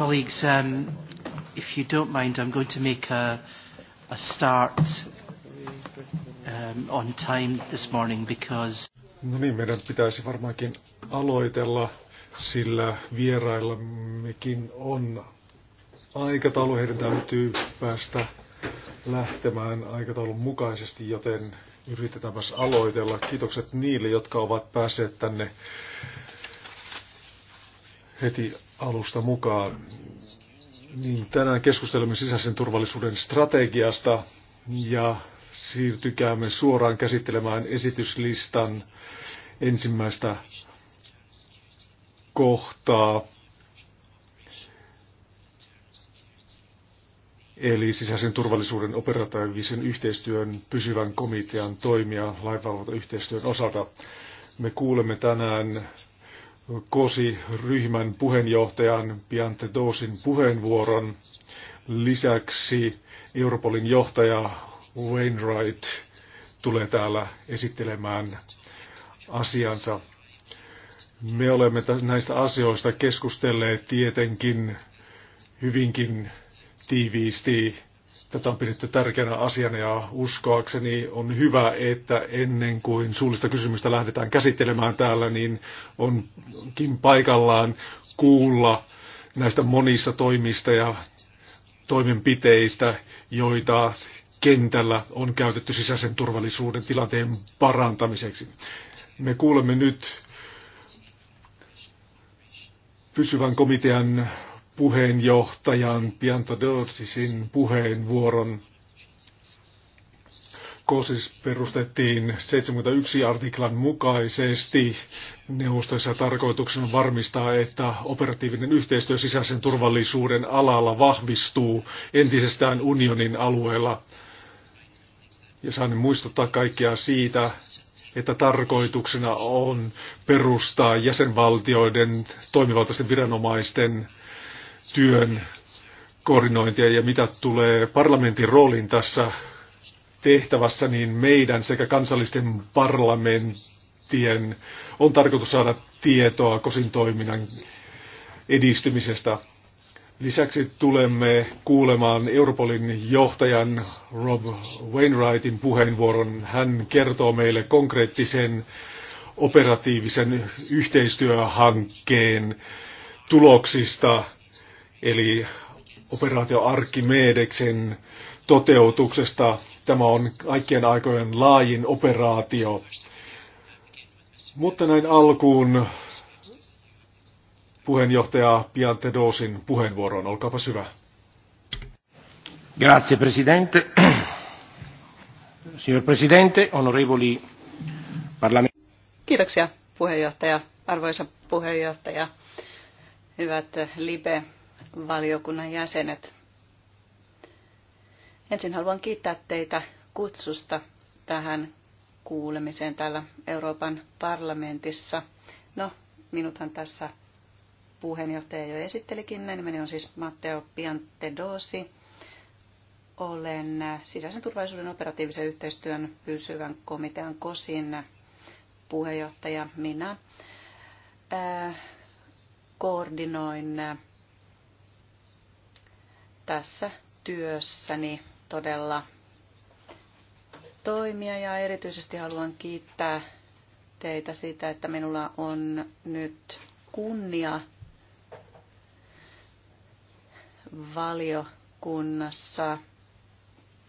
Colleagues, um, if you don't mind, I'm going to make a, a start um, on time this morning because... No niin, meidän pitäisi varmaankin aloitella, sillä vieraillammekin on aikataulu. Heidän täytyy päästä lähtemään aikataulun mukaisesti, joten yritetäänpäs aloitella. Kiitokset niille, jotka ovat päässeet tänne heti alusta mukaan. Niin tänään keskustelemme sisäisen turvallisuuden strategiasta ja siirtykäämme suoraan käsittelemään esityslistan ensimmäistä kohtaa. eli sisäisen turvallisuuden operatiivisen yhteistyön pysyvän komitean toimia laivavalvontayhteistyön osalta. Me kuulemme tänään KOSI-ryhmän puheenjohtajan Piante Doosin puheenvuoron. Lisäksi Europolin johtaja Wainwright tulee täällä esittelemään asiansa. Me olemme näistä asioista keskustelleet tietenkin hyvinkin tiiviisti Tätä on pidetty tärkeänä asiana ja uskoakseni on hyvä, että ennen kuin suullista kysymystä lähdetään käsittelemään täällä, niin onkin paikallaan kuulla näistä monista toimista ja toimenpiteistä, joita kentällä on käytetty sisäisen turvallisuuden tilanteen parantamiseksi. Me kuulemme nyt pysyvän komitean puheenjohtajan Piantodorsisin puheenvuoron. KOSIS perustettiin 71 artiklan mukaisesti neuvostoissa tarkoituksena varmistaa, että operatiivinen yhteistyö sisäisen turvallisuuden alalla vahvistuu entisestään unionin alueella. Ja saan muistuttaa kaikkia siitä, että tarkoituksena on perustaa jäsenvaltioiden toimivaltaisten viranomaisten työn koordinointia ja mitä tulee parlamentin rooliin tässä tehtävässä, niin meidän sekä kansallisten parlamenttien on tarkoitus saada tietoa kosin toiminnan edistymisestä. Lisäksi tulemme kuulemaan Europolin johtajan Rob Wainwrightin puheenvuoron. Hän kertoo meille konkreettisen operatiivisen yhteistyöhankkeen tuloksista eli operaatio Arkimedeksen toteutuksesta. Tämä on kaikkien aikojen laajin operaatio. Mutta näin alkuun puheenjohtaja Pian Tedosin puheenvuoroon. Olkaapa hyvä. Grazie Presidente. Signor Presidente, onorevoli parlament. Kiitoksia puheenjohtaja, arvoisa puheenjohtaja, hyvät Libe valiokunnan jäsenet. Ensin haluan kiittää teitä kutsusta tähän kuulemiseen täällä Euroopan parlamentissa. No, minuthan tässä puheenjohtaja jo esittelikin. Nimeni on siis Matteo Piantedosi. Olen sisäisen turvallisuuden operatiivisen yhteistyön pysyvän komitean KOSin puheenjohtaja. Minä koordinoin tässä työssäni todella toimia ja erityisesti haluan kiittää teitä siitä, että minulla on nyt kunnia valiokunnassa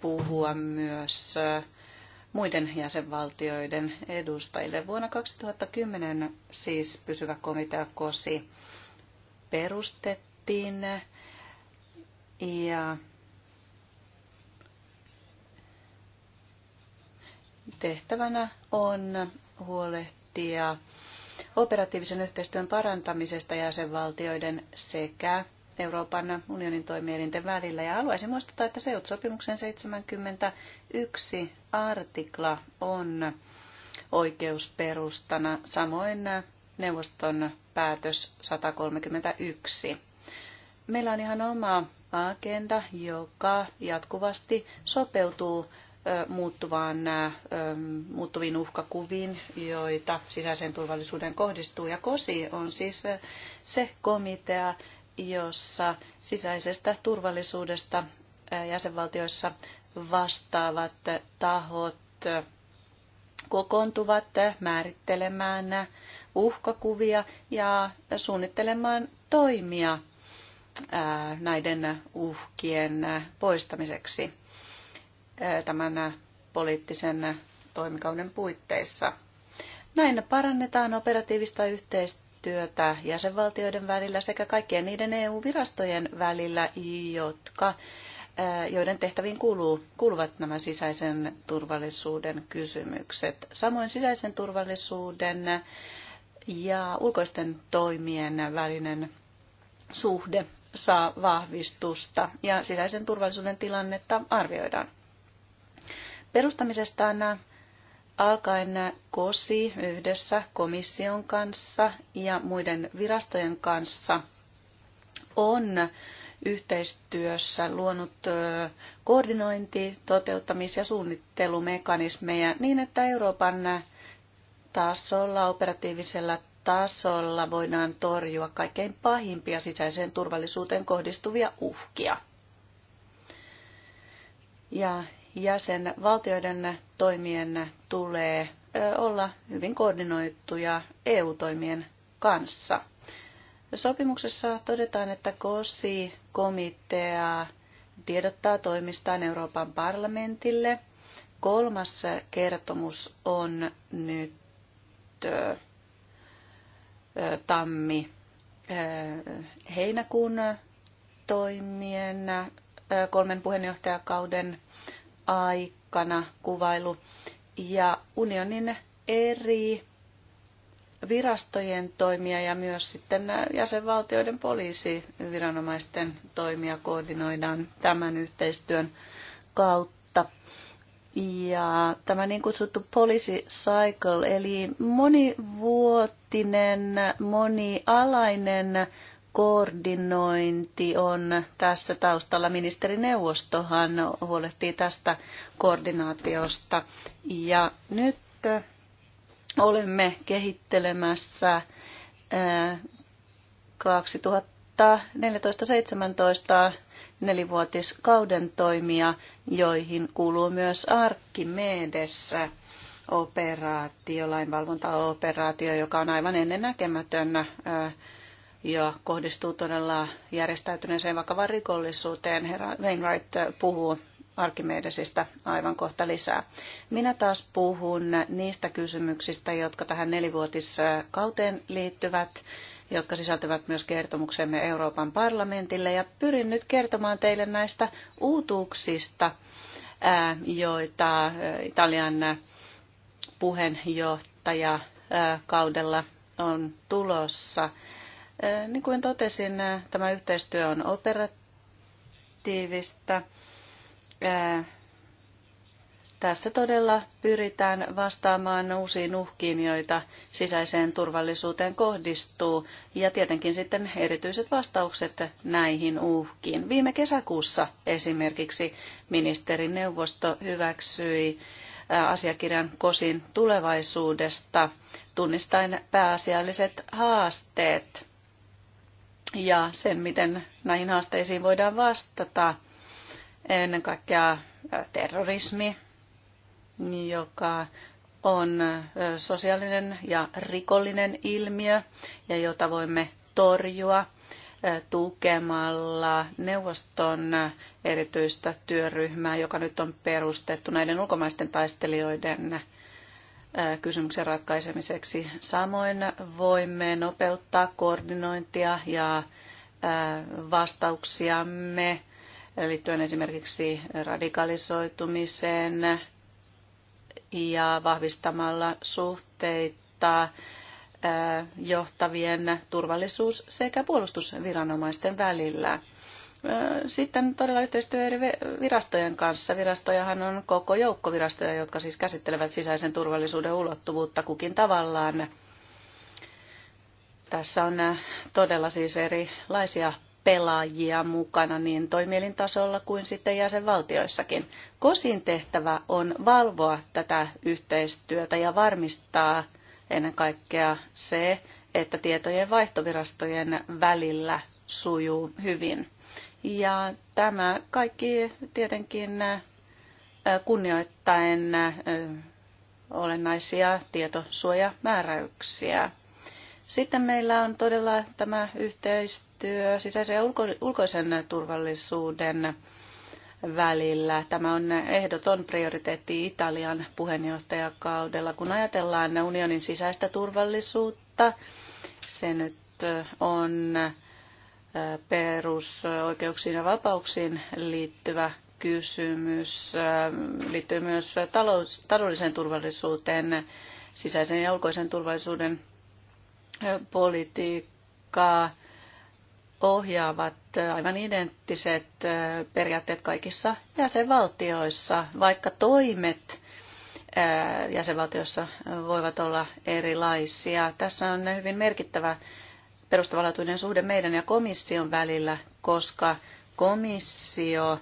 puhua myös muiden jäsenvaltioiden edustajille. Vuonna 2010 siis pysyvä komitea KOSI perustettiin ja tehtävänä on huolehtia operatiivisen yhteistyön parantamisesta jäsenvaltioiden sekä Euroopan unionin toimielinten välillä. Ja haluaisin muistuttaa, että SEUT-sopimuksen 71 artikla on oikeusperustana, samoin neuvoston päätös 131. Meillä on ihan oma agenda, joka jatkuvasti sopeutuu muuttuvaan, muuttuviin uhkakuviin, joita sisäisen turvallisuuden kohdistuu. Ja KOSI on siis se komitea, jossa sisäisestä turvallisuudesta jäsenvaltioissa vastaavat tahot kokoontuvat määrittelemään uhkakuvia ja suunnittelemaan toimia näiden uhkien poistamiseksi tämän poliittisen toimikauden puitteissa. Näin parannetaan operatiivista yhteistyötä jäsenvaltioiden välillä sekä kaikkien niiden EU-virastojen välillä, jotka, joiden tehtäviin kuuluu, kuuluvat nämä sisäisen turvallisuuden kysymykset. Samoin sisäisen turvallisuuden ja ulkoisten toimien välinen suhde saa vahvistusta ja sisäisen turvallisuuden tilannetta arvioidaan. Perustamisestaan alkaen KOSI yhdessä komission kanssa ja muiden virastojen kanssa on yhteistyössä luonut koordinointi, toteuttamis- ja suunnittelumekanismeja niin, että Euroopan tasolla, operatiivisella tasolla voidaan torjua kaikkein pahimpia sisäiseen turvallisuuteen kohdistuvia uhkia. Ja jäsenvaltioiden toimien tulee olla hyvin koordinoituja EU-toimien kanssa. Sopimuksessa todetaan, että KOSI-komitea tiedottaa toimistaan Euroopan parlamentille. Kolmas kertomus on nyt tammi heinäkuun toimien kolmen puheenjohtajakauden aikana kuvailu. Ja unionin eri virastojen toimia ja myös sitten jäsenvaltioiden poliisiviranomaisten toimia koordinoidaan tämän yhteistyön kautta ja tämä niin kutsuttu policy cycle, eli monivuotinen, monialainen koordinointi on tässä taustalla. Ministerineuvostohan huolehtii tästä koordinaatiosta. Ja nyt olemme kehittelemässä 2014 17 nelivuotiskauden toimia, joihin kuuluu myös Arkimedessä operaatio, lainvalvontaoperaatio, joka on aivan ennennäkemätön ja kohdistuu todella järjestäytyneeseen vakavaan rikollisuuteen. Herra Wainwright puhuu Arkimedesistä aivan kohta lisää. Minä taas puhun niistä kysymyksistä, jotka tähän nelivuotiskauteen liittyvät jotka sisältyvät myös kertomuksemme Euroopan parlamentille. Ja pyrin nyt kertomaan teille näistä uutuuksista, joita Italian puheenjohtaja kaudella on tulossa. Niin kuin totesin, tämä yhteistyö on operatiivista tässä todella pyritään vastaamaan uusiin uhkiin, joita sisäiseen turvallisuuteen kohdistuu, ja tietenkin sitten erityiset vastaukset näihin uhkiin. Viime kesäkuussa esimerkiksi ministerineuvosto hyväksyi asiakirjan kosin tulevaisuudesta tunnistaen pääasialliset haasteet ja sen, miten näihin haasteisiin voidaan vastata. Ennen kaikkea terrorismi, joka on sosiaalinen ja rikollinen ilmiö ja jota voimme torjua tukemalla neuvoston erityistä työryhmää, joka nyt on perustettu näiden ulkomaisten taistelijoiden kysymyksen ratkaisemiseksi. Samoin voimme nopeuttaa koordinointia ja vastauksiamme liittyen esimerkiksi radikalisoitumiseen, ja vahvistamalla suhteita johtavien turvallisuus- sekä puolustusviranomaisten välillä. Sitten todella yhteistyö eri virastojen kanssa. Virastojahan on koko joukko virastoja, jotka siis käsittelevät sisäisen turvallisuuden ulottuvuutta kukin tavallaan. Tässä on todella siis erilaisia pelaajia mukana niin toimielintasolla kuin sitten jäsenvaltioissakin. Kosin tehtävä on valvoa tätä yhteistyötä ja varmistaa ennen kaikkea se, että tietojen vaihtovirastojen välillä sujuu hyvin. Ja tämä kaikki tietenkin kunnioittaen olennaisia tietosuojamääräyksiä. Sitten meillä on todella tämä yhteistyö yhteistyö sisäisen ja ulko- ulkoisen turvallisuuden välillä. Tämä on ehdoton prioriteetti Italian puheenjohtajakaudella. Kun ajatellaan unionin sisäistä turvallisuutta, se nyt on perusoikeuksiin ja vapauksiin liittyvä kysymys. Liittyy myös talous, taloudelliseen turvallisuuteen, sisäisen ja ulkoisen turvallisuuden politiikkaa ohjaavat äh, aivan identtiset äh, periaatteet kaikissa jäsenvaltioissa, vaikka toimet äh, jäsenvaltioissa voivat olla erilaisia. Tässä on hyvin merkittävä perustavanlaatuinen suhde meidän ja komission välillä, koska komissio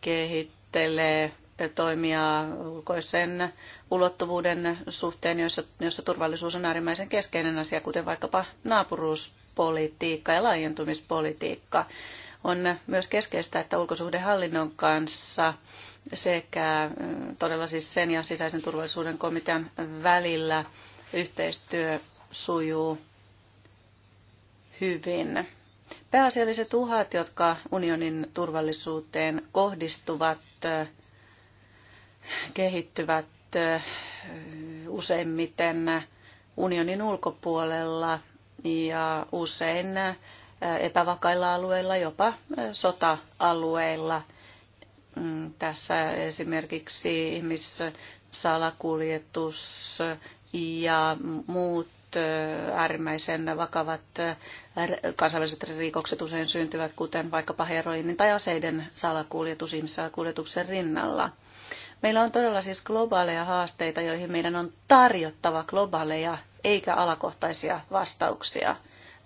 kehittelee toimia ulkoisen ulottuvuuden suhteen, jossa, jossa turvallisuus on äärimmäisen keskeinen asia, kuten vaikkapa naapuruus, politiikka ja laajentumispolitiikka. On myös keskeistä, että ulkosuhdehallinnon kanssa sekä mm, todella siis sen ja sisäisen turvallisuuden komitean välillä yhteistyö sujuu hyvin. Pääasialliset uhat, jotka unionin turvallisuuteen kohdistuvat, kehittyvät mm, useimmiten unionin ulkopuolella ja usein epävakailla alueilla, jopa sota-alueilla. Mm, tässä esimerkiksi ihmissalakuljetus ja muut äärimmäisen vakavat kansainväliset rikokset usein syntyvät, kuten vaikkapa heroinin tai aseiden salakuljetus ihmissalakuljetuksen rinnalla. Meillä on todella siis globaaleja haasteita, joihin meidän on tarjottava globaaleja eikä alakohtaisia vastauksia.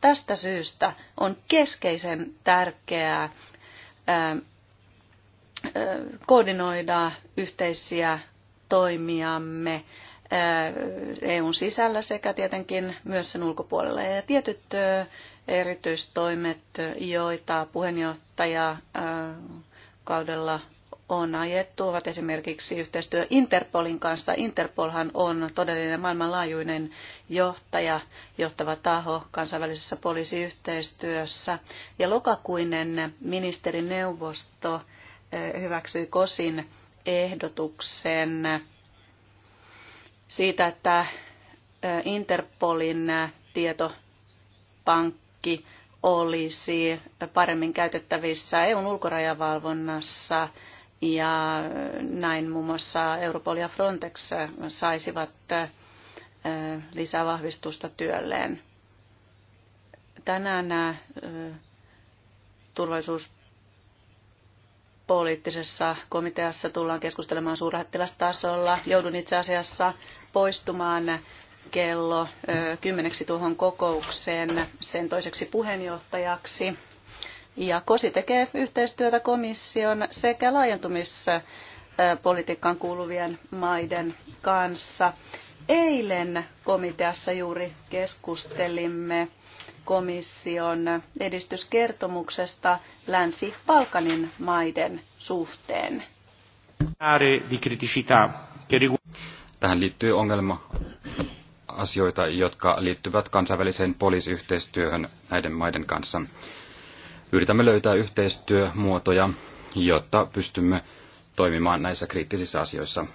Tästä syystä on keskeisen tärkeää koordinoida yhteisiä toimiamme EUn sisällä sekä tietenkin myös sen ulkopuolella. Ja tietyt erityistoimet, joita puheenjohtaja kaudella on ajettu, ovat esimerkiksi yhteistyö Interpolin kanssa. Interpolhan on todellinen maailmanlaajuinen johtaja, johtava taho kansainvälisessä poliisiyhteistyössä. Ja lokakuinen ministerineuvosto eh, hyväksyi KOSin ehdotuksen siitä, että eh, Interpolin tietopankki olisi paremmin käytettävissä EUn ulkorajavalvonnassa – ja näin muun muassa Europol ja Frontex saisivat lisävahvistusta työlleen. Tänään turvallisuuspoliittisessa komiteassa tullaan keskustelemaan suurlähettilästasolla. Joudun itse asiassa poistumaan kello kymmeneksi tuohon kokoukseen sen toiseksi puheenjohtajaksi. Ja KOSI tekee yhteistyötä komission sekä laajentumispolitiikkaan kuuluvien maiden kanssa. Eilen komiteassa juuri keskustelimme komission edistyskertomuksesta Länsi-Balkanin maiden suhteen. Tähän liittyy ongelma asioita, jotka liittyvät kansainväliseen poliisiyhteistyöhön näiden maiden kanssa yritämme löytää yhteistyömuotoja, jotta pystymme toimimaan näissä kriittisissä asioissa.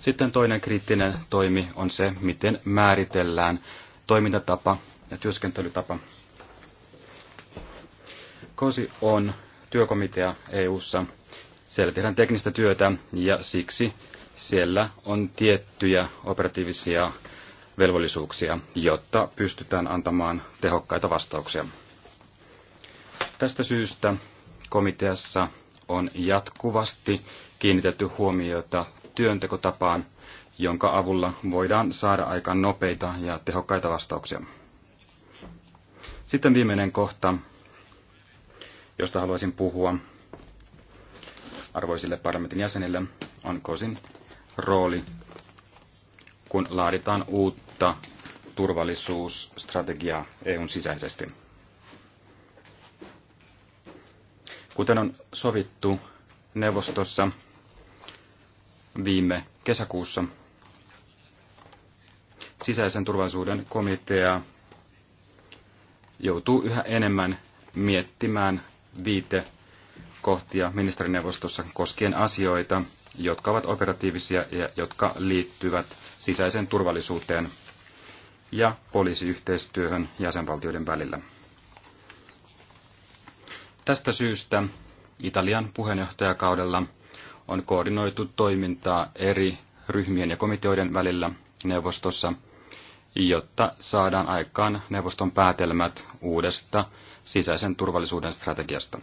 Sitten toinen kriittinen toimi on se, miten määritellään toimintatapa ja työskentelytapa. COSI on työkomitea EU:ssa. Siellä tehdään teknistä työtä ja siksi siellä on tiettyjä operatiivisia velvollisuuksia, jotta pystytään antamaan tehokkaita vastauksia. Tästä syystä komiteassa on jatkuvasti kiinnitetty huomiota työntekotapaan, jonka avulla voidaan saada aika nopeita ja tehokkaita vastauksia. Sitten viimeinen kohta, josta haluaisin puhua arvoisille parlamentin jäsenille, on KOSin rooli, kun laaditaan uutta turvallisuusstrategiaa EUn sisäisesti. Kuten on sovittu neuvostossa viime kesäkuussa, sisäisen turvallisuuden komitea joutuu yhä enemmän miettimään viite kohtia ministerineuvostossa koskien asioita, jotka ovat operatiivisia ja jotka liittyvät sisäiseen turvallisuuteen ja poliisiyhteistyöhön jäsenvaltioiden välillä. Tästä syystä Italian puheenjohtajakaudella on koordinoitu toimintaa eri ryhmien ja komiteoiden välillä neuvostossa, jotta saadaan aikaan neuvoston päätelmät uudesta sisäisen turvallisuuden strategiasta.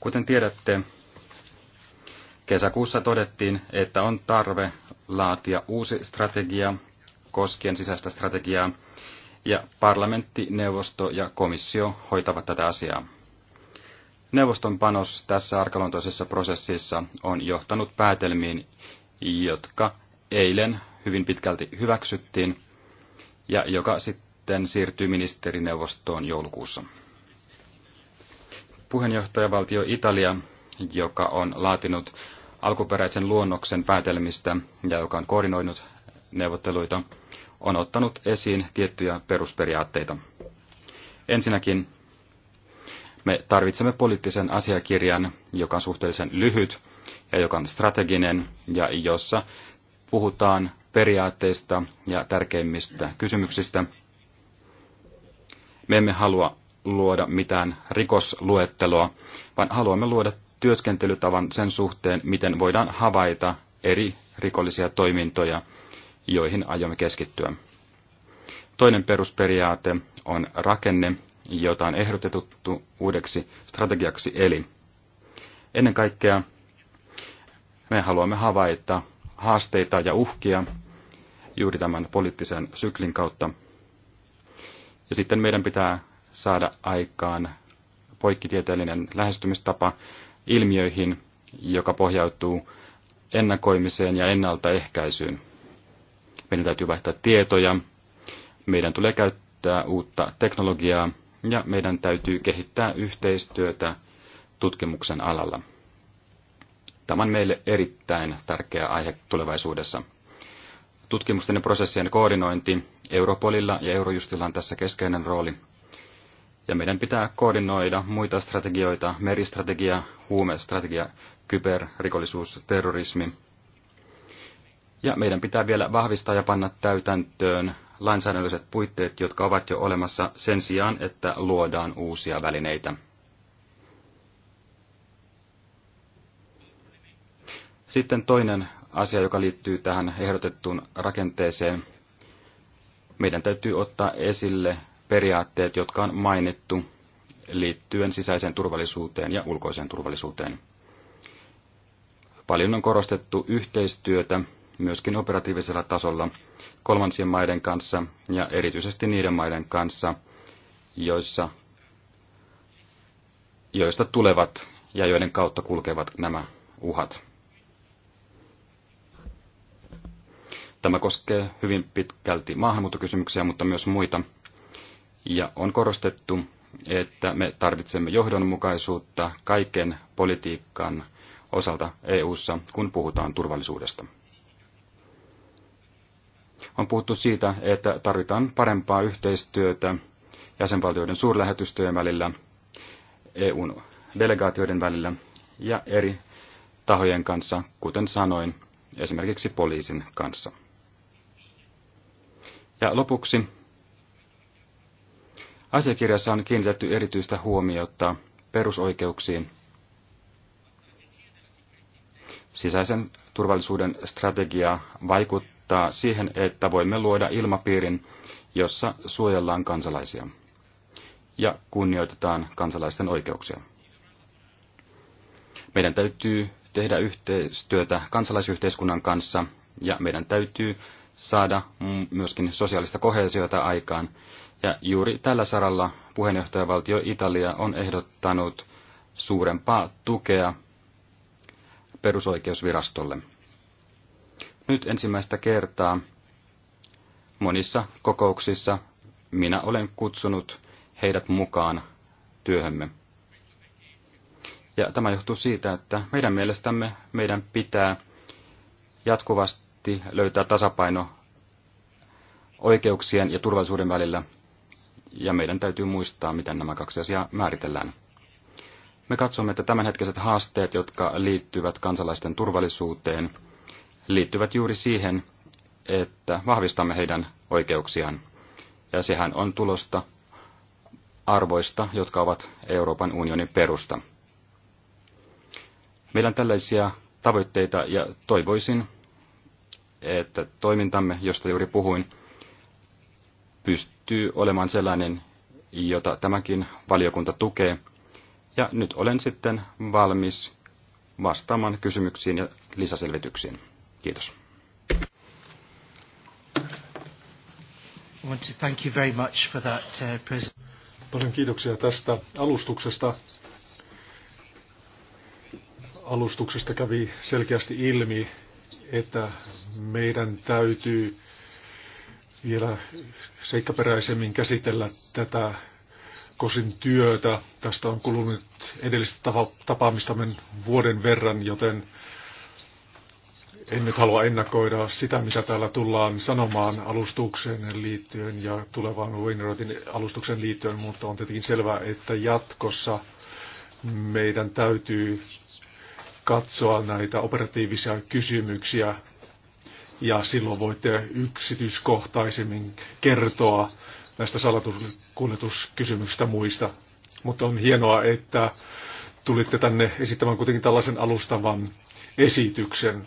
Kuten tiedätte, kesäkuussa todettiin, että on tarve laatia uusi strategia koskien sisäistä strategiaa – ja parlamentti, neuvosto ja komissio hoitavat tätä asiaa. Neuvoston panos tässä arkaluontoisessa prosessissa on johtanut päätelmiin, jotka eilen hyvin pitkälti hyväksyttiin ja joka sitten siirtyy ministerineuvostoon joulukuussa. Puheenjohtajavaltio Italia, joka on laatinut alkuperäisen luonnoksen päätelmistä ja joka on koordinoinut neuvotteluita, on ottanut esiin tiettyjä perusperiaatteita. Ensinnäkin me tarvitsemme poliittisen asiakirjan, joka on suhteellisen lyhyt ja joka on strateginen ja jossa puhutaan periaatteista ja tärkeimmistä kysymyksistä. Me emme halua luoda mitään rikosluetteloa, vaan haluamme luoda työskentelytavan sen suhteen, miten voidaan havaita eri rikollisia toimintoja joihin aiomme keskittyä. Toinen perusperiaate on rakenne, jota on ehdotettu uudeksi strategiaksi eli ennen kaikkea me haluamme havaita haasteita ja uhkia juuri tämän poliittisen syklin kautta. Ja sitten meidän pitää saada aikaan poikkitieteellinen lähestymistapa ilmiöihin, joka pohjautuu ennakoimiseen ja ennaltaehkäisyyn meidän täytyy vaihtaa tietoja, meidän tulee käyttää uutta teknologiaa ja meidän täytyy kehittää yhteistyötä tutkimuksen alalla. Tämä on meille erittäin tärkeä aihe tulevaisuudessa. Tutkimusten ja prosessien koordinointi Europolilla ja Eurojustilla on tässä keskeinen rooli. Ja meidän pitää koordinoida muita strategioita, meristrategia, huumestrategia, kyberrikollisuus, terrorismi – ja meidän pitää vielä vahvistaa ja panna täytäntöön lainsäädännölliset puitteet, jotka ovat jo olemassa sen sijaan, että luodaan uusia välineitä. Sitten toinen asia, joka liittyy tähän ehdotettuun rakenteeseen. Meidän täytyy ottaa esille periaatteet, jotka on mainittu liittyen sisäiseen turvallisuuteen ja ulkoiseen turvallisuuteen. Paljon on korostettu yhteistyötä myöskin operatiivisella tasolla kolmansien maiden kanssa ja erityisesti niiden maiden kanssa, joissa, joista tulevat ja joiden kautta kulkevat nämä uhat. Tämä koskee hyvin pitkälti maahanmuuttokysymyksiä, mutta myös muita. Ja on korostettu, että me tarvitsemme johdonmukaisuutta kaiken politiikan osalta EU:ssa, kun puhutaan turvallisuudesta on puhuttu siitä, että tarvitaan parempaa yhteistyötä jäsenvaltioiden suurlähetystöjen välillä, EUn delegaatioiden välillä ja eri tahojen kanssa, kuten sanoin, esimerkiksi poliisin kanssa. Ja lopuksi asiakirjassa on kiinnitetty erityistä huomiota perusoikeuksiin, sisäisen turvallisuuden strategia vaikuttaa johtaa siihen, että voimme luoda ilmapiirin, jossa suojellaan kansalaisia ja kunnioitetaan kansalaisten oikeuksia. Meidän täytyy tehdä yhteistyötä kansalaisyhteiskunnan kanssa ja meidän täytyy saada myöskin sosiaalista kohesiota aikaan. Ja juuri tällä saralla puheenjohtajavaltio Italia on ehdottanut suurempaa tukea perusoikeusvirastolle. Nyt ensimmäistä kertaa monissa kokouksissa minä olen kutsunut heidät mukaan työhömme. Ja tämä johtuu siitä, että meidän mielestämme meidän pitää jatkuvasti löytää tasapaino oikeuksien ja turvallisuuden välillä, ja meidän täytyy muistaa, miten nämä kaksi asiaa määritellään. Me katsomme, että tämänhetkiset haasteet, jotka liittyvät kansalaisten turvallisuuteen, liittyvät juuri siihen, että vahvistamme heidän oikeuksiaan. Ja sehän on tulosta arvoista, jotka ovat Euroopan unionin perusta. Meillä on tällaisia tavoitteita ja toivoisin, että toimintamme, josta juuri puhuin, pystyy olemaan sellainen, jota tämäkin valiokunta tukee. Ja nyt olen sitten valmis vastaamaan kysymyksiin ja lisäselvityksiin. Kiitos. Paljon kiitoksia tästä alustuksesta. Alustuksesta kävi selkeästi ilmi, että meidän täytyy vielä seikkaperäisemmin käsitellä tätä Kosin työtä. Tästä on kulunut edellistä tapaamistamme vuoden verran, joten en nyt halua ennakoida sitä, mitä täällä tullaan sanomaan alustukseen liittyen ja tulevaan Winrodin alustuksen liittyen, mutta on tietenkin selvää, että jatkossa meidän täytyy katsoa näitä operatiivisia kysymyksiä ja silloin voitte yksityiskohtaisemmin kertoa näistä salatuskuljetuskysymyksistä muista. Mutta on hienoa, että tulitte tänne esittämään kuitenkin tällaisen alustavan esityksen.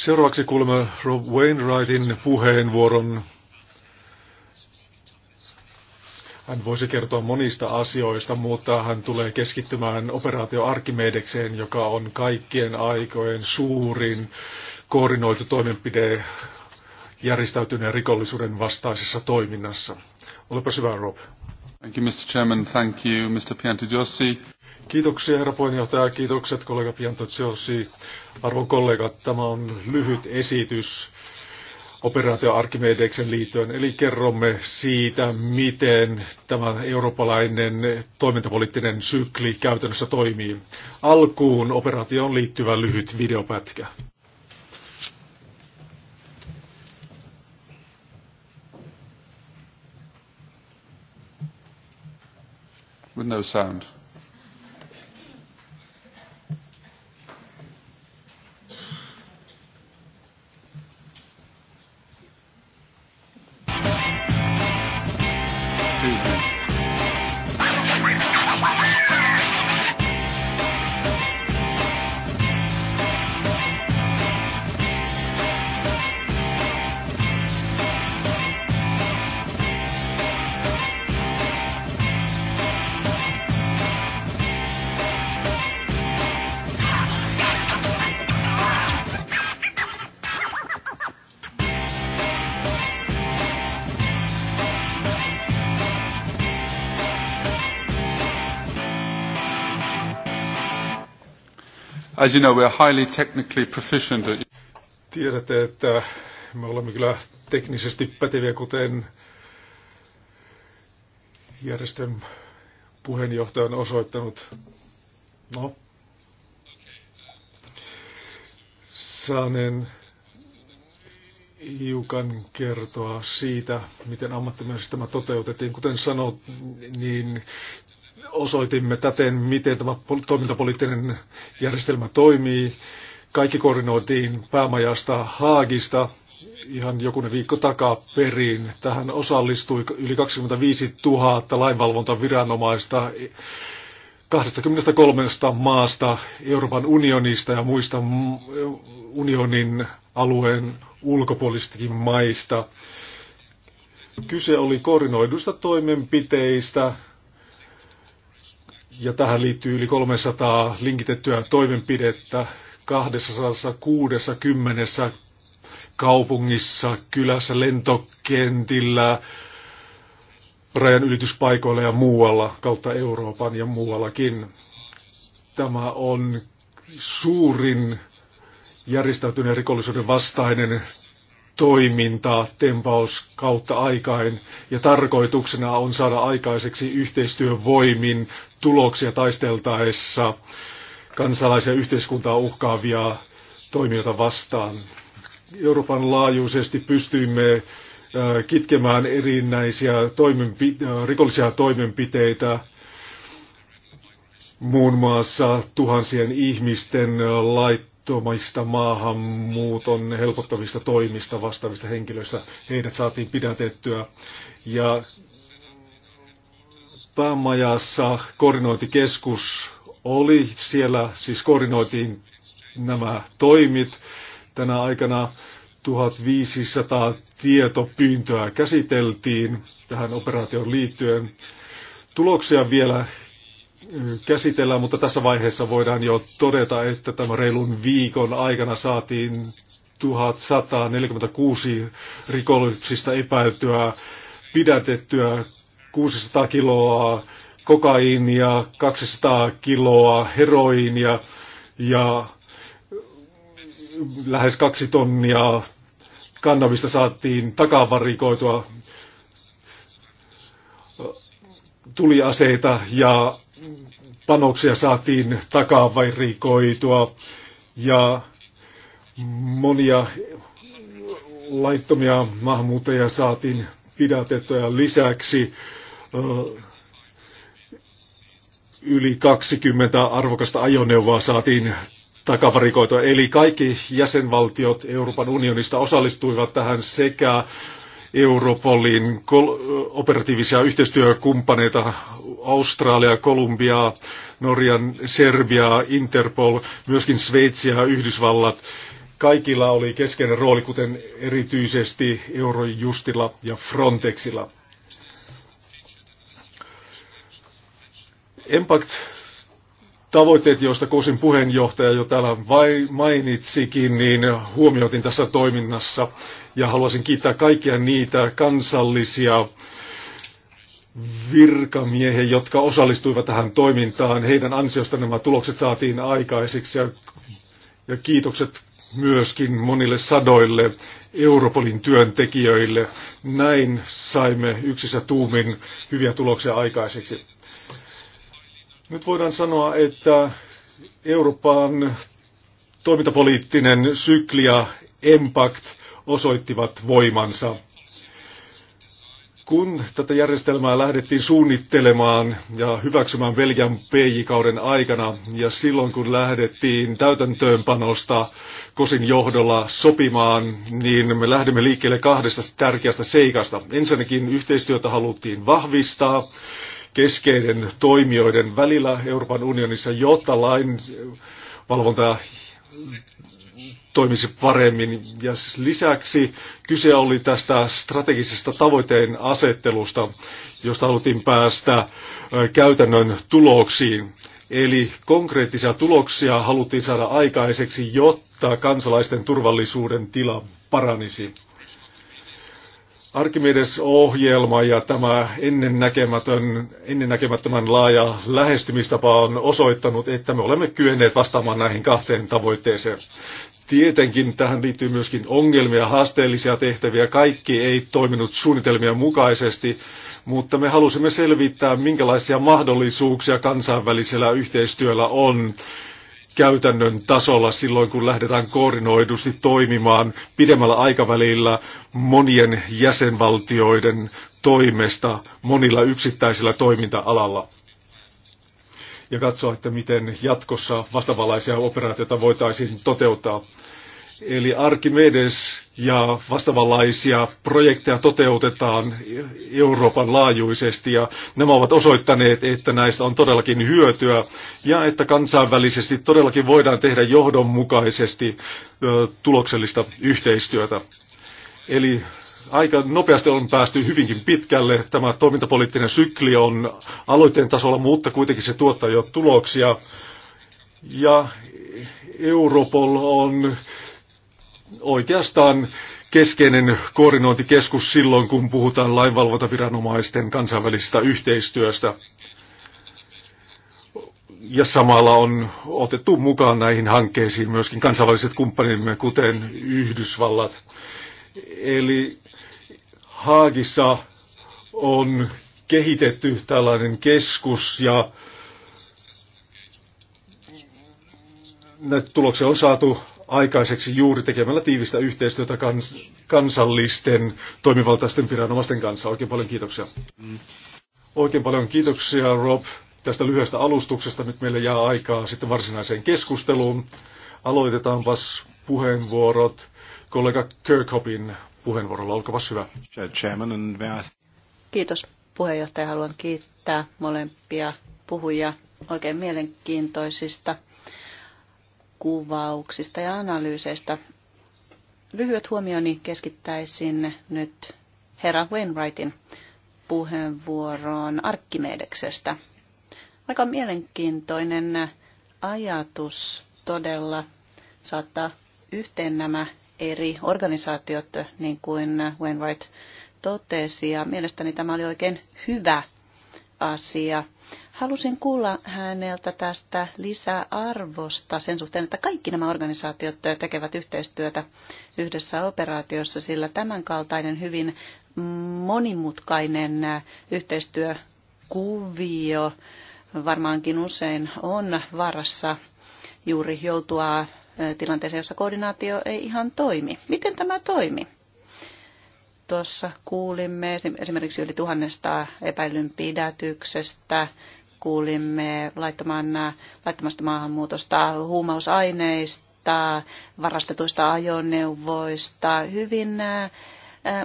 Seuraavaksi kuulemme Rob Wainwrightin puheenvuoron. Hän voisi kertoa monista asioista, mutta hän tulee keskittymään operaatio Arkimedekseen, joka on kaikkien aikojen suurin koordinoitu toimenpide järjestäytyneen rikollisuuden vastaisessa toiminnassa. Olepa hyvä, Rob. Thank you, Mr. Chairman. Thank you, Mr. Kiitoksia herra puheenjohtaja, kiitokset kollega Piantotsiosi. Arvon kollegat, tämä on lyhyt esitys operaatio Archimedeksen liittyen, eli kerromme siitä, miten tämä eurooppalainen toimintapoliittinen sykli käytännössä toimii. Alkuun operaatioon liittyvä lyhyt videopätkä. With no sound. As you know, we are highly technically proficient. Tiedätte, että me olemme kyllä teknisesti päteviä, kuten järjestön puheenjohtaja on osoittanut. No. Saanen hiukan kertoa siitä, miten ammattimaisesti tämä toteutettiin. Kuten sanot, niin osoitimme täten, miten tämä toimintapoliittinen järjestelmä toimii. Kaikki koordinoitiin päämajasta Haagista ihan joku viikko takaperin. Tähän osallistui yli 25 000 lainvalvontaviranomaista 23 maasta Euroopan unionista ja muista unionin alueen ulkopuolistakin maista. Kyse oli koordinoidusta toimenpiteistä, ja tähän liittyy yli 300 linkitettyä toimenpidettä 260 kaupungissa, kylässä, lentokentillä, rajan ylityspaikoilla ja muualla, kautta Euroopan ja muuallakin. Tämä on suurin järjestäytyneen rikollisuuden vastainen toimintaa tempaus kautta aikain ja tarkoituksena on saada aikaiseksi yhteistyövoimin tuloksia taisteltaessa kansalaisia yhteiskuntaa uhkaavia toimijoita vastaan. Euroopan laajuisesti pystyimme kitkemään erinäisiä toimenpite- rikollisia toimenpiteitä, muun muassa tuhansien ihmisten lait laittomista maahanmuuton helpottavista toimista vastaavista henkilöistä. Heidät saatiin pidätettyä. Ja päämajassa koordinointikeskus oli, siellä siis koordinoitiin nämä toimit. Tänä aikana 1500 tietopyyntöä käsiteltiin tähän operaatioon liittyen. Tuloksia vielä käsitellään, mutta tässä vaiheessa voidaan jo todeta, että tämä reilun viikon aikana saatiin 1146 rikollisista epäiltyä, pidätettyä 600 kiloa kokaiinia, 200 kiloa heroinia ja lähes kaksi tonnia kannabista saatiin takavarikoitua. tuliaseita ja panoksia saatiin takavairikoitua ja monia laittomia maahanmuuttajia saatiin pidätettyä lisäksi yli 20 arvokasta ajoneuvoa saatiin takavarikoitua. Eli kaikki jäsenvaltiot Euroopan unionista osallistuivat tähän sekä Europolin operatiivisia yhteistyökumppaneita, Australia, Kolumbia, Norjan, Serbia, Interpol, myöskin Sveitsi ja Yhdysvallat. Kaikilla oli keskeinen rooli, kuten erityisesti Eurojustilla ja Frontexilla. Impact tavoitteet, joista Kosin puheenjohtaja jo täällä vai mainitsikin, niin huomioitin tässä toiminnassa ja haluaisin kiittää kaikkia niitä kansallisia virkamiehiä, jotka osallistuivat tähän toimintaan. Heidän ansiosta nämä tulokset saatiin aikaisiksi ja, ja kiitokset myöskin monille sadoille Europolin työntekijöille. Näin saimme yksissä tuumin hyviä tuloksia aikaiseksi. Nyt voidaan sanoa, että Euroopan toimintapoliittinen sykli ja Impact osoittivat voimansa. Kun tätä järjestelmää lähdettiin suunnittelemaan ja hyväksymään Belgian PJ-kauden aikana ja silloin kun lähdettiin täytäntöönpanosta Kosin johdolla sopimaan, niin me lähdimme liikkeelle kahdesta tärkeästä seikasta. Ensinnäkin yhteistyötä haluttiin vahvistaa keskeiden toimijoiden välillä Euroopan unionissa, jotta lainvalvonta toimisi paremmin. Ja siis lisäksi kyse oli tästä strategisesta tavoitteen asettelusta, josta haluttiin päästä käytännön tuloksiin. Eli konkreettisia tuloksia haluttiin saada aikaiseksi, jotta kansalaisten turvallisuuden tila paranisi. Arkimedes-ohjelma ja tämä ennennäkemätön, ennennäkemättömän laaja lähestymistapa on osoittanut, että me olemme kyenneet vastaamaan näihin kahteen tavoitteeseen. Tietenkin tähän liittyy myöskin ongelmia, haasteellisia tehtäviä. Kaikki ei toiminut suunnitelmien mukaisesti, mutta me halusimme selvittää, minkälaisia mahdollisuuksia kansainvälisellä yhteistyöllä on käytännön tasolla silloin, kun lähdetään koordinoidusti toimimaan pidemmällä aikavälillä monien jäsenvaltioiden toimesta monilla yksittäisillä toiminta-alalla ja katsoa, että miten jatkossa vastavalaisia operaatioita voitaisiin toteuttaa. Eli Archimedes ja vastavalaisia projekteja toteutetaan Euroopan laajuisesti ja nämä ovat osoittaneet, että näistä on todellakin hyötyä ja että kansainvälisesti todellakin voidaan tehdä johdonmukaisesti tuloksellista yhteistyötä. Eli aika nopeasti on päästy hyvinkin pitkälle. Tämä toimintapoliittinen sykli on aloitteen tasolla, mutta kuitenkin se tuottaa jo tuloksia. Ja Europol on oikeastaan keskeinen koordinointikeskus silloin, kun puhutaan lainvalvontaviranomaisten kansainvälisestä yhteistyöstä. Ja samalla on otettu mukaan näihin hankkeisiin myöskin kansainväliset kumppanimme, kuten Yhdysvallat. Eli Haagissa on kehitetty tällainen keskus ja näitä tuloksia on saatu aikaiseksi juuri tekemällä tiivistä yhteistyötä kans- kansallisten toimivaltaisten viranomaisten kanssa. Oikein paljon kiitoksia. Oikein paljon kiitoksia Rob tästä lyhyestä alustuksesta. Nyt meillä jää aikaa sitten varsinaiseen keskusteluun. Aloitetaanpas puheenvuorot kollega Kirkhopin puheenvuorolla. Olkapas hyvä. Kiitos puheenjohtaja. Haluan kiittää molempia puhujia oikein mielenkiintoisista kuvauksista ja analyyseistä. Lyhyet huomioni keskittäisin nyt herra Wainwrightin puheenvuoroon Arkkimedeksestä. Aika mielenkiintoinen ajatus todella saattaa yhteen nämä eri organisaatiot, niin kuin Wainwright totesi, ja mielestäni tämä oli oikein hyvä asia. Halusin kuulla häneltä tästä lisäarvosta sen suhteen, että kaikki nämä organisaatiot tekevät yhteistyötä yhdessä operaatiossa, sillä tämänkaltainen hyvin monimutkainen yhteistyökuvio varmaankin usein on varassa juuri joutua tilanteeseen, jossa koordinaatio ei ihan toimi. Miten tämä toimi? Tuossa kuulimme esimerkiksi yli tuhannesta epäilyn pidätyksestä, kuulimme laittamasta laittomasta maahanmuutosta, huumausaineista, varastetuista ajoneuvoista, hyvin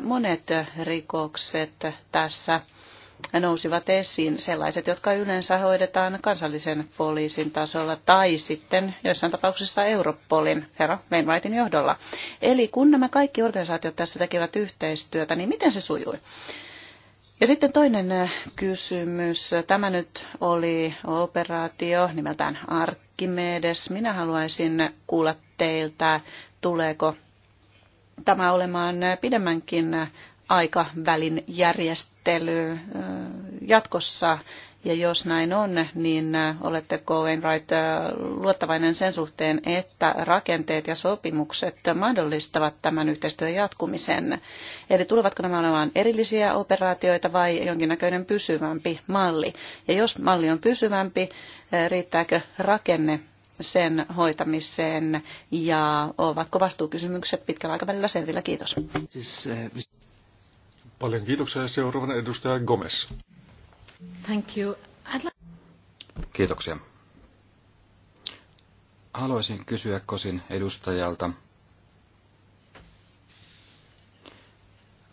monet rikokset tässä nousivat esiin sellaiset, jotka yleensä hoidetaan kansallisen poliisin tasolla tai sitten joissain tapauksissa Europolin herra Mainwrightin johdolla. Eli kun nämä kaikki organisaatiot tässä tekevät yhteistyötä, niin miten se sujui? Ja sitten toinen äh, kysymys. Tämä nyt oli operaatio nimeltään Arkimedes. Minä haluaisin kuulla teiltä, tuleeko tämä olemaan pidemmänkin aikavälin järjestely jatkossa? Ja jos näin on, niin oletteko Enright luottavainen sen suhteen, että rakenteet ja sopimukset mahdollistavat tämän yhteistyön jatkumisen? Eli tulevatko nämä olemaan erillisiä operaatioita vai jonkinnäköinen pysyvämpi malli? Ja jos malli on pysyvämpi, riittääkö rakenne sen hoitamiseen ja ovatko vastuukysymykset pitkällä aikavälillä selvillä? Kiitos. Siis, Paljon kiitoksia. Seuraavana edustaja Gomez. Thank you. Kiitoksia. Haluaisin kysyä Kosin edustajalta.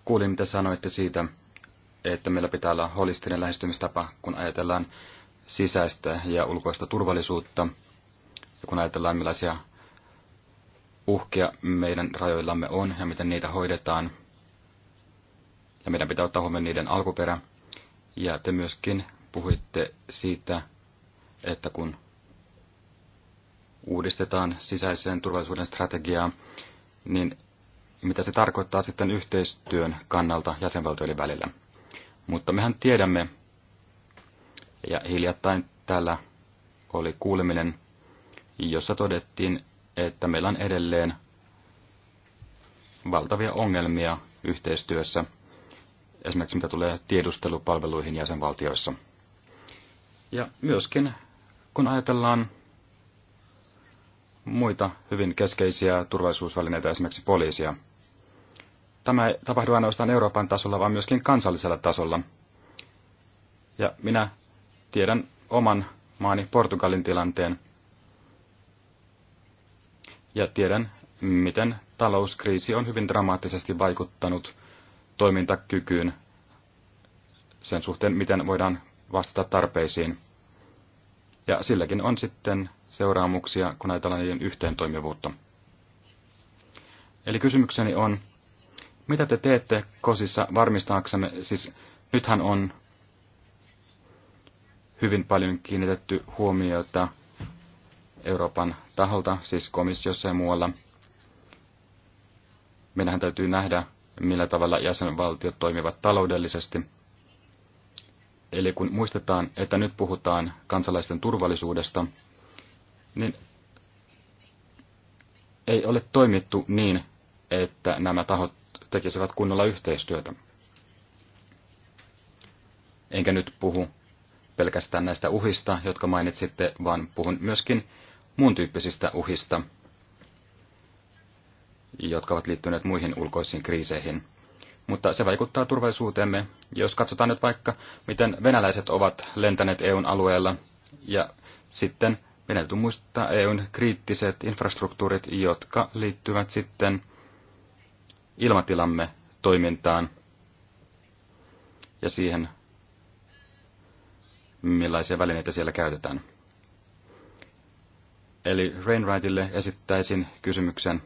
Kuulin, mitä sanoitte siitä, että meillä pitää olla holistinen lähestymistapa, kun ajatellaan sisäistä ja ulkoista turvallisuutta, ja kun ajatellaan millaisia uhkia meidän rajoillamme on ja miten niitä hoidetaan – ja meidän pitää ottaa huomioon niiden alkuperä. Ja te myöskin puhuitte siitä, että kun uudistetaan sisäisen turvallisuuden strategiaa, niin mitä se tarkoittaa sitten yhteistyön kannalta jäsenvaltioiden välillä. Mutta mehän tiedämme, ja hiljattain täällä oli kuuleminen, jossa todettiin, että meillä on edelleen valtavia ongelmia yhteistyössä – esimerkiksi mitä tulee tiedustelupalveluihin jäsenvaltioissa. Ja myöskin kun ajatellaan muita hyvin keskeisiä turvallisuusvälineitä, esimerkiksi poliisia. Tämä ei tapahdu ainoastaan Euroopan tasolla, vaan myöskin kansallisella tasolla. Ja minä tiedän oman maani Portugalin tilanteen. Ja tiedän, miten talouskriisi on hyvin dramaattisesti vaikuttanut toimintakykyyn sen suhteen, miten voidaan vastata tarpeisiin. Ja silläkin on sitten seuraamuksia, kun ajatellaan niiden toimivuutta. Eli kysymykseni on, mitä te teette kosissa varmistaaksemme, siis nythän on hyvin paljon kiinnitetty huomiota Euroopan taholta, siis komissiossa ja muualla. Meidän täytyy nähdä, millä tavalla jäsenvaltiot toimivat taloudellisesti. Eli kun muistetaan, että nyt puhutaan kansalaisten turvallisuudesta, niin ei ole toimittu niin, että nämä tahot tekisivät kunnolla yhteistyötä. Enkä nyt puhu pelkästään näistä uhista, jotka mainitsitte, vaan puhun myöskin muun tyyppisistä uhista, jotka ovat liittyneet muihin ulkoisiin kriiseihin. Mutta se vaikuttaa turvallisuuteemme, jos katsotaan nyt vaikka, miten venäläiset ovat lentäneet EUn alueella, ja sitten meidän täytyy muistaa EUn kriittiset infrastruktuurit, jotka liittyvät sitten ilmatilamme toimintaan ja siihen, millaisia välineitä siellä käytetään. Eli Rainwrightille esittäisin kysymyksen,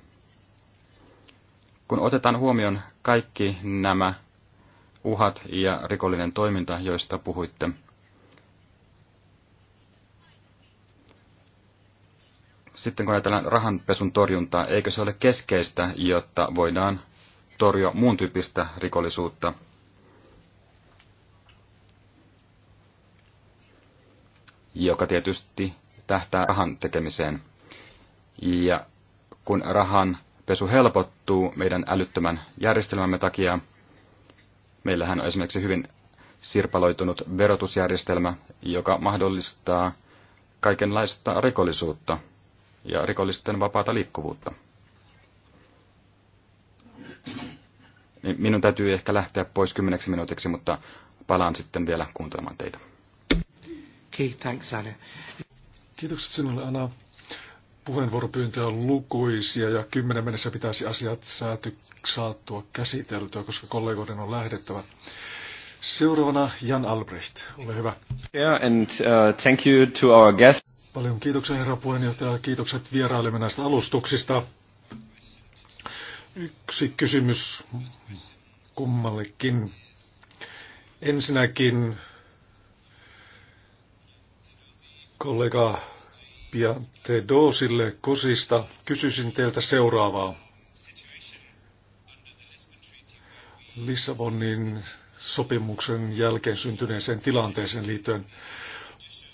kun otetaan huomioon kaikki nämä uhat ja rikollinen toiminta, joista puhuitte, sitten kun ajatellaan rahanpesun torjuntaa, eikö se ole keskeistä, jotta voidaan torjua muun tyyppistä rikollisuutta? joka tietysti tähtää rahan tekemiseen. Ja kun rahan Pesu helpottuu meidän älyttömän järjestelmämme takia. Meillähän on esimerkiksi hyvin sirpaloitunut verotusjärjestelmä, joka mahdollistaa kaikenlaista rikollisuutta ja rikollisten vapaata liikkuvuutta. Niin minun täytyy ehkä lähteä pois kymmeneksi minuutiksi, mutta palaan sitten vielä kuuntelemaan teitä. Okay, thanks, Anna. Kiitokset sinulle, Anna puheenvuoropyyntöjä on lukuisia ja kymmenen mennessä pitäisi asiat sääty, saattua käsiteltyä, koska kollegoiden on lähdettävä. Seuraavana Jan Albrecht, ole hyvä. Yeah, and, uh, thank you to our guest. Paljon kiitoksia herra puheenjohtaja, kiitokset vierailemme näistä alustuksista. Yksi kysymys kummallekin. Ensinnäkin kollega Piantedosille Kosista kysyisin teiltä seuraavaa. Lissabonin sopimuksen jälkeen syntyneeseen tilanteeseen liittyen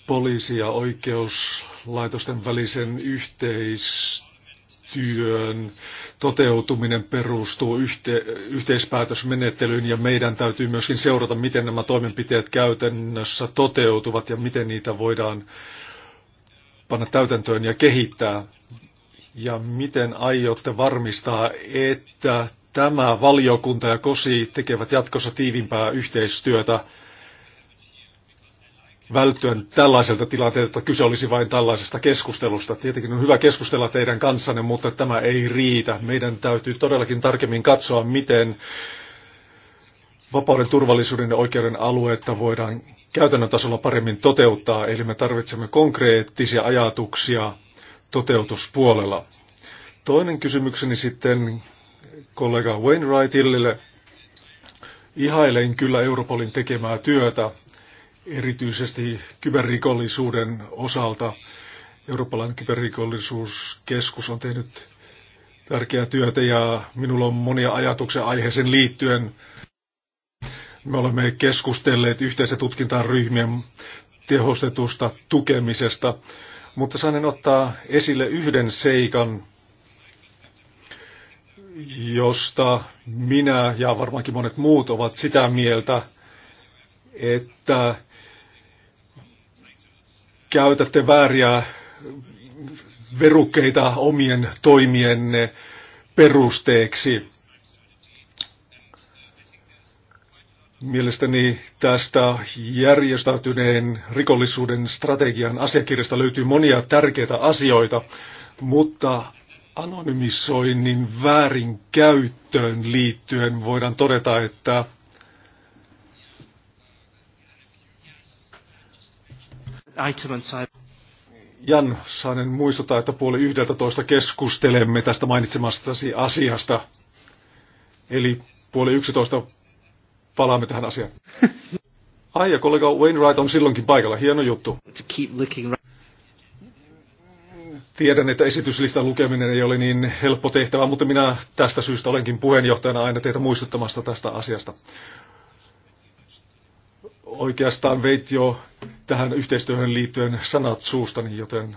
poliisi- ja oikeuslaitosten välisen yhteistyön toteutuminen perustuu yhte- yhteispäätösmenettelyyn ja meidän täytyy myöskin seurata, miten nämä toimenpiteet käytännössä toteutuvat ja miten niitä voidaan panna täytäntöön ja kehittää? Ja miten aiotte varmistaa, että tämä valiokunta ja KOSI tekevät jatkossa tiivimpää yhteistyötä välttyen tällaiselta tilanteelta, että kyse olisi vain tällaisesta keskustelusta. Tietenkin on hyvä keskustella teidän kanssanne, mutta tämä ei riitä. Meidän täytyy todellakin tarkemmin katsoa, miten vapauden, turvallisuuden ja oikeuden aluetta voidaan käytännön tasolla paremmin toteuttaa, eli me tarvitsemme konkreettisia ajatuksia toteutuspuolella. Toinen kysymykseni sitten kollega Wainwrightille. Ihailen kyllä Europolin tekemää työtä, erityisesti kyberrikollisuuden osalta. Eurooppalainen kyberrikollisuuskeskus on tehnyt tärkeää työtä ja minulla on monia ajatuksia aiheeseen liittyen. Me olemme keskustelleet yhteisen tutkintaryhmien tehostetusta tukemisesta, mutta saan ottaa esille yhden seikan, josta minä ja varmaankin monet muut ovat sitä mieltä, että käytätte vääriä verukkeita omien toimienne perusteeksi. Mielestäni tästä järjestäytyneen rikollisuuden strategian asiakirjasta löytyy monia tärkeitä asioita, mutta anonymisoinnin väärinkäyttöön liittyen voidaan todeta, että Jan Saanen muistuttaa, että puoli yhdeltä toista keskustelemme tästä mainitsemastasi asiasta. Eli puoli yksitoista palaamme tähän asiaan. Ai ja kollega Wainwright on silloinkin paikalla. Hieno juttu. Tiedän, että esityslistan lukeminen ei ole niin helppo tehtävä, mutta minä tästä syystä olenkin puheenjohtajana aina teitä muistuttamasta tästä asiasta. Oikeastaan veit jo tähän yhteistyöhön liittyen sanat suustani, joten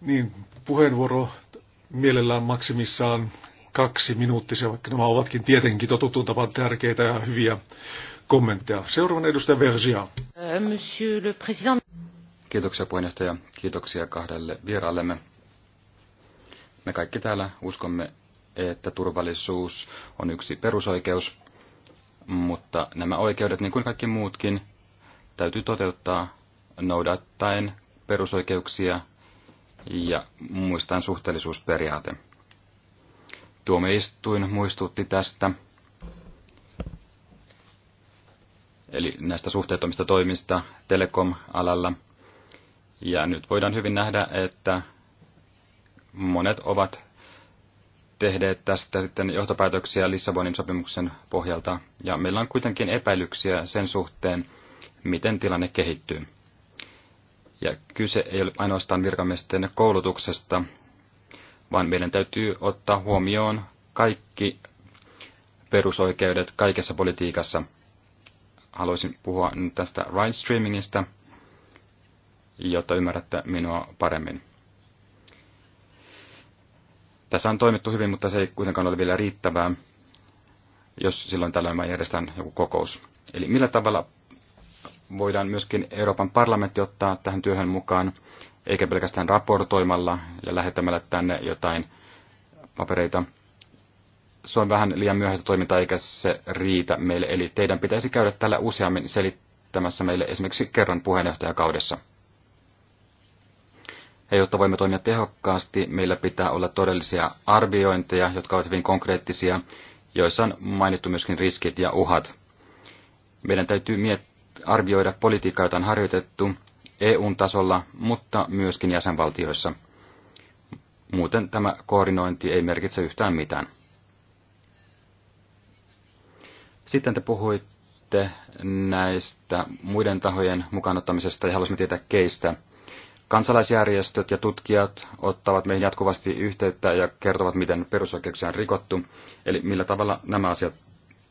niin, puheenvuoro mielellään maksimissaan kaksi minuuttisia, vaikka nämä ovatkin tietenkin totuttuun tapaan tärkeitä ja hyviä kommentteja. Seuraavan edustaja Versia. Euh, monsieur le Président. Kiitoksia puheenjohtaja, kiitoksia kahdelle vieraallemme. Me kaikki täällä uskomme, että turvallisuus on yksi perusoikeus, mutta nämä oikeudet, niin kuin kaikki muutkin, täytyy toteuttaa noudattaen perusoikeuksia ja muistaen suhteellisuusperiaate. Tuomioistuin muistutti tästä, eli näistä suhteettomista toimista telekom-alalla. Ja nyt voidaan hyvin nähdä, että monet ovat tehneet tästä sitten johtopäätöksiä Lissabonin sopimuksen pohjalta, ja meillä on kuitenkin epäilyksiä sen suhteen, miten tilanne kehittyy. Ja kyse ei ole ainoastaan virkamiesten koulutuksesta vaan meidän täytyy ottaa huomioon kaikki perusoikeudet kaikessa politiikassa. Haluaisin puhua nyt tästä right streamingista, jotta ymmärrätte minua paremmin. Tässä on toimittu hyvin, mutta se ei kuitenkaan ole vielä riittävää, jos silloin tällöin mä järjestän joku kokous. Eli millä tavalla voidaan myöskin Euroopan parlamentti ottaa tähän työhön mukaan, eikä pelkästään raportoimalla ja lähettämällä tänne jotain papereita. Se on vähän liian myöhäistä toimintaa, eikä se riitä meille. Eli teidän pitäisi käydä täällä useammin selittämässä meille esimerkiksi kerran puheenjohtajakaudessa. Ja jotta voimme toimia tehokkaasti, meillä pitää olla todellisia arviointeja, jotka ovat hyvin konkreettisia, joissa on mainittu myöskin riskit ja uhat. Meidän täytyy miet- arvioida politiikkaa, jota on harjoitettu, eu tasolla, mutta myöskin jäsenvaltioissa. Muuten tämä koordinointi ei merkitse yhtään mitään. Sitten te puhuitte näistä muiden tahojen mukaanottamisesta ja haluaisimme tietää keistä. Kansalaisjärjestöt ja tutkijat ottavat meihin jatkuvasti yhteyttä ja kertovat, miten perusoikeuksia on rikottu, eli millä tavalla nämä asiat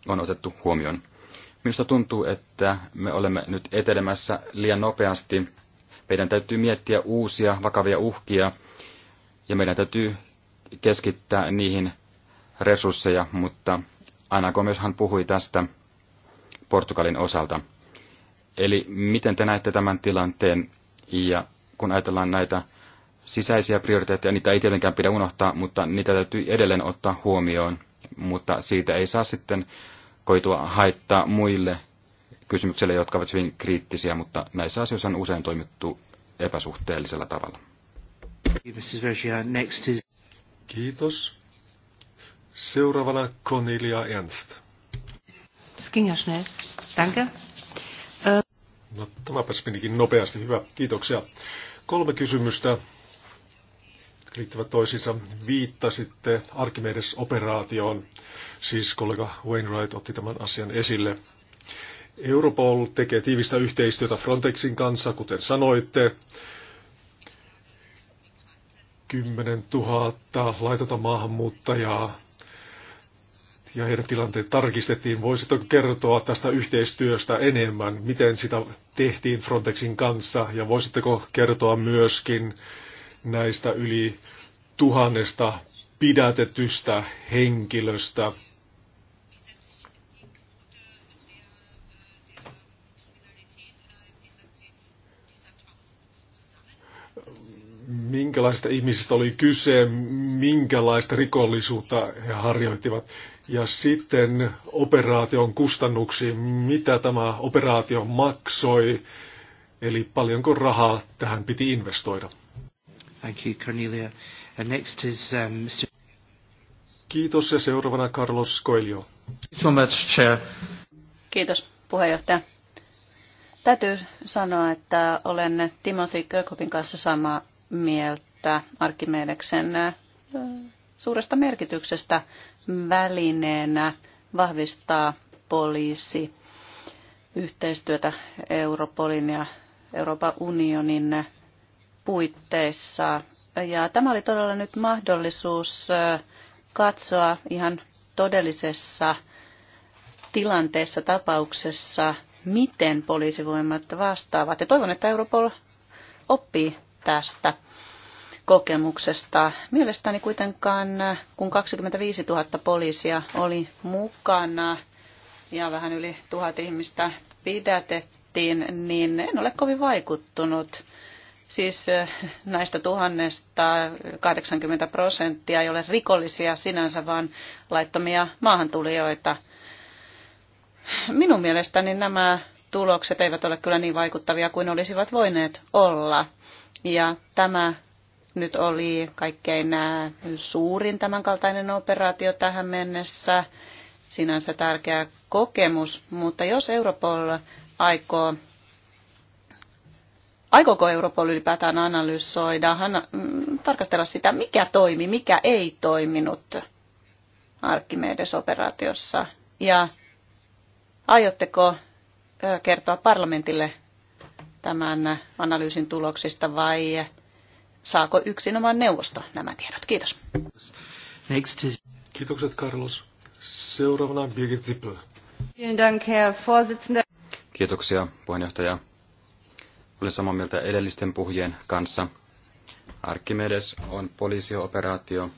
on otettu huomioon. Minusta tuntuu, että me olemme nyt etelemässä liian nopeasti. Meidän täytyy miettiä uusia vakavia uhkia ja meidän täytyy keskittää niihin resursseja, mutta Anna Gomeshan puhui tästä Portugalin osalta. Eli miten te näette tämän tilanteen ja kun ajatellaan näitä sisäisiä prioriteetteja, niitä ei tietenkään pidä unohtaa, mutta niitä täytyy edelleen ottaa huomioon, mutta siitä ei saa sitten koitua haittaa muille kysymyksille, jotka ovat hyvin kriittisiä, mutta näissä asioissa on usein toimittu epäsuhteellisella tavalla. Uh, Kiitos. Seuraavana Cornelia Ernst. Das ging ja schnell. Danke. No, tämä pääsi nopeasti. Hyvä. Kiitoksia. Kolme kysymystä liittyvät toisiinsa. Viittasitte Archimedes-operaatioon, siis kollega Wainwright otti tämän asian esille. Europol tekee tiivistä yhteistyötä Frontexin kanssa, kuten sanoitte. 10 000 laitonta maahanmuuttajaa ja heidän tilanteet tarkistettiin. Voisitko kertoa tästä yhteistyöstä enemmän, miten sitä tehtiin Frontexin kanssa ja voisitteko kertoa myöskin näistä yli tuhannesta pidätetystä henkilöstä. Minkälaista ihmisistä oli kyse, minkälaista rikollisuutta he harjoittivat. Ja sitten operaation kustannuksiin, mitä tämä operaatio maksoi, eli paljonko rahaa tähän piti investoida. Thank you, Cornelia. And uh, next is, um, Mr. Kiitos ja seuraavana Carlos Coelho. So much, chair. Kiitos puheenjohtaja. Täytyy sanoa, että olen Timothy Kirkhopin kanssa samaa mieltä Arkimedeksen äh, suuresta merkityksestä välineenä vahvistaa poliisi yhteistyötä Europolin ja Euroopan unionin puitteissa. Ja tämä oli todella nyt mahdollisuus katsoa ihan todellisessa tilanteessa, tapauksessa, miten poliisivoimat vastaavat. Ja toivon, että Europol oppii tästä kokemuksesta. Mielestäni kuitenkaan, kun 25 000 poliisia oli mukana ja vähän yli tuhat ihmistä pidätettiin, niin en ole kovin vaikuttunut Siis eh, näistä tuhannesta 80 prosenttia ei ole rikollisia sinänsä, vaan laittomia maahantulijoita. Minun mielestäni nämä tulokset eivät ole kyllä niin vaikuttavia kuin olisivat voineet olla. Ja tämä nyt oli kaikkein eh, suurin tämänkaltainen operaatio tähän mennessä. Sinänsä tärkeä kokemus, mutta jos Europol aikoo aikooko Europol ylipäätään analysoida, hän, mm, tarkastella sitä, mikä toimi, mikä ei toiminut Archimedes-operaatiossa. Ja aiotteko kertoa parlamentille tämän analyysin tuloksista vai saako yksinomaan neuvosto nämä tiedot? Kiitos. Next is... Kiitokset Carlos. Seuraavana Birgit Zippel. Kiitoksia puheenjohtaja. Olen samaa mieltä edellisten puhujien kanssa. Arkimedes on poliisioperaatio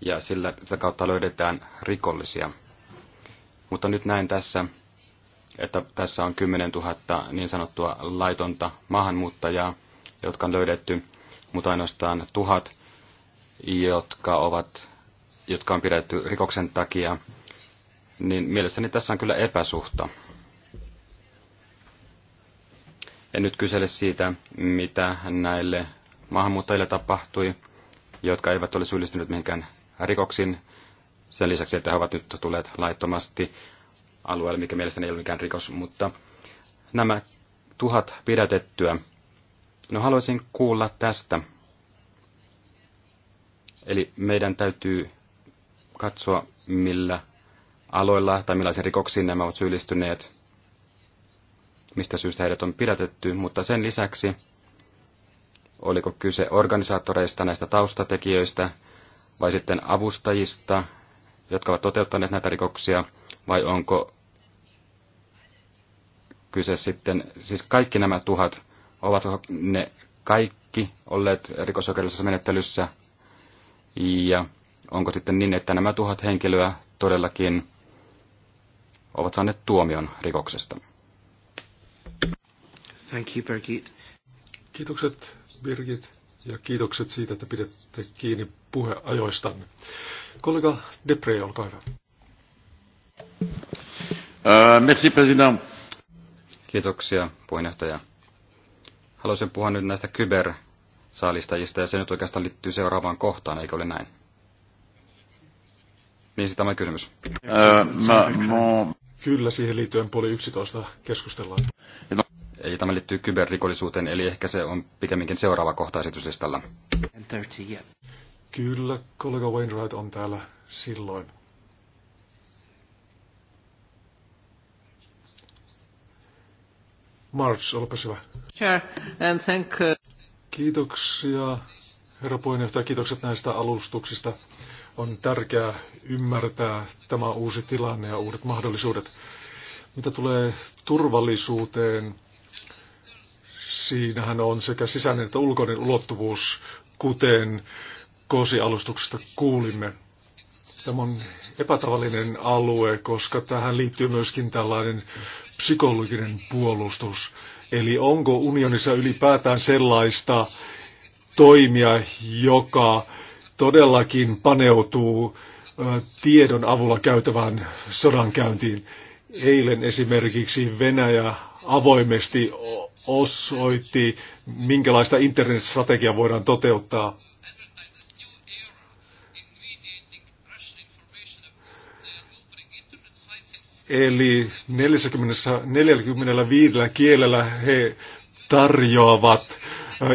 ja sillä sitä kautta löydetään rikollisia. Mutta nyt näen tässä, että tässä on 10 000 niin sanottua laitonta maahanmuuttajaa, jotka on löydetty, mutta ainoastaan tuhat, jotka, ovat, jotka on pidetty rikoksen takia, niin mielestäni tässä on kyllä epäsuhta. En nyt kysele siitä, mitä näille maahanmuuttajille tapahtui, jotka eivät ole syyllistyneet mihinkään rikoksiin. Sen lisäksi, että he ovat nyt tulleet laittomasti alueelle, mikä mielestäni ei ole mikään rikos, mutta nämä tuhat pidätettyä. No haluaisin kuulla tästä. Eli meidän täytyy katsoa, millä aloilla tai millaisiin rikoksiin nämä ovat syyllistyneet mistä syystä heidät on pidätetty, mutta sen lisäksi, oliko kyse organisaattoreista, näistä taustatekijöistä, vai sitten avustajista, jotka ovat toteuttaneet näitä rikoksia, vai onko kyse sitten, siis kaikki nämä tuhat, ovat ne kaikki olleet rikosoikeudellisessa menettelyssä, ja onko sitten niin, että nämä tuhat henkilöä todellakin ovat saaneet tuomion rikoksesta. Thank you, Birgit. Kiitokset, Birgit, ja kiitokset siitä, että pidätte kiinni puheajoistanne. Kollega Depre, olkaa hyvä. Uh, merci, president. Kiitoksia, puheenjohtaja. Haluaisin puhua nyt näistä kybersaalistajista, ja se nyt oikeastaan liittyy seuraavaan kohtaan, eikö ole näin? Niin, sitä siis on kysymys. Uh, äh, ma, ma... Kyllä, siihen liittyen poli 11 keskustellaan. No. Ei tämä liittyy kyberrikollisuuteen, eli ehkä se on pikemminkin seuraava kohta esityslistalla. 30, yeah. Kyllä, kollega Wainwright on täällä silloin. March, olkaa hyvä. Sure, and thank you. Kiitoksia, herra puheenjohtaja, kiitokset näistä alustuksista. On tärkeää ymmärtää tämä uusi tilanne ja uudet mahdollisuudet. Mitä tulee turvallisuuteen, Siinähän on sekä sisäinen että ulkoinen ulottuvuus, kuten kosialustuksesta alustuksesta kuulimme. Tämä on epätavallinen alue, koska tähän liittyy myöskin tällainen psykologinen puolustus. Eli onko unionissa ylipäätään sellaista toimia, joka todellakin paneutuu tiedon avulla käytävään sodankäyntiin. Eilen esimerkiksi Venäjä avoimesti osoitti, minkälaista internetstrategiaa voidaan toteuttaa. Eli 40, 45 kielellä he tarjoavat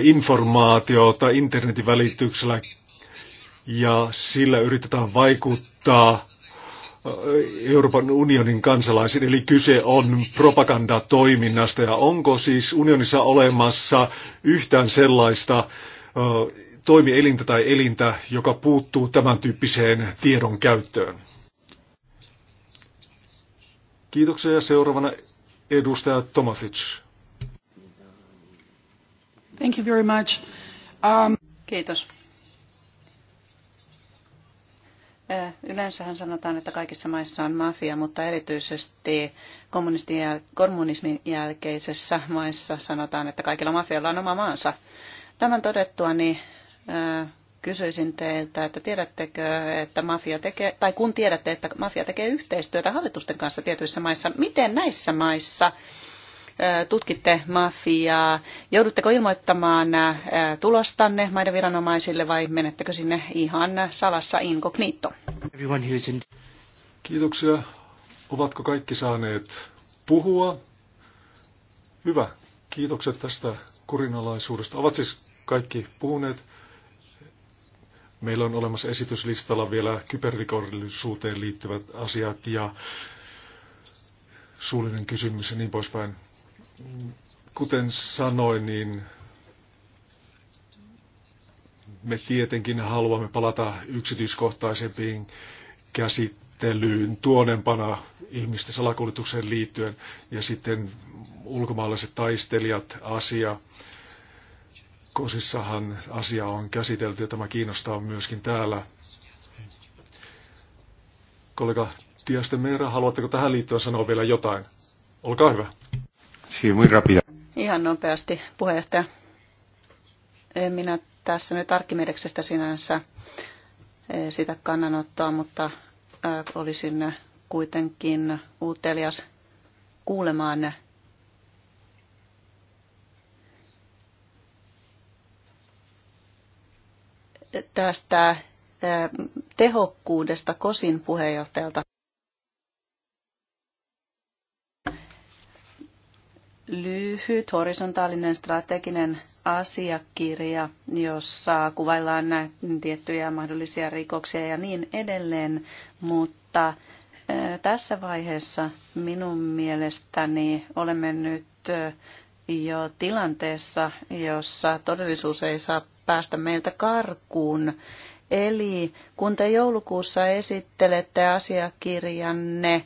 informaatiota internetin välityksellä ja sillä yritetään vaikuttaa Euroopan unionin kansalaisiin, eli kyse on propagandatoiminnasta, ja onko siis unionissa olemassa yhtään sellaista toimielintä tai elintä, joka puuttuu tämän tyyppiseen tiedon käyttöön? Kiitoksia ja seuraavana edustaja Tomasic. Thank you very much. Um... Kiitos. Äh, yleensähän sanotaan, että kaikissa maissa on mafia, mutta erityisesti kommunismin jälkeisessä maissa sanotaan, että kaikilla mafialla on oma maansa. Tämän todettua niin, äh, kysyisin teiltä, että tiedättekö, että mafia tekee, tai kun tiedätte, että mafia tekee yhteistyötä hallitusten kanssa tietyissä maissa, miten näissä maissa – tutkitte mafiaa, joudutteko ilmoittamaan tulostanne maiden viranomaisille vai menettekö sinne ihan salassa incognito? Kiitoksia. Ovatko kaikki saaneet puhua? Hyvä. Kiitokset tästä kurinalaisuudesta. Ovat siis kaikki puhuneet. Meillä on olemassa esityslistalla vielä kyberrikollisuuteen liittyvät asiat ja suullinen kysymys ja niin poispäin. Kuten sanoin, niin me tietenkin haluamme palata yksityiskohtaisempiin käsittelyyn tuonempana ihmisten salakuljetukseen liittyen ja sitten ulkomaalaiset taistelijat asia. Kosissahan asia on käsitelty ja tämä kiinnostaa myöskin täällä. Kollega Tiaste Meera, haluatteko tähän liittyen sanoa vielä jotain? Olkaa hyvä. Ihan nopeasti, puheenjohtaja. En minä tässä nyt arkkimedeksestä sinänsä eh, sitä kannanottoa, mutta eh, olisin kuitenkin uutelias kuulemaan eh, tästä tehokkuudesta kosin puheenjohtajalta. lyhyt horisontaalinen strateginen asiakirja, jossa kuvaillaan näitä tiettyjä mahdollisia rikoksia ja niin edelleen, mutta tässä vaiheessa minun mielestäni olemme nyt jo tilanteessa, jossa todellisuus ei saa päästä meiltä karkuun. Eli kun te joulukuussa esittelette asiakirjanne,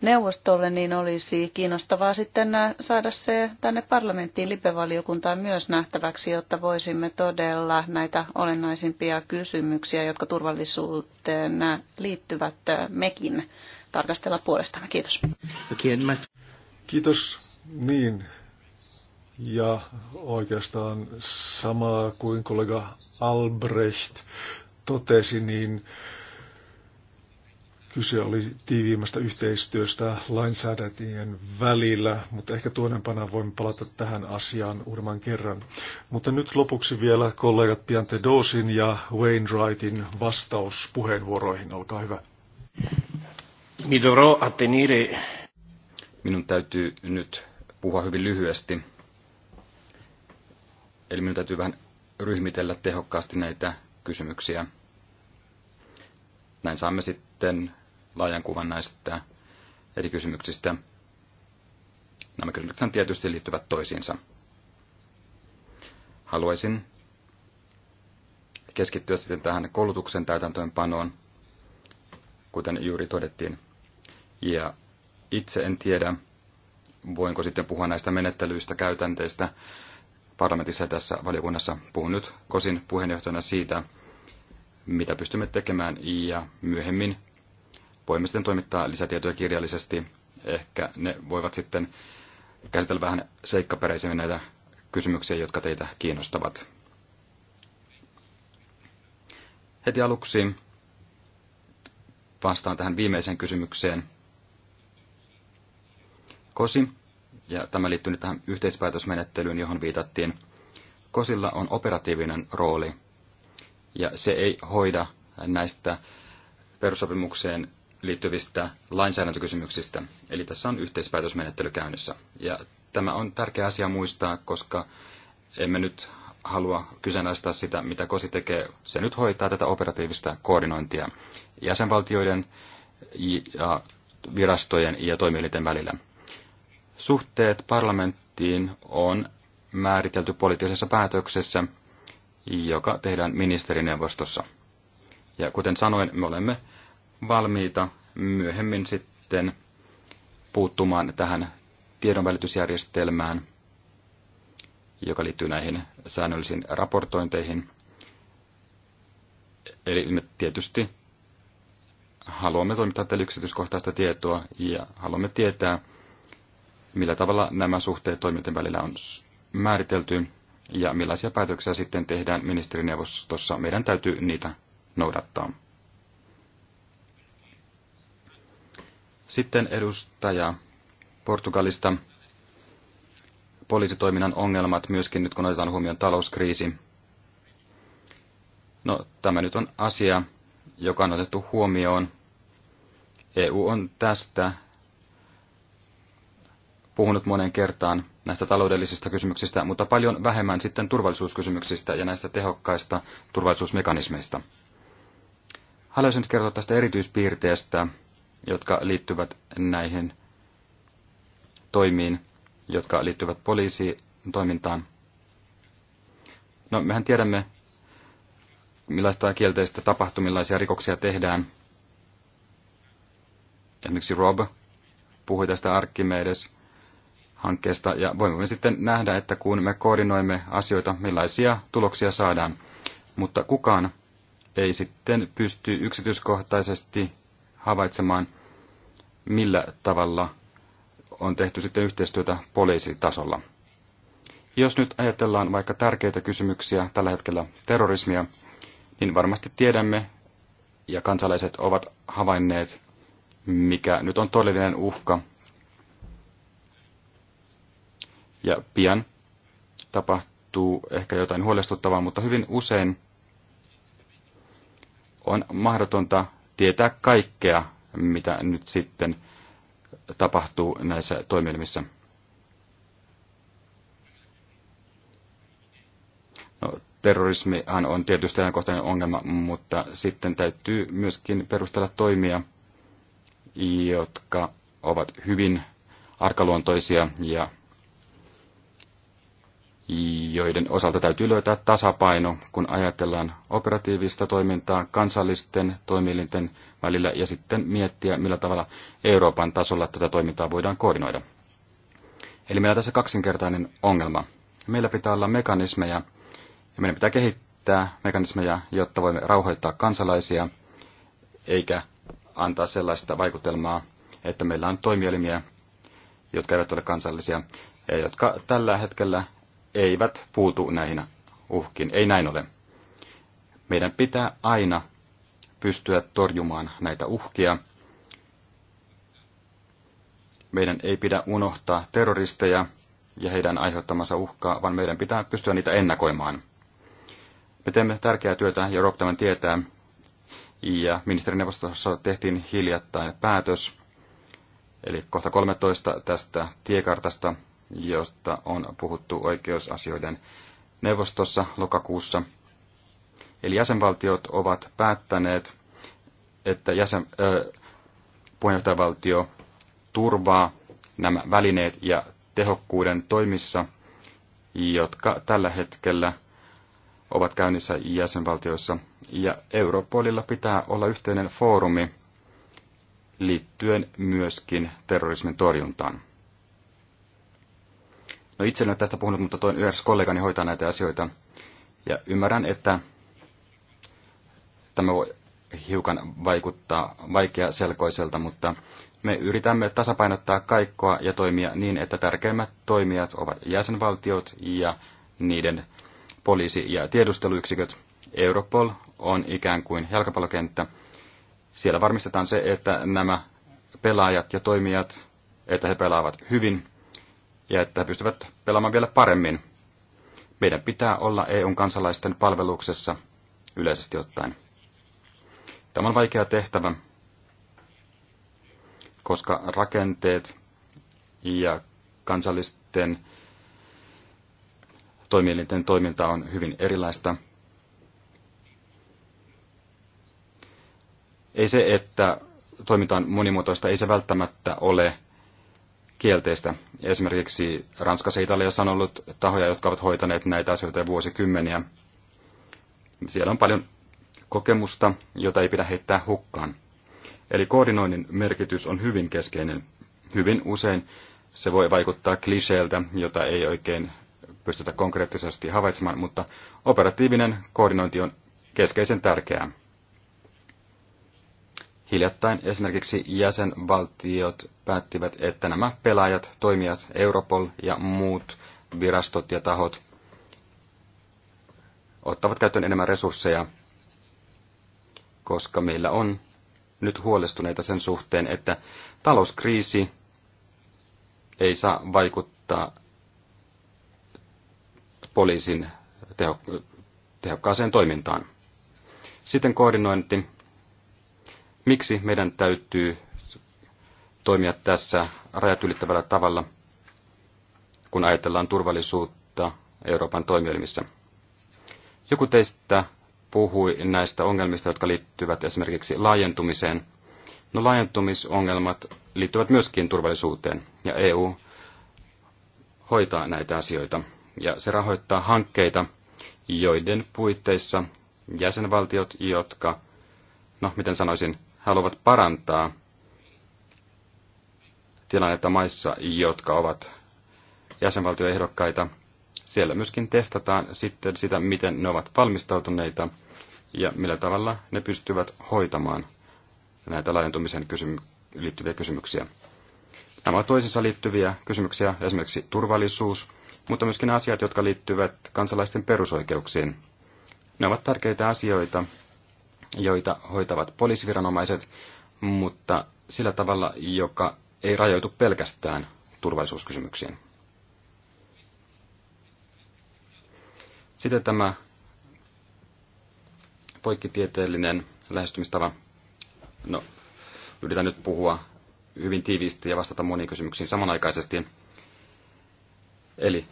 neuvostolle, niin olisi kiinnostavaa sitten saada se tänne parlamenttiin lipevaliokuntaan myös nähtäväksi, jotta voisimme todella näitä olennaisimpia kysymyksiä, jotka turvallisuuteen liittyvät mekin tarkastella puolestamme. Kiitos. Kiitos. Niin. Ja oikeastaan sama kuin kollega Albrecht totesi, niin Kyse oli tiiviimmästä yhteistyöstä lainsäädäntöjen välillä, mutta ehkä tuonempana voimme palata tähän asiaan uudemman kerran. Mutta nyt lopuksi vielä kollegat Piante Dosin ja Wainwrightin puheenvuoroihin. Olkaa hyvä. Minun täytyy nyt puhua hyvin lyhyesti. Eli minun täytyy vähän ryhmitellä tehokkaasti näitä kysymyksiä. Näin saamme sitten sitten laajan kuvan näistä eri kysymyksistä. Nämä kysymykset tietysti liittyvät toisiinsa. Haluaisin keskittyä sitten tähän koulutuksen täytäntöönpanoon, kuten juuri todettiin. Ja itse en tiedä, voinko sitten puhua näistä menettelyistä, käytänteistä parlamentissa ja tässä valiokunnassa. Puhun nyt KOSin puheenjohtajana siitä, mitä pystymme tekemään ja myöhemmin voimme sitten toimittaa lisätietoja kirjallisesti. Ehkä ne voivat sitten käsitellä vähän seikkaperäisemmin näitä kysymyksiä, jotka teitä kiinnostavat. Heti aluksi vastaan tähän viimeiseen kysymykseen. Kosi, ja tämä liittyy nyt tähän yhteispäätösmenettelyyn, johon viitattiin. Kosilla on operatiivinen rooli, ja se ei hoida näistä perussopimukseen liittyvistä lainsäädäntökysymyksistä. Eli tässä on yhteispäätösmenettely käynnissä. Ja tämä on tärkeä asia muistaa, koska emme nyt halua kyseenalaistaa sitä, mitä KOSI tekee. Se nyt hoitaa tätä operatiivista koordinointia jäsenvaltioiden ja virastojen ja toimielinten välillä. Suhteet parlamenttiin on määritelty poliittisessa päätöksessä, joka tehdään ministerineuvostossa. Ja kuten sanoin, me olemme valmiita myöhemmin sitten puuttumaan tähän tiedonvälitysjärjestelmään, joka liittyy näihin säännöllisiin raportointeihin. Eli me tietysti haluamme toimittaa tälle yksityiskohtaista tietoa ja haluamme tietää, millä tavalla nämä suhteet toimijoiden välillä on määritelty ja millaisia päätöksiä sitten tehdään ministerineuvostossa. Meidän täytyy niitä noudattaa. Sitten edustaja Portugalista poliisitoiminnan ongelmat myöskin nyt kun otetaan huomioon talouskriisi. No, tämä nyt on asia, joka on otettu huomioon. EU on tästä puhunut monen kertaan näistä taloudellisista kysymyksistä, mutta paljon vähemmän sitten turvallisuuskysymyksistä ja näistä tehokkaista turvallisuusmekanismeista. Haluaisin nyt kertoa tästä erityispiirteestä, jotka liittyvät näihin toimiin, jotka liittyvät poliisitoimintaan. No, mehän tiedämme, millaista kielteistä tapahtuu, millaisia rikoksia tehdään. Esimerkiksi Rob puhui tästä Archimedes hankkeesta ja voimme sitten nähdä, että kun me koordinoimme asioita, millaisia tuloksia saadaan. Mutta kukaan ei sitten pysty yksityiskohtaisesti havaitsemaan, millä tavalla on tehty sitten yhteistyötä poliisitasolla. Jos nyt ajatellaan vaikka tärkeitä kysymyksiä tällä hetkellä terrorismia, niin varmasti tiedämme ja kansalaiset ovat havainneet, mikä nyt on todellinen uhka. Ja pian tapahtuu ehkä jotain huolestuttavaa, mutta hyvin usein on mahdotonta tietää kaikkea, mitä nyt sitten tapahtuu näissä toimielimissä. No, terrorismihan on tietysti ajankohtainen ongelma, mutta sitten täytyy myöskin perustella toimia, jotka ovat hyvin arkaluontoisia ja joiden osalta täytyy löytää tasapaino, kun ajatellaan operatiivista toimintaa kansallisten toimielinten välillä ja sitten miettiä, millä tavalla Euroopan tasolla tätä toimintaa voidaan koordinoida. Eli meillä on tässä kaksinkertainen ongelma. Meillä pitää olla mekanismeja ja meidän pitää kehittää mekanismeja, jotta voimme rauhoittaa kansalaisia, eikä antaa sellaista vaikutelmaa, että meillä on toimielimiä, jotka eivät ole kansallisia, ja jotka tällä hetkellä eivät puutu näihin uhkiin. Ei näin ole. Meidän pitää aina pystyä torjumaan näitä uhkia. Meidän ei pidä unohtaa terroristeja ja heidän aiheuttamansa uhkaa, vaan meidän pitää pystyä niitä ennakoimaan. Me teemme tärkeää työtä, ja Rob tämän tietää, ja ministerineuvostossa tehtiin hiljattain päätös, eli kohta 13 tästä tiekartasta, josta on puhuttu oikeusasioiden neuvostossa lokakuussa. Eli jäsenvaltiot ovat päättäneet, että jäsen, äh, puheenjohtajavaltio turvaa nämä välineet ja tehokkuuden toimissa, jotka tällä hetkellä ovat käynnissä jäsenvaltioissa. Ja Europolilla pitää olla yhteinen foorumi liittyen myöskin terrorismin torjuntaan. No itse en ole tästä puhunut, mutta toin yhdessä kollegani hoitaa näitä asioita. Ja ymmärrän, että tämä voi hiukan vaikuttaa vaikea selkoiselta, mutta me yritämme tasapainottaa kaikkoa ja toimia niin, että tärkeimmät toimijat ovat jäsenvaltiot ja niiden poliisi- ja tiedusteluyksiköt. Europol on ikään kuin jalkapallokenttä. Siellä varmistetaan se, että nämä pelaajat ja toimijat, että he pelaavat hyvin ja että he pystyvät pelaamaan vielä paremmin. Meidän pitää olla EUn kansalaisten palveluksessa yleisesti ottaen. Tämä on vaikea tehtävä, koska rakenteet ja kansallisten toimielinten toiminta on hyvin erilaista. Ei se, että toiminta on monimuotoista, ei se välttämättä ole kielteistä. Esimerkiksi Ranskassa ja Italiassa on ollut tahoja, jotka ovat hoitaneet näitä asioita vuosikymmeniä. Siellä on paljon kokemusta, jota ei pidä heittää hukkaan. Eli koordinoinnin merkitys on hyvin keskeinen. Hyvin usein se voi vaikuttaa kliseeltä, jota ei oikein pystytä konkreettisesti havaitsemaan, mutta operatiivinen koordinointi on keskeisen tärkeää. Hiljattain esimerkiksi jäsenvaltiot päättivät, että nämä pelaajat, toimijat, Europol ja muut virastot ja tahot ottavat käyttöön enemmän resursseja, koska meillä on nyt huolestuneita sen suhteen, että talouskriisi ei saa vaikuttaa poliisin teho, tehokkaaseen toimintaan. Sitten koordinointi miksi meidän täytyy toimia tässä rajat ylittävällä tavalla, kun ajatellaan turvallisuutta Euroopan toimielimissä. Joku teistä puhui näistä ongelmista, jotka liittyvät esimerkiksi laajentumiseen. No laajentumisongelmat liittyvät myöskin turvallisuuteen, ja EU hoitaa näitä asioita. Ja se rahoittaa hankkeita, joiden puitteissa jäsenvaltiot, jotka, no miten sanoisin, haluavat parantaa tilannetta maissa, jotka ovat jäsenvaltioehdokkaita. Siellä myöskin testataan sitten sitä, miten ne ovat valmistautuneita ja millä tavalla ne pystyvät hoitamaan näitä laajentumisen kysymy- liittyviä kysymyksiä. Nämä ovat toisinsa liittyviä kysymyksiä, esimerkiksi turvallisuus, mutta myöskin asiat, jotka liittyvät kansalaisten perusoikeuksiin. Ne ovat tärkeitä asioita, joita hoitavat poliisiviranomaiset, mutta sillä tavalla, joka ei rajoitu pelkästään turvallisuuskysymyksiin. Sitten tämä poikkitieteellinen lähestymistava. No, yritän nyt puhua hyvin tiiviisti ja vastata moniin kysymyksiin samanaikaisesti. Eli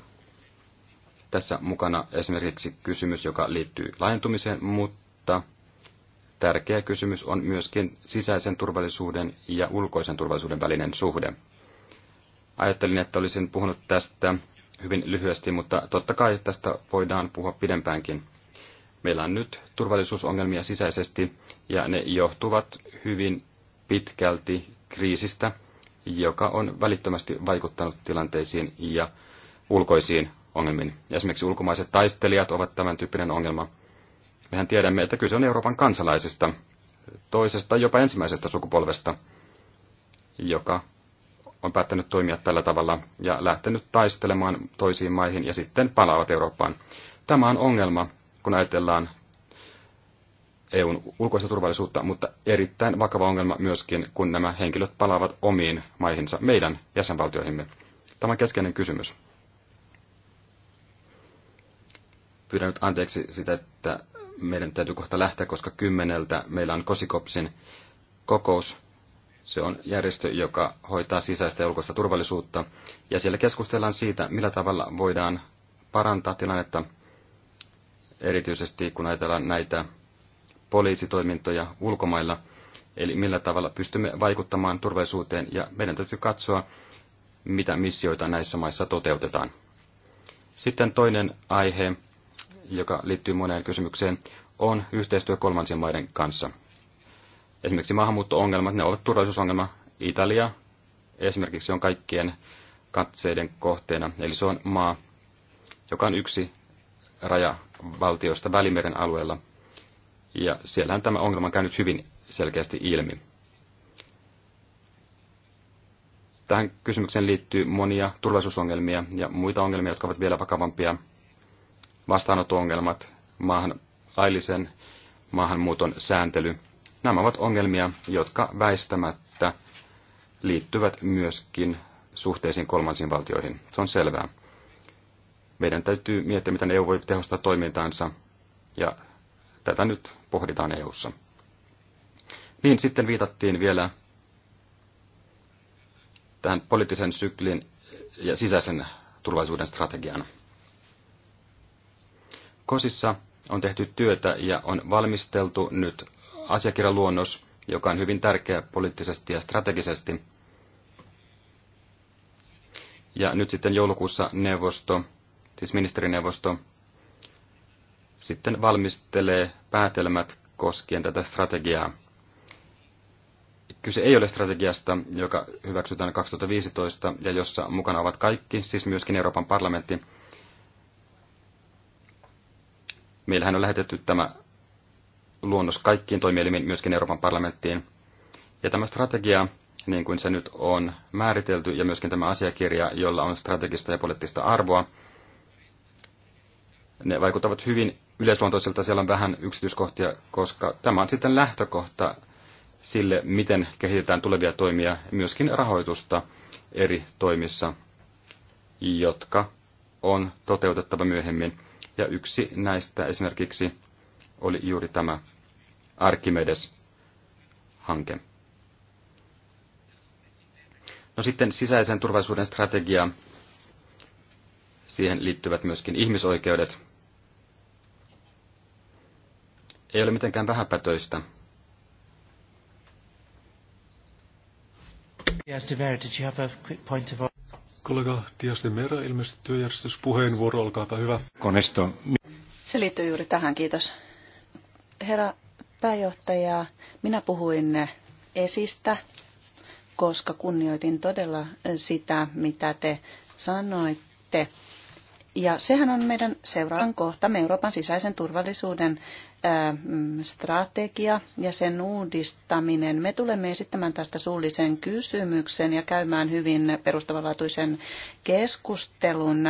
tässä mukana esimerkiksi kysymys, joka liittyy laajentumiseen, mutta Tärkeä kysymys on myöskin sisäisen turvallisuuden ja ulkoisen turvallisuuden välinen suhde. Ajattelin, että olisin puhunut tästä hyvin lyhyesti, mutta totta kai tästä voidaan puhua pidempäänkin. Meillä on nyt turvallisuusongelmia sisäisesti ja ne johtuvat hyvin pitkälti kriisistä, joka on välittömästi vaikuttanut tilanteisiin ja ulkoisiin ongelmiin. Esimerkiksi ulkomaiset taistelijat ovat tämän tyyppinen ongelma. Mehän tiedämme, että kyse on Euroopan kansalaisista, toisesta, jopa ensimmäisestä sukupolvesta, joka on päättänyt toimia tällä tavalla ja lähtenyt taistelemaan toisiin maihin ja sitten palaavat Eurooppaan. Tämä on ongelma, kun ajatellaan EUn ulkoista turvallisuutta, mutta erittäin vakava ongelma myöskin, kun nämä henkilöt palaavat omiin maihinsa, meidän jäsenvaltioihimme. Tämä on keskeinen kysymys. Pyydän nyt anteeksi sitä, että meidän täytyy kohta lähteä, koska kymmeneltä meillä on Kosikopsin kokous. Se on järjestö, joka hoitaa sisäistä ja ulkoista turvallisuutta. Ja siellä keskustellaan siitä, millä tavalla voidaan parantaa tilannetta, erityisesti kun ajatellaan näitä poliisitoimintoja ulkomailla, eli millä tavalla pystymme vaikuttamaan turvallisuuteen, ja meidän täytyy katsoa, mitä missioita näissä maissa toteutetaan. Sitten toinen aihe joka liittyy moneen kysymykseen, on yhteistyö kolmansien maiden kanssa. Esimerkiksi maahanmuutto-ongelmat, ne ovat turvallisuusongelma. Italia esimerkiksi on kaikkien katseiden kohteena, eli se on maa, joka on yksi rajavaltioista Välimeren alueella. Ja siellähän tämä ongelma on käynyt hyvin selkeästi ilmi. Tähän kysymykseen liittyy monia turvallisuusongelmia ja muita ongelmia, jotka ovat vielä vakavampia vastaanotto-ongelmat, maahan, laillisen maahanmuuton sääntely. Nämä ovat ongelmia, jotka väistämättä liittyvät myöskin suhteisiin kolmansiin valtioihin. Se on selvää. Meidän täytyy miettiä, miten EU voi tehostaa toimintaansa, ja tätä nyt pohditaan EUssa. Niin sitten viitattiin vielä tähän poliittisen syklin ja sisäisen turvallisuuden strategiaan. Kosissa on tehty työtä ja on valmisteltu nyt asiakirjaluonnos, joka on hyvin tärkeä poliittisesti ja strategisesti. Ja nyt sitten joulukuussa neuvosto, siis ministerineuvosto, sitten valmistelee päätelmät koskien tätä strategiaa. Kyse ei ole strategiasta, joka hyväksytään 2015 ja jossa mukana ovat kaikki, siis myöskin Euroopan parlamentti, Meillähän on lähetetty tämä luonnos kaikkiin toimielimiin, myöskin Euroopan parlamenttiin. Ja tämä strategia, niin kuin se nyt on määritelty, ja myöskin tämä asiakirja, jolla on strategista ja poliittista arvoa, ne vaikuttavat hyvin yleisluontoiselta siellä on vähän yksityiskohtia, koska tämä on sitten lähtökohta sille, miten kehitetään tulevia toimia, myöskin rahoitusta eri toimissa, jotka on toteutettava myöhemmin. Ja yksi näistä esimerkiksi oli juuri tämä Archimedes-hanke. No sitten sisäisen turvallisuuden strategia. Siihen liittyvät myöskin ihmisoikeudet. Ei ole mitenkään vähäpätöistä. Yes, Kollega de Mera, ilmeisesti työjärjestyspuheenvuoro, olkaapa hyvä. Konesto. Se liittyy juuri tähän, kiitos. Herra pääjohtaja, minä puhuin esistä, koska kunnioitin todella sitä, mitä te sanoitte. Ja sehän on meidän seuraavan kohtamme Euroopan sisäisen turvallisuuden mm, strategia ja sen uudistaminen. Me tulemme esittämään tästä suullisen kysymyksen ja käymään hyvin perustavanlaatuisen keskustelun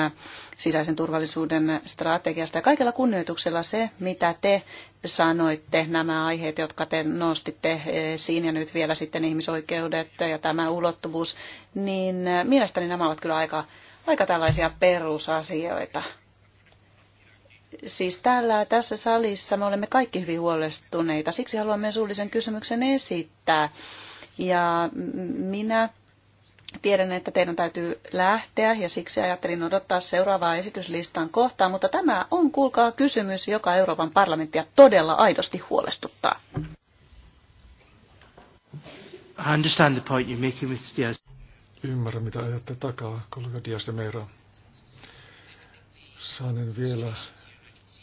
sisäisen turvallisuuden strategiasta. Ja kaikella kunnioituksella se, mitä te sanoitte, nämä aiheet, jotka te nostitte esiin ja nyt vielä sitten ihmisoikeudet ja tämä ulottuvuus, niin mielestäni nämä ovat kyllä aika aika tällaisia perusasioita. Siis täällä tässä salissa me olemme kaikki hyvin huolestuneita, siksi haluamme suullisen kysymyksen esittää. Ja minä tiedän, että teidän täytyy lähteä ja siksi ajattelin odottaa seuraavaa esityslistan kohtaa, mutta tämä on, kuulkaa, kysymys, joka Euroopan parlamenttia todella aidosti huolestuttaa. I understand the point you're making with yes. Ymmärrän, mitä ajatte takaa, kollega Dias de Meira. Saanen vielä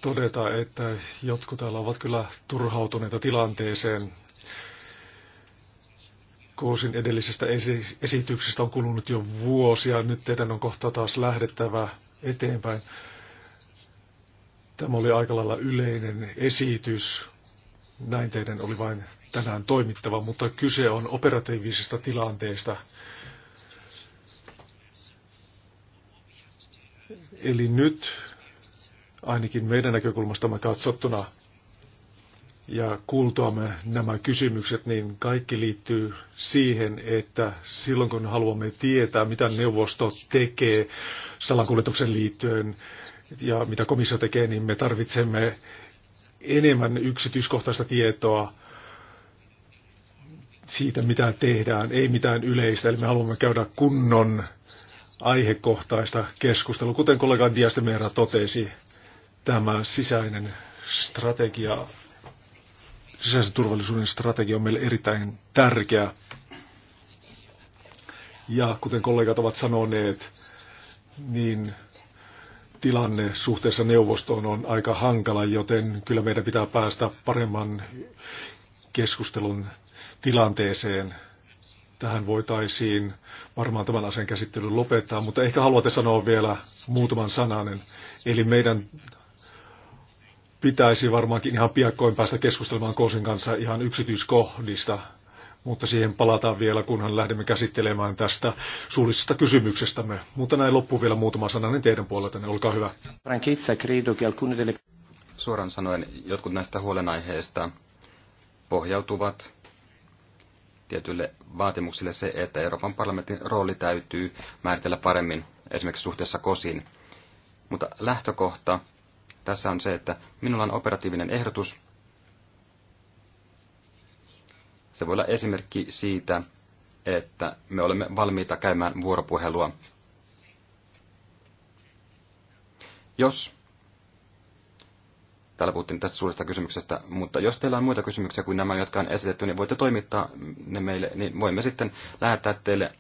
todeta, että jotkut täällä ovat kyllä turhautuneita tilanteeseen. Kuusin edellisestä esityksestä on kulunut jo vuosia. Nyt teidän on kohta taas lähdettävä eteenpäin. Tämä oli aika lailla yleinen esitys. Näin teidän oli vain tänään toimittava, mutta kyse on operatiivisesta tilanteesta. Eli nyt ainakin meidän näkökulmastamme katsottuna ja kuultuamme nämä kysymykset, niin kaikki liittyy siihen, että silloin kun haluamme tietää, mitä neuvosto tekee salakuljetuksen liittyen ja mitä komissio tekee, niin me tarvitsemme enemmän yksityiskohtaista tietoa siitä, mitä tehdään, ei mitään yleistä. Eli me haluamme käydä kunnon aihekohtaista keskustelua. Kuten kollega Diastemera totesi, tämä sisäinen strategia, sisäisen turvallisuuden strategia on meille erittäin tärkeä. Ja kuten kollegat ovat sanoneet, niin tilanne suhteessa neuvostoon on aika hankala, joten kyllä meidän pitää päästä paremman keskustelun tilanteeseen tähän voitaisiin varmaan tämän asian käsittely lopettaa, mutta ehkä haluatte sanoa vielä muutaman sananen. Eli meidän pitäisi varmaankin ihan piakkoin päästä keskustelemaan Koosin kanssa ihan yksityiskohdista, mutta siihen palataan vielä, kunhan lähdemme käsittelemään tästä suullisesta kysymyksestämme. Mutta näin loppuu vielä muutama sananen niin teidän puoleltanne, olkaa hyvä. Suoraan sanoen, jotkut näistä huolenaiheista pohjautuvat tietyille vaatimuksille se, että Euroopan parlamentin rooli täytyy määritellä paremmin esimerkiksi suhteessa kosiin. Mutta lähtökohta tässä on se, että minulla on operatiivinen ehdotus. Se voi olla esimerkki siitä, että me olemme valmiita käymään vuoropuhelua. Jos Täällä puhuttiin tästä suuresta kysymyksestä, mutta jos teillä on muita kysymyksiä kuin nämä, jotka on esitetty, niin voitte toimittaa ne meille, niin voimme sitten lähettää teille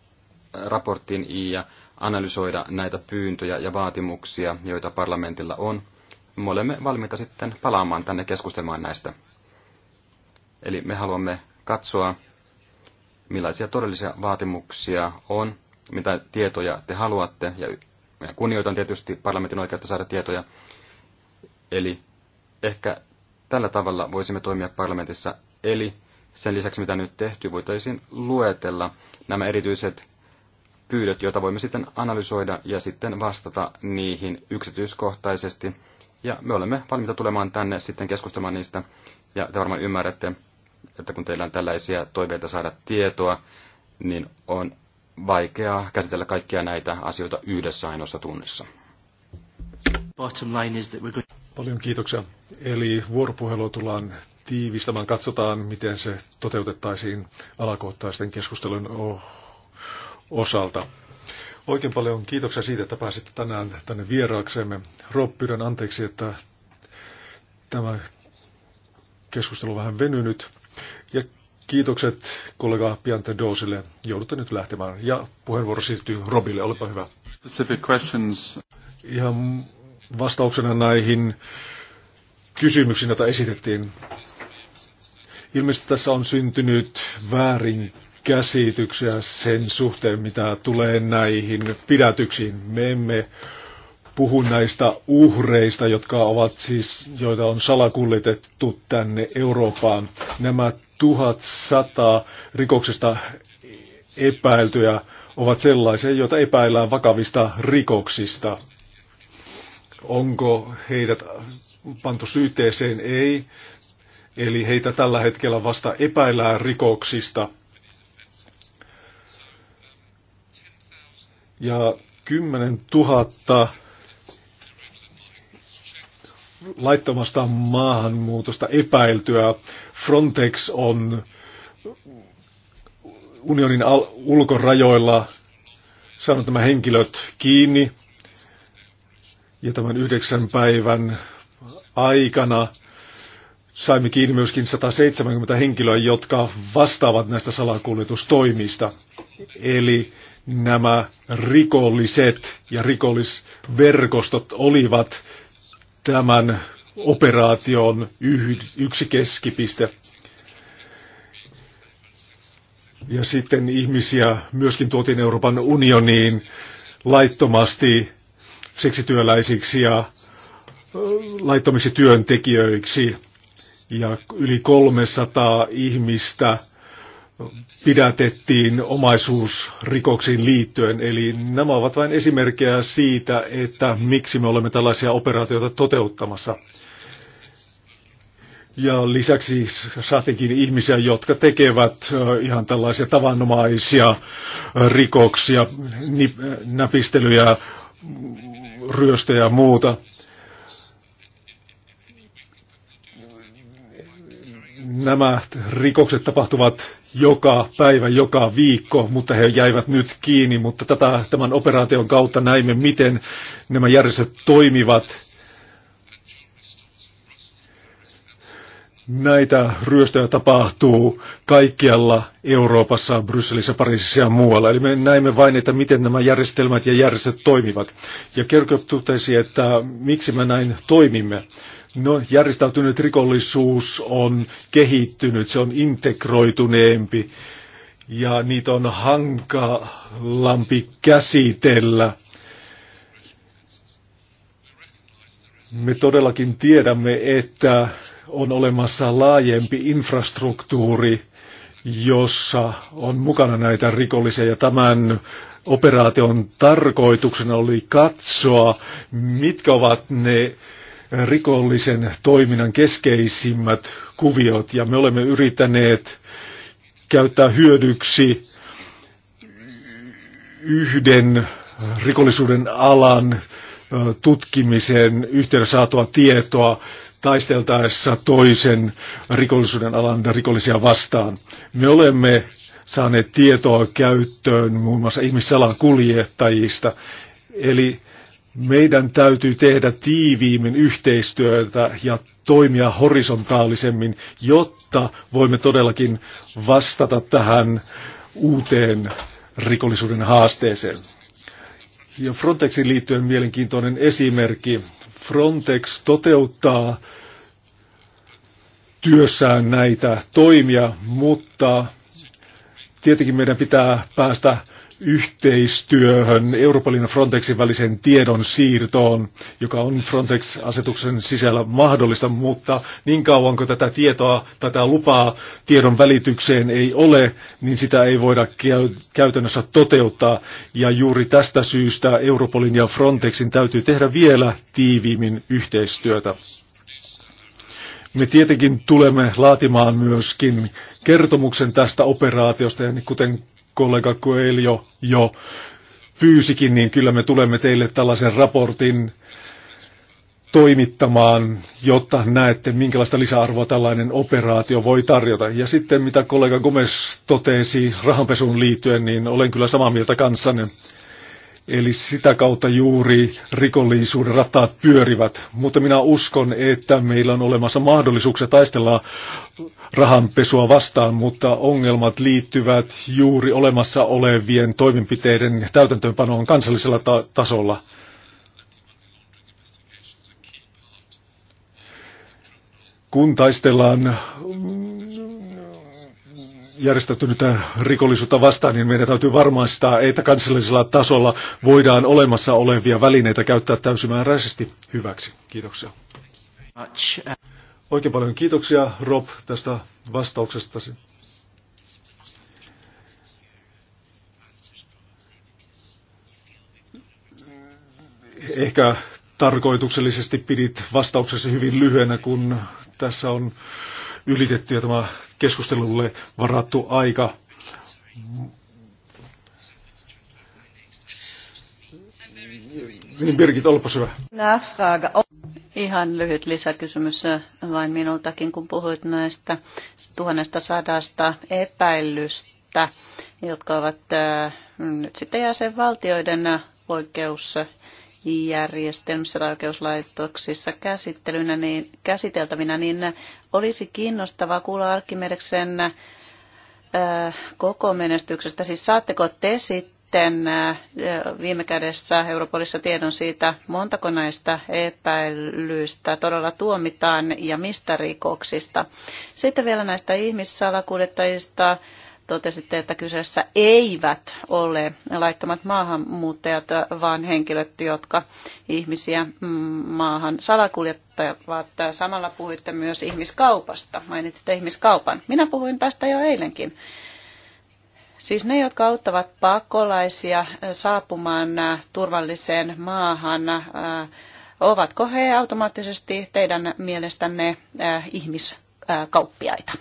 raportin ja analysoida näitä pyyntöjä ja vaatimuksia, joita parlamentilla on. Me olemme valmiita sitten palaamaan tänne keskustelemaan näistä. Eli me haluamme katsoa, millaisia todellisia vaatimuksia on, mitä tietoja te haluatte, ja kunnioitan tietysti parlamentin oikeutta saada tietoja. Eli ehkä tällä tavalla voisimme toimia parlamentissa. Eli sen lisäksi, mitä nyt tehty, voitaisiin luetella nämä erityiset pyydöt, joita voimme sitten analysoida ja sitten vastata niihin yksityiskohtaisesti. Ja me olemme valmiita tulemaan tänne sitten keskustelemaan niistä. Ja te varmaan ymmärrätte, että kun teillä on tällaisia toiveita saada tietoa, niin on vaikeaa käsitellä kaikkia näitä asioita yhdessä ainoassa tunnissa. Bottom line is that we're going... Paljon kiitoksia. Eli vuoropuhelua tullaan tiivistämään. Katsotaan, miten se toteutettaisiin alakohtaisten keskustelujen osalta. Oikein paljon kiitoksia siitä, että pääsitte tänään tänne vieraaksemme. Rob, pyydän anteeksi, että tämä keskustelu on vähän venynyt. Ja kiitokset kollega Piante Doosille. Joudutte nyt lähtemään. Ja puheenvuoro siirtyy Robille. Olepa hyvä. Specific questions. Ihan vastauksena näihin kysymyksiin, joita esitettiin. Ilmeisesti tässä on syntynyt väärin käsityksiä sen suhteen, mitä tulee näihin pidätyksiin. Me emme puhu näistä uhreista, jotka ovat siis, joita on salakuljetettu tänne Eurooppaan. Nämä 1100 rikoksesta epäiltyjä ovat sellaisia, joita epäillään vakavista rikoksista. Onko heidät pantu syytteeseen? Ei. Eli heitä tällä hetkellä vasta epäillään rikoksista. Ja 10 000 laittomasta maahanmuutosta epäiltyä. Frontex on unionin ulkorajoilla saanut nämä henkilöt kiinni. Ja tämän yhdeksän päivän aikana saimme kiinni myöskin 170 henkilöä, jotka vastaavat näistä salakuljetustoimista. Eli nämä rikolliset ja rikollisverkostot olivat tämän operaation yksi keskipiste. Ja sitten ihmisiä myöskin tuotiin Euroopan unioniin laittomasti seksityöläisiksi ja laittomiksi työntekijöiksi ja yli 300 ihmistä pidätettiin omaisuusrikoksiin liittyen. Eli nämä ovat vain esimerkkejä siitä, että miksi me olemme tällaisia operaatioita toteuttamassa. Ja lisäksi saatiinkin ihmisiä, jotka tekevät ihan tällaisia tavanomaisia rikoksia, näpistelyjä, ryöstöjä ja muuta. Nämä rikokset tapahtuvat joka päivä, joka viikko, mutta he jäivät nyt kiinni, mutta tätä, tämän operaation kautta näimme, miten nämä järjestöt toimivat näitä ryöstöjä tapahtuu kaikkialla Euroopassa, Brysselissä, Pariisissa ja muualla. Eli me näemme vain, että miten nämä järjestelmät ja järjestöt toimivat. Ja Kerkö totesi, että miksi me näin toimimme. No, järjestäytynyt rikollisuus on kehittynyt, se on integroituneempi ja niitä on hankalampi käsitellä. Me todellakin tiedämme, että on olemassa laajempi infrastruktuuri, jossa on mukana näitä rikollisia ja tämän operaation tarkoituksena oli katsoa, mitkä ovat ne rikollisen toiminnan keskeisimmät kuviot ja me olemme yrittäneet käyttää hyödyksi yhden rikollisuuden alan tutkimisen yhteydessä saatua tietoa taisteltaessa toisen rikollisuuden alan rikollisia vastaan. Me olemme saaneet tietoa käyttöön muun muassa ihmissalan kuljettajista, eli meidän täytyy tehdä tiiviimmin yhteistyötä ja toimia horisontaalisemmin, jotta voimme todellakin vastata tähän uuteen rikollisuuden haasteeseen ja Frontexin liittyen mielenkiintoinen esimerkki. Frontex toteuttaa työssään näitä toimia, mutta tietenkin meidän pitää päästä yhteistyöhön, Euroopan Frontexin välisen tiedon siirtoon, joka on Frontex-asetuksen sisällä mahdollista, mutta niin kauan kuin tätä tietoa, tätä lupaa tiedon välitykseen ei ole, niin sitä ei voida käytännössä toteuttaa. Ja juuri tästä syystä Europolin ja Frontexin täytyy tehdä vielä tiiviimmin yhteistyötä. Me tietenkin tulemme laatimaan myöskin kertomuksen tästä operaatiosta, ja kuten kollega Coelho jo pyysikin, niin kyllä me tulemme teille tällaisen raportin toimittamaan, jotta näette, minkälaista lisäarvoa tällainen operaatio voi tarjota. Ja sitten mitä kollega Gomes totesi rahanpesun liittyen, niin olen kyllä samaa mieltä kanssanne. Eli sitä kautta juuri rikollisuuden rattaat pyörivät. Mutta minä uskon, että meillä on olemassa mahdollisuuksia taistella rahanpesua vastaan, mutta ongelmat liittyvät juuri olemassa olevien toimenpiteiden täytäntöönpanoon kansallisella ta- tasolla. kun taistellaan järjestäytynyttä rikollisuutta vastaan, niin meidän täytyy varmaistaa, että kansallisella tasolla voidaan olemassa olevia välineitä käyttää täysimääräisesti hyväksi. Kiitoksia. Oikein paljon kiitoksia Rob tästä vastauksestasi. Ehkä tarkoituksellisesti pidit vastauksesi hyvin lyhyenä, kun tässä on ylitetty ja tämä keskustelulle varattu aika. Niin Birgit, olpas hyvä. Ihan lyhyt lisäkysymys vain minultakin, kun puhuit näistä tuhannesta sadasta epäilystä, jotka ovat äh, nyt sitten jäsenvaltioiden oikeus järjestelmissä tai oikeuslaitoksissa käsittelynä, niin, käsiteltävinä, niin olisi kiinnostavaa kuulla Arkimedeksen äh, koko menestyksestä. Siis saatteko te sitten äh, viime kädessä Europolissa tiedon siitä, montako näistä epäilyistä todella tuomitaan ja mistä rikoksista. Sitten vielä näistä ihmissalakuljettajista totesitte, että kyseessä eivät ole laittomat maahanmuuttajat, vaan henkilöt, jotka ihmisiä mm, maahan salakuljettavat. Samalla puhuitte myös ihmiskaupasta, mainitsitte ihmiskaupan. Minä puhuin tästä jo eilenkin. Siis ne, jotka auttavat pakolaisia saapumaan turvalliseen maahan, äh, ovatko he automaattisesti teidän mielestänne äh, ihmiskauppiaita?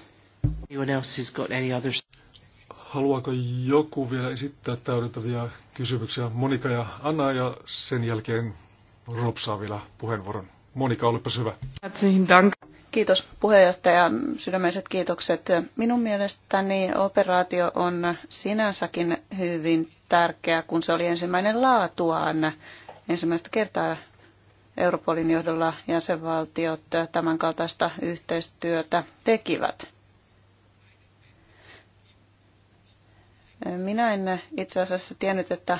Haluaako joku vielä esittää täydentäviä kysymyksiä? Monika ja Anna ja sen jälkeen Ropsaa vielä puheenvuoron. Monika, olipa hyvä. Kiitos puheenjohtaja. Sydämeiset kiitokset. Minun mielestäni operaatio on sinänsäkin hyvin tärkeä, kun se oli ensimmäinen laatuaan ensimmäistä kertaa Europolin johdolla jäsenvaltiot tämänkaltaista yhteistyötä tekivät. Minä en itse asiassa tiennyt, että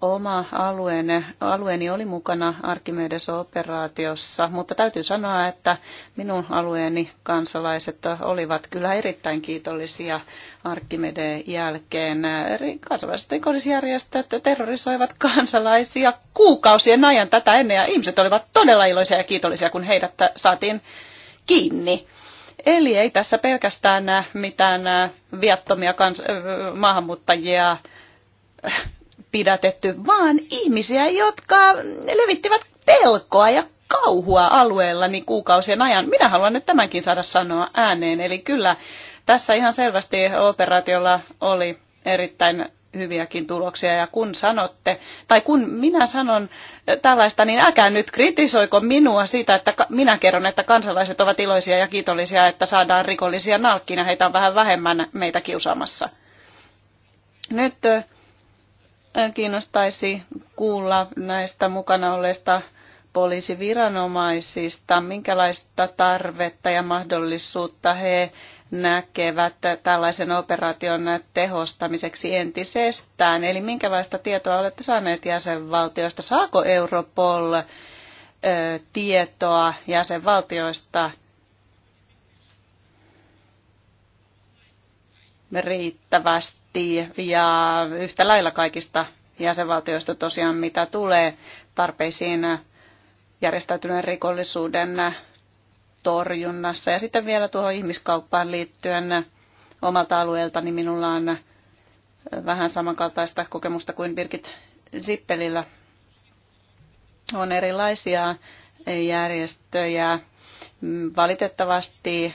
oma alueeni, alueeni oli mukana Arkimedes-operaatiossa, mutta täytyy sanoa, että minun alueeni kansalaiset olivat kyllä erittäin kiitollisia Arkimedeen jälkeen. Kansalaiset rikollisjärjestöt terrorisoivat kansalaisia kuukausien ajan tätä ennen ja ihmiset olivat todella iloisia ja kiitollisia, kun heidät saatiin kiinni. Eli ei tässä pelkästään äh, mitään äh, viattomia kans- äh, maahanmuuttajia pidätetty, vaan ihmisiä, jotka levittivät pelkoa ja kauhua alueella niin kuukausien ajan. Minä haluan nyt tämänkin saada sanoa ääneen. Eli kyllä tässä ihan selvästi operaatiolla oli erittäin hyviäkin tuloksia. Ja kun sanotte, tai kun minä sanon tällaista, niin äkää nyt kritisoiko minua siitä, että minä kerron, että kansalaiset ovat iloisia ja kiitollisia, että saadaan rikollisia nalkkina. Heitä on vähän vähemmän meitä kiusaamassa. Nyt kiinnostaisi kuulla näistä mukana olleista poliisiviranomaisista, minkälaista tarvetta ja mahdollisuutta he näkevät tällaisen operaation tehostamiseksi entisestään? Eli minkälaista tietoa olette saaneet jäsenvaltioista? Saako Europol tietoa jäsenvaltioista riittävästi ja yhtä lailla kaikista jäsenvaltioista tosiaan, mitä tulee tarpeisiin järjestäytyneen rikollisuuden torjunnassa. Ja sitten vielä tuohon ihmiskauppaan liittyen omalta alueelta, niin minulla on vähän samankaltaista kokemusta kuin Birgit Zippelillä. On erilaisia järjestöjä. Valitettavasti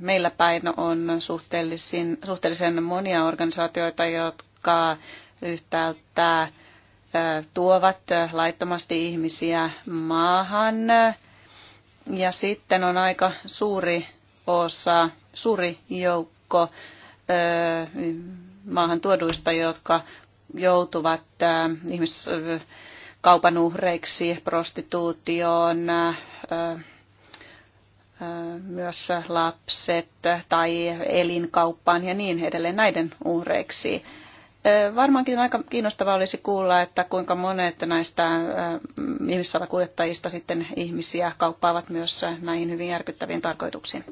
meillä päin on suhteellisen, suhteellisen monia organisaatioita, jotka yhtäältä tuovat laittomasti ihmisiä maahan – ja sitten on aika suuri osa, suuri joukko maahan tuoduista, jotka joutuvat ihmiskaupan uhreiksi, prostituutioon, myös lapset tai elinkauppaan ja niin edelleen näiden uhreiksi. Varmaankin aika kiinnostavaa olisi kuulla, että kuinka monet näistä ihmissalakuljettajista sitten ihmisiä kauppaavat myös näihin hyvin järkyttäviin tarkoituksiin.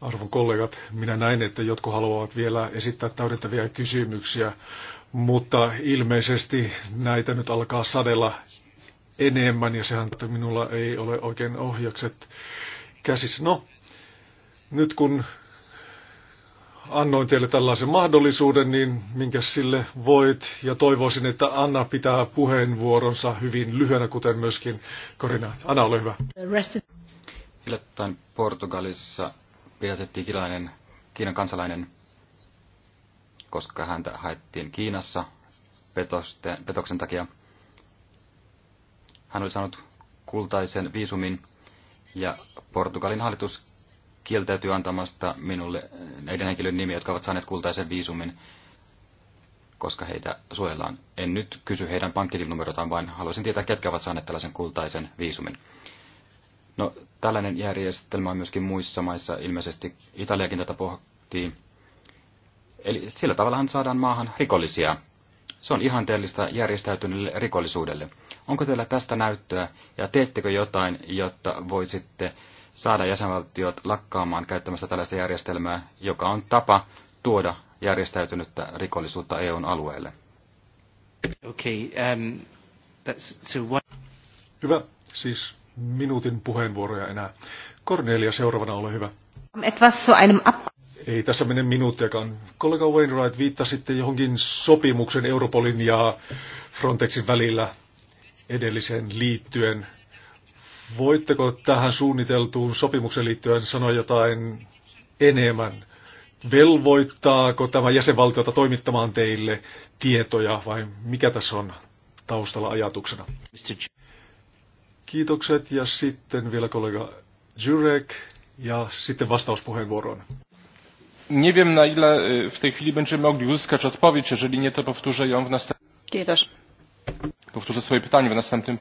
Arvon kollegat, minä näin, että jotkut haluavat vielä esittää täydentäviä kysymyksiä, mutta ilmeisesti näitä nyt alkaa sadella enemmän ja sehän, että minulla ei ole oikein ohjakset käsissä. No, nyt kun annoin teille tällaisen mahdollisuuden, niin minkä sille voit. Ja toivoisin, että Anna pitää puheenvuoronsa hyvin lyhyenä, kuten myöskin Korina. Anna, ole hyvä. Hiljattain Portugalissa pidätettiin kilainen, Kiinan kansalainen, koska häntä haettiin Kiinassa petoste, petoksen takia. Hän oli saanut kultaisen viisumin ja Portugalin hallitus kieltäytyy antamasta minulle äh, näiden henkilön nimiä, jotka ovat saaneet kultaisen viisumin, koska heitä suojellaan. En nyt kysy heidän pankkitilnumerotaan, vaan haluaisin tietää, ketkä ovat saaneet tällaisen kultaisen viisumin. No, tällainen järjestelmä on myöskin muissa maissa, ilmeisesti Italiakin tätä pohtii. Eli sillä tavallahan saadaan maahan rikollisia. Se on ihanteellista järjestäytyneelle rikollisuudelle. Onko teillä tästä näyttöä ja teettekö jotain, jotta voisitte sitten saada jäsenvaltiot lakkaamaan käyttämästä tällaista järjestelmää, joka on tapa tuoda järjestäytynyttä rikollisuutta EUn alueelle. Okay, um, that's, so what... Hyvä, siis minuutin puheenvuoroja enää. Cornelia, seuraavana ole hyvä. Ei tässä mene minuuttiakaan. Kollega Wainwright sitten johonkin sopimuksen Europolin ja Frontexin välillä edellisen liittyen Voitteko tähän suunniteltuun sopimukseen liittyen sanoa jotain enemmän? Velvoittaako tämä jäsenvaltiota toimittamaan teille tietoja vai mikä tässä on taustalla ajatuksena? Kiitokset ja sitten vielä kollega Jurek ja sitten vastauspuheenvuoroon. Nie wiem na ile w tej chwili będziemy mogli uzyskać odpowiedź, jeżeli nie to powtórzę ją w następnym. Kiitos. Powtórzę swoje pytanie w następnym.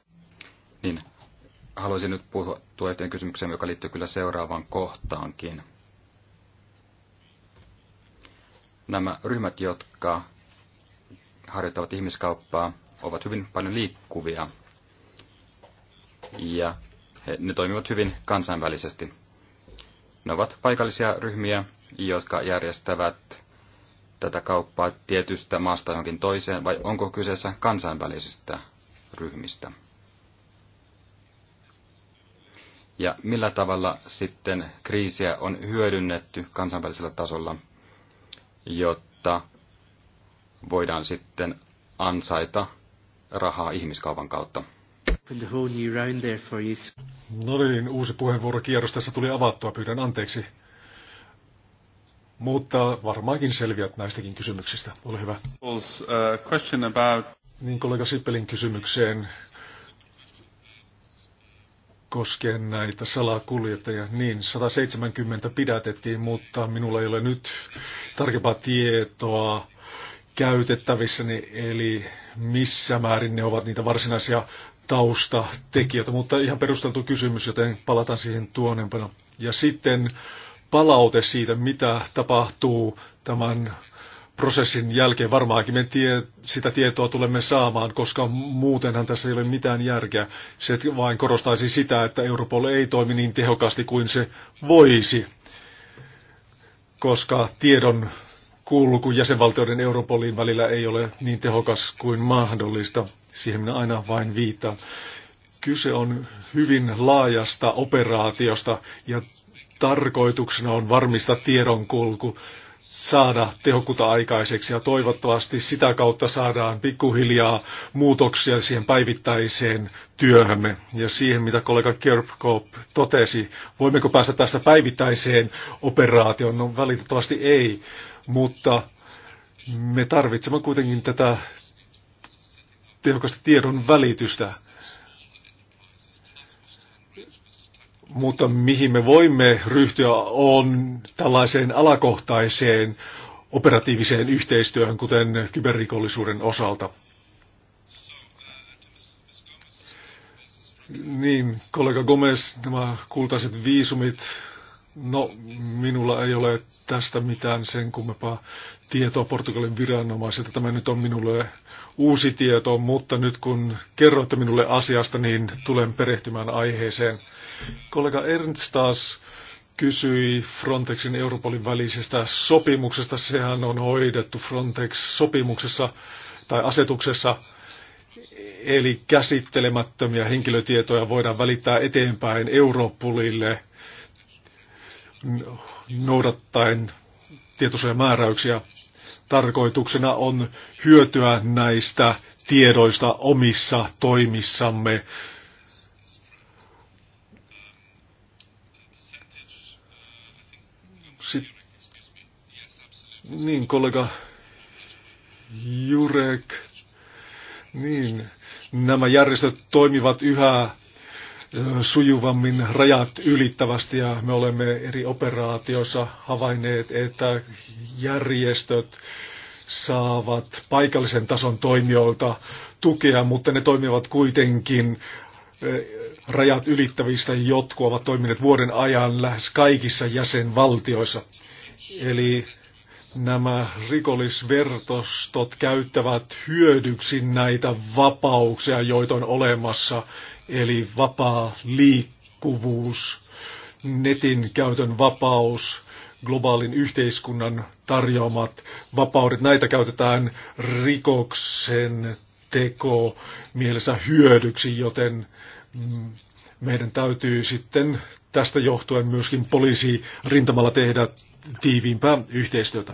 Niin, haluaisin nyt puhua tuoteen kysymykseen, joka liittyy kyllä seuraavaan kohtaankin. Nämä ryhmät, jotka harjoittavat ihmiskauppaa, ovat hyvin paljon liikkuvia ja he, ne toimivat hyvin kansainvälisesti. Ne ovat paikallisia ryhmiä, jotka järjestävät tätä kauppaa tietystä maasta johonkin toiseen, vai onko kyseessä kansainvälisistä ryhmistä? ja millä tavalla sitten kriisiä on hyödynnetty kansainvälisellä tasolla, jotta voidaan sitten ansaita rahaa ihmiskaupan kautta. No niin, uusi puheenvuorokierros tässä tuli avattua, pyydän anteeksi. Mutta varmaankin selviät näistäkin kysymyksistä. Ole hyvä. Uh, niin kollega Sippelin kysymykseen koskien näitä salakuljettajia. Niin, 170 pidätettiin, mutta minulla ei ole nyt tarkempaa tietoa käytettävissäni, eli missä määrin ne ovat niitä varsinaisia taustatekijöitä, mutta ihan perusteltu kysymys, joten palataan siihen tuonempana. Ja sitten palaute siitä, mitä tapahtuu tämän prosessin jälkeen varmaankin me tie, sitä tietoa tulemme saamaan, koska muutenhan tässä ei ole mitään järkeä. Se vain korostaisi sitä, että Europol ei toimi niin tehokkaasti kuin se voisi, koska tiedon kulku jäsenvaltioiden Europolin välillä ei ole niin tehokas kuin mahdollista. Siihen minä aina vain viittaan. Kyse on hyvin laajasta operaatiosta ja tarkoituksena on varmistaa tiedonkulku. kulku saada tehokkuutta aikaiseksi ja toivottavasti sitä kautta saadaan pikkuhiljaa muutoksia siihen päivittäiseen työhömme ja siihen, mitä kollega Kirkhope totesi. Voimmeko päästä tästä päivittäiseen operaatioon? No valitettavasti ei, mutta me tarvitsemme kuitenkin tätä tehokasta tiedon välitystä. Mutta mihin me voimme ryhtyä on tällaiseen alakohtaiseen operatiiviseen yhteistyöhön, kuten kyberrikollisuuden osalta. Niin, kollega Gomez, nämä kultaiset viisumit, No, minulla ei ole tästä mitään sen kummempaa tietoa Portugalin viranomaisilta. Tämä nyt on minulle uusi tieto, mutta nyt kun kerroitte minulle asiasta, niin tulen perehtymään aiheeseen. Kollega Ernst taas kysyi Frontexin Europolin välisestä sopimuksesta. Sehän on hoidettu Frontex-sopimuksessa tai asetuksessa. Eli käsittelemättömiä henkilötietoja voidaan välittää eteenpäin Europolille – noudattaen tietoisia määräyksiä. Tarkoituksena on hyötyä näistä tiedoista omissa toimissamme. Sit, niin, kollega Jurek, niin, nämä järjestöt toimivat yhä sujuvammin rajat ylittävästi ja me olemme eri operaatioissa havainneet, että järjestöt saavat paikallisen tason toimijoilta tukea, mutta ne toimivat kuitenkin eh, rajat ylittävistä, jotkut ovat toimineet vuoden ajan lähes kaikissa jäsenvaltioissa. Eli nämä rikollisvertostot käyttävät hyödyksi näitä vapauksia, joita on olemassa eli vapaa liikkuvuus, netin käytön vapaus, globaalin yhteiskunnan tarjoamat vapaudet. Näitä käytetään rikoksen teko mielessä hyödyksi, joten mm, meidän täytyy sitten tästä johtuen myöskin poliisi rintamalla tehdä tiiviimpää yhteistyötä.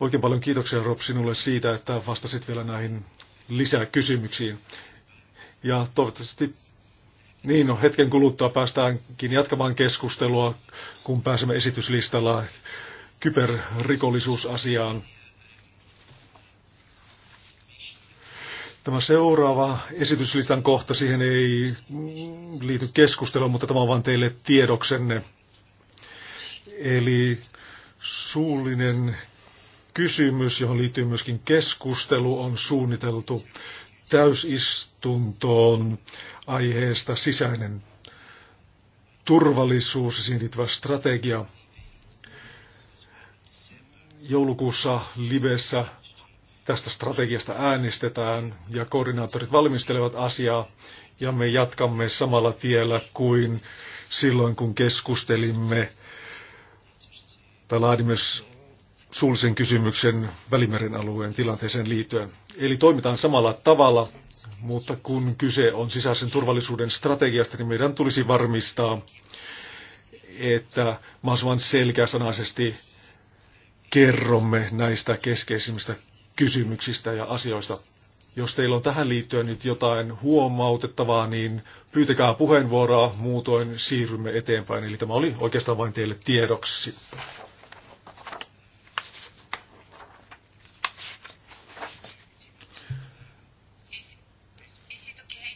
Oikein paljon kiitoksia Rob sinulle siitä, että vastasit vielä näihin lisäkysymyksiin. Ja toivottavasti niin, no hetken kuluttua päästäänkin jatkamaan keskustelua, kun pääsemme esityslistalla kyberrikollisuusasiaan. Tämä seuraava esityslistan kohta, siihen ei liity keskustelua, mutta tämä on vain teille tiedoksenne. Eli suullinen kysymys, johon liittyy myöskin keskustelu, on suunniteltu täysistuntoon aiheesta sisäinen turvallisuus ja siihen liittyvä strategia. Joulukuussa livessä tästä strategiasta äänestetään ja koordinaattorit valmistelevat asiaa ja me jatkamme samalla tiellä kuin silloin, kun keskustelimme tai laadimme suullisen kysymyksen Välimeren alueen tilanteeseen liittyen. Eli toimitaan samalla tavalla, mutta kun kyse on sisäisen turvallisuuden strategiasta, niin meidän tulisi varmistaa, että mahdollisimman selkeäsanaisesti kerromme näistä keskeisimmistä kysymyksistä ja asioista. Jos teillä on tähän liittyen nyt jotain huomautettavaa, niin pyytäkää puheenvuoroa, muutoin siirrymme eteenpäin. Eli tämä oli oikeastaan vain teille tiedoksi.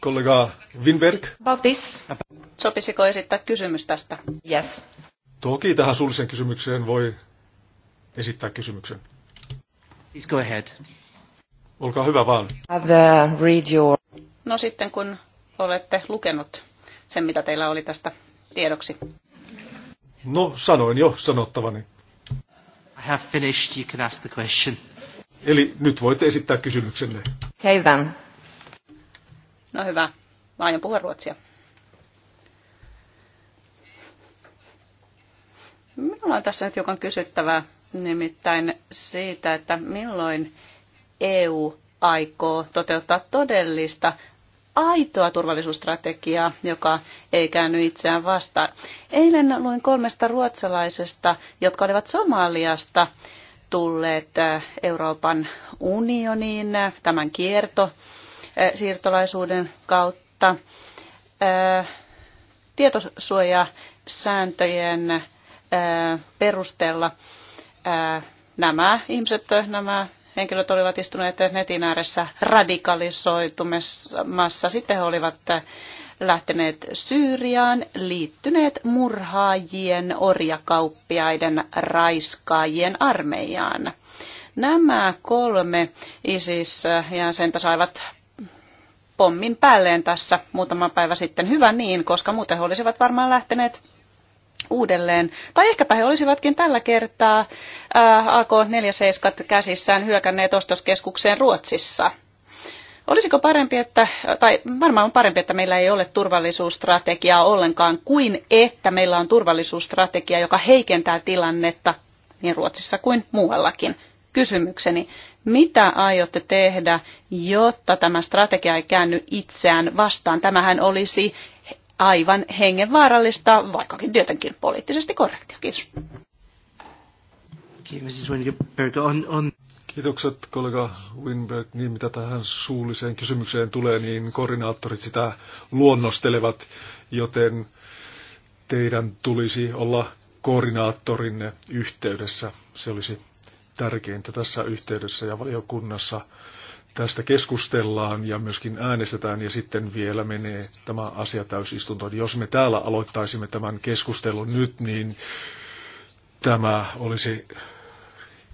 Kollega Winberg. Baltis, sopisiko esittää kysymys tästä? Yes. Toki tähän suulliseen kysymykseen voi esittää kysymyksen. Please go ahead. Olkaa hyvä vaan. Uh, read your... No sitten kun olette lukenut sen, mitä teillä oli tästä tiedoksi. No, sanoin jo sanottavani. I have finished, you can ask the question. Eli nyt voitte esittää kysymyksenne. Okay then. No hyvä, mä aion puhua ruotsia. Minulla on tässä nyt hiukan kysyttävää nimittäin siitä, että milloin EU aikoo toteuttaa todellista aitoa turvallisuusstrategiaa, joka ei käänny itseään vastaan. Eilen luin kolmesta ruotsalaisesta, jotka olivat Somaliasta tulleet äh, Euroopan unioniin äh, tämän kierto siirtolaisuuden kautta tietosuojasääntöjen perusteella nämä ihmiset, nämä henkilöt olivat istuneet netin ääressä radikalisoitumassa. Sitten he olivat lähteneet Syyriaan, liittyneet murhaajien, orjakauppiaiden, raiskaajien armeijaan. Nämä kolme ISIS-jäsentä saivat pommin päälleen tässä muutama päivä sitten. Hyvä niin, koska muuten he olisivat varmaan lähteneet uudelleen. Tai ehkäpä he olisivatkin tällä kertaa äh, AK-47 käsissään hyökänneet ostoskeskukseen Ruotsissa. Olisiko parempi, että, tai varmaan on parempi, että meillä ei ole turvallisuusstrategiaa ollenkaan, kuin että meillä on turvallisuusstrategia, joka heikentää tilannetta niin Ruotsissa kuin muuallakin. Kysymykseni, mitä aiotte tehdä, jotta tämä strategia ei käänny itseään vastaan? Tämähän olisi aivan hengenvaarallista, vaikkakin tietenkin poliittisesti korrektia. Kiitos. Kiitokset kollega Winberg. Niin mitä tähän suulliseen kysymykseen tulee, niin koordinaattorit sitä luonnostelevat, joten teidän tulisi olla koordinaattorinne yhteydessä. Se olisi tärkeintä tässä yhteydessä ja valiokunnassa tästä keskustellaan ja myöskin äänestetään ja sitten vielä menee tämä asia täysistuntoon. Jos me täällä aloittaisimme tämän keskustelun nyt, niin tämä olisi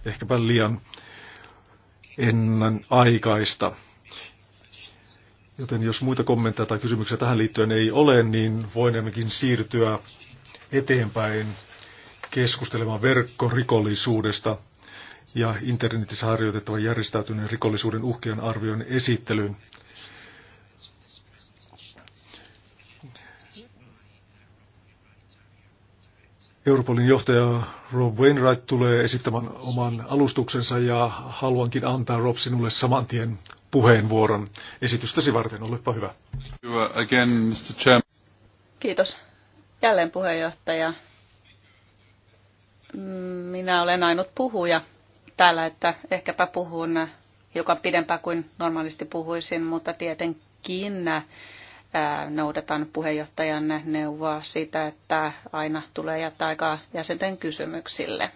ehkäpä liian ennen aikaista. Joten jos muita kommentteja tai kysymyksiä tähän liittyen ei ole, niin voinemmekin siirtyä eteenpäin keskustelemaan verkkorikollisuudesta ja internetissä harjoitettavan järjestäytyneen rikollisuuden uhkien arvion esittelyyn. Europolin johtaja Rob Wainwright tulee esittämään oman alustuksensa ja haluankin antaa Rob sinulle saman tien puheenvuoron esitystäsi varten. Olepa hyvä. Uh, again, Mr. Kiitos. Jälleen puheenjohtaja. Mm, minä olen ainut puhuja täällä, että ehkäpä puhun hiukan pidempään kuin normaalisti puhuisin, mutta tietenkin noudatan puheenjohtajan neuvoa sitä, että aina tulee jättää aikaa jäsenten kysymyksille.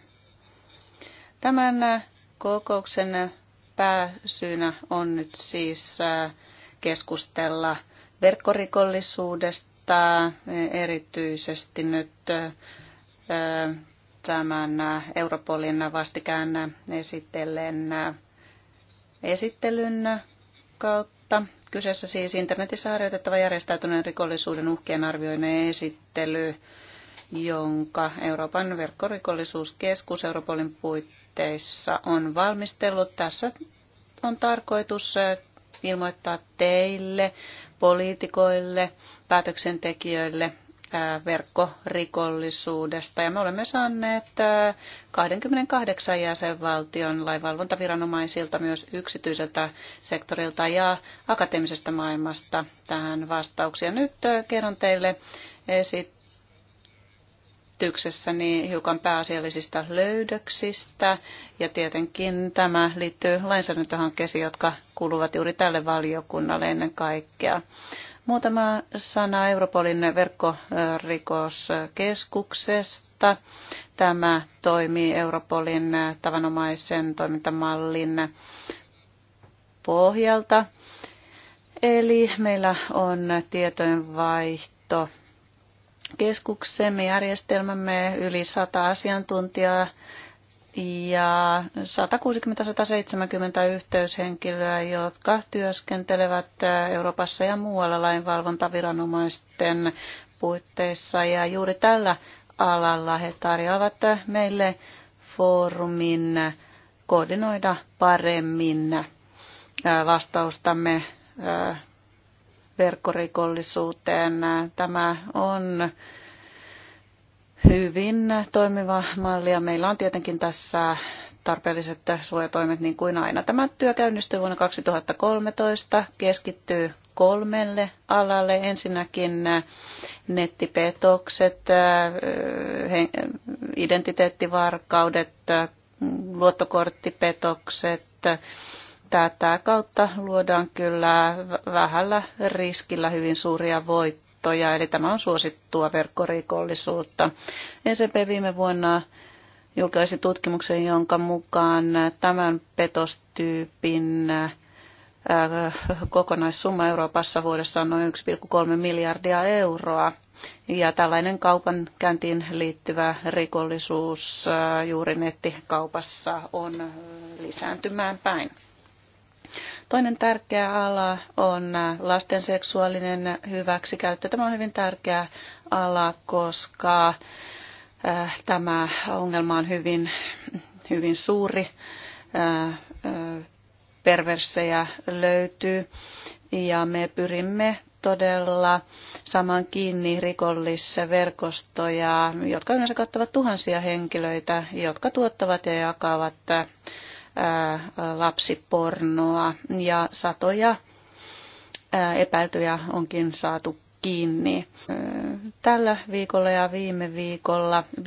Tämän kokouksen pääsyynä on nyt siis keskustella verkkorikollisuudesta, erityisesti nyt tämän Europolin vastikään esitellen esittelyn kautta. Kyseessä siis internetissä harjoitettava järjestäytyneen rikollisuuden uhkien arvioinen esittely, jonka Euroopan verkkorikollisuuskeskus Europolin puitteissa on valmistellut. Tässä on tarkoitus ilmoittaa teille, poliitikoille, päätöksentekijöille verkkorikollisuudesta. Ja me olemme saaneet 28 jäsenvaltion lainvalvontaviranomaisilta myös yksityiseltä sektorilta ja akateemisesta maailmasta tähän vastauksia. Nyt kerron teille esityksessäni hiukan pääasiallisista löydöksistä ja tietenkin tämä liittyy lainsäädäntöhankkeisiin, jotka kuuluvat juuri tälle valiokunnalle ennen kaikkea. Muutama sana Europolin verkkorikoskeskuksesta. Tämä toimii Europolin tavanomaisen toimintamallin pohjalta. Eli meillä on tietojenvaihto keskuksemme, järjestelmämme yli sata asiantuntijaa ja 160-170 yhteyshenkilöä, jotka työskentelevät Euroopassa ja muualla lainvalvontaviranomaisten puitteissa. Ja juuri tällä alalla he tarjoavat meille foorumin koordinoida paremmin vastaustamme verkkorikollisuuteen. Tämä on hyvin toimiva malli ja meillä on tietenkin tässä tarpeelliset suojatoimet niin kuin aina. Tämä työ käynnistyi vuonna 2013, keskittyy kolmelle alalle. Ensinnäkin nettipetokset, eh, identiteettivarkaudet, luottokorttipetokset. Tätä kautta luodaan kyllä vähällä riskillä hyvin suuria voittoja tietoja, eli tämä on suosittua verkkorikollisuutta. ECP viime vuonna julkaisi tutkimuksen, jonka mukaan tämän petostyypin äh, kokonaissumma Euroopassa vuodessa on noin 1,3 miljardia euroa. Ja tällainen kaupan käyntiin liittyvä rikollisuus äh, juuri nettikaupassa on äh, lisääntymään päin. Toinen tärkeä ala on äh, lasten seksuaalinen hyväksikäyttö. Tämä on hyvin tärkeä ala, koska äh, tämä ongelma on hyvin, hyvin suuri. Äh, perversejä löytyy ja me pyrimme todella saman kiinni rikollisverkostoja, jotka yleensä kattavat tuhansia henkilöitä, jotka tuottavat ja jakavat lapsipornoa ja satoja epäiltyjä onkin saatu kiinni. Tällä viikolla ja viime viikolla 15-8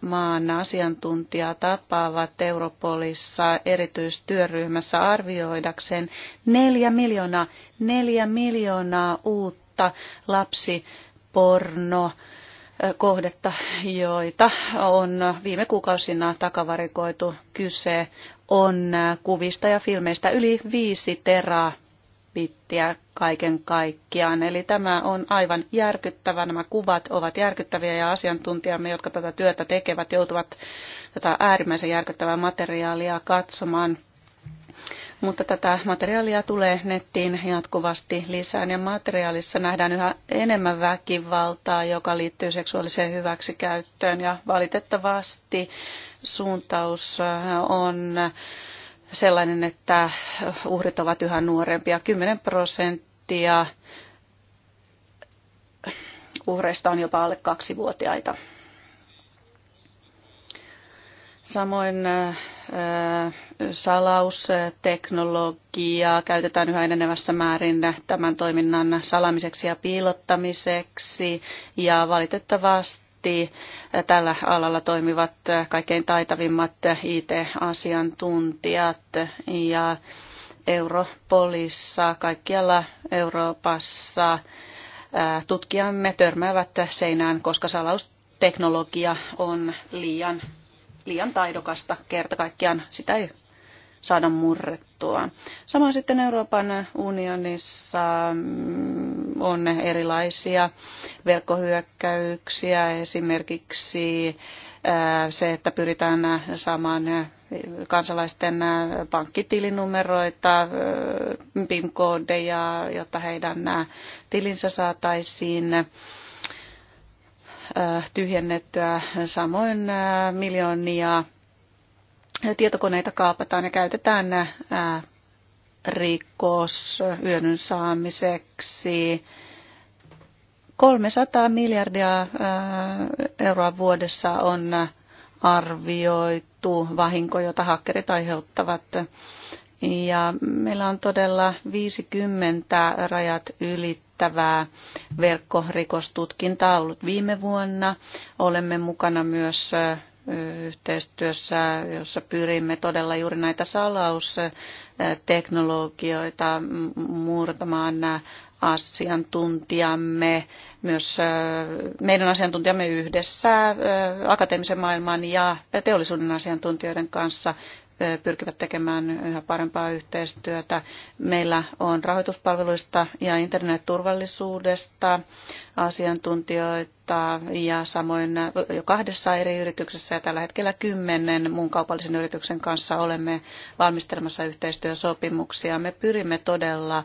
maan asiantuntijaa tapaavat Europolissa erityistyöryhmässä arvioidakseen 4 miljoonaa, 4 miljoonaa uutta lapsipornoa kohdetta, joita on viime kuukausina takavarikoitu. Kyse on kuvista ja filmeistä yli viisi teraa bittiä kaiken kaikkiaan. Eli tämä on aivan järkyttävä. Nämä kuvat ovat järkyttäviä ja asiantuntijamme, jotka tätä työtä tekevät, joutuvat tätä äärimmäisen järkyttävää materiaalia katsomaan mutta tätä materiaalia tulee nettiin jatkuvasti lisää ja materiaalissa nähdään yhä enemmän väkivaltaa, joka liittyy seksuaaliseen hyväksikäyttöön ja valitettavasti suuntaus äh, on sellainen, että uhrit ovat yhä nuorempia. 10 prosenttia uhreista on jopa alle kaksivuotiaita. Samoin äh, salausteknologiaa käytetään yhä enenevässä määrin tämän toiminnan salamiseksi ja piilottamiseksi ja valitettavasti tällä alalla toimivat kaikkein taitavimmat IT-asiantuntijat ja Europolissa, kaikkialla Euroopassa tutkijamme törmäävät seinään, koska salausteknologia on liian, liian taidokasta. Kerta kaikkiaan sitä ei saada murrettua. Samoin sitten Euroopan unionissa mm, on erilaisia verkkohyökkäyksiä, esimerkiksi äh, se, että pyritään saamaan kansalaisten pankkitilinumeroita, äh, PIN-koodeja, jotta heidän tilinsä saataisiin äh, tyhjennettyä. Samoin miljoonia tietokoneita kaapataan ja käytetään rikos hyödyn saamiseksi. 300 miljardia euroa vuodessa on arvioitu vahinko, jota hakkerit aiheuttavat. Ja meillä on todella 50 rajat ylittävää verkkorikostutkintaa ollut viime vuonna. Olemme mukana myös yhteistyössä, jossa pyrimme todella juuri näitä salausteknologioita murtamaan asiantuntijamme, myös meidän asiantuntijamme yhdessä akateemisen maailman ja teollisuuden asiantuntijoiden kanssa pyrkivät tekemään yhä parempaa yhteistyötä. Meillä on rahoituspalveluista ja internetturvallisuudesta asiantuntijoita ja samoin jo kahdessa eri yrityksessä ja tällä hetkellä kymmenen muun kaupallisen yrityksen kanssa olemme valmistelemassa yhteistyösopimuksia. Me pyrimme todella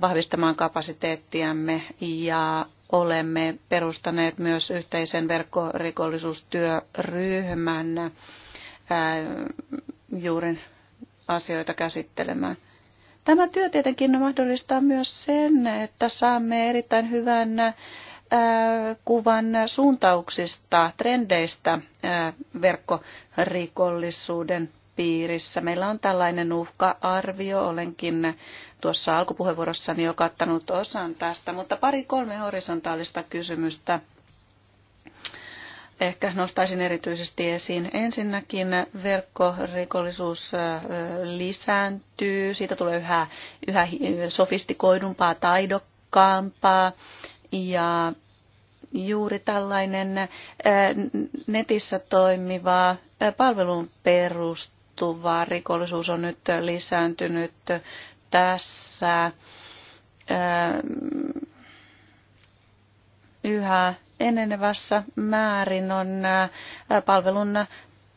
vahvistamaan kapasiteettiamme ja olemme perustaneet myös yhteisen verkkorikollisuustyöryhmän juuren asioita käsittelemään. Tämä työ tietenkin mahdollistaa myös sen, että saamme erittäin hyvän äh, kuvan suuntauksista, trendeistä äh, verkkorikollisuuden piirissä. Meillä on tällainen uhka-arvio, olenkin tuossa alkupuheenvuorossani jo kattanut osan tästä, mutta pari-kolme horisontaalista kysymystä ehkä nostaisin erityisesti esiin. Ensinnäkin verkkorikollisuus lisääntyy, siitä tulee yhä, yhä sofistikoidumpaa, taidokkaampaa ja juuri tällainen netissä toimiva palvelun perustuva rikollisuus on nyt lisääntynyt tässä yhä enenevässä määrin on äh, palvelun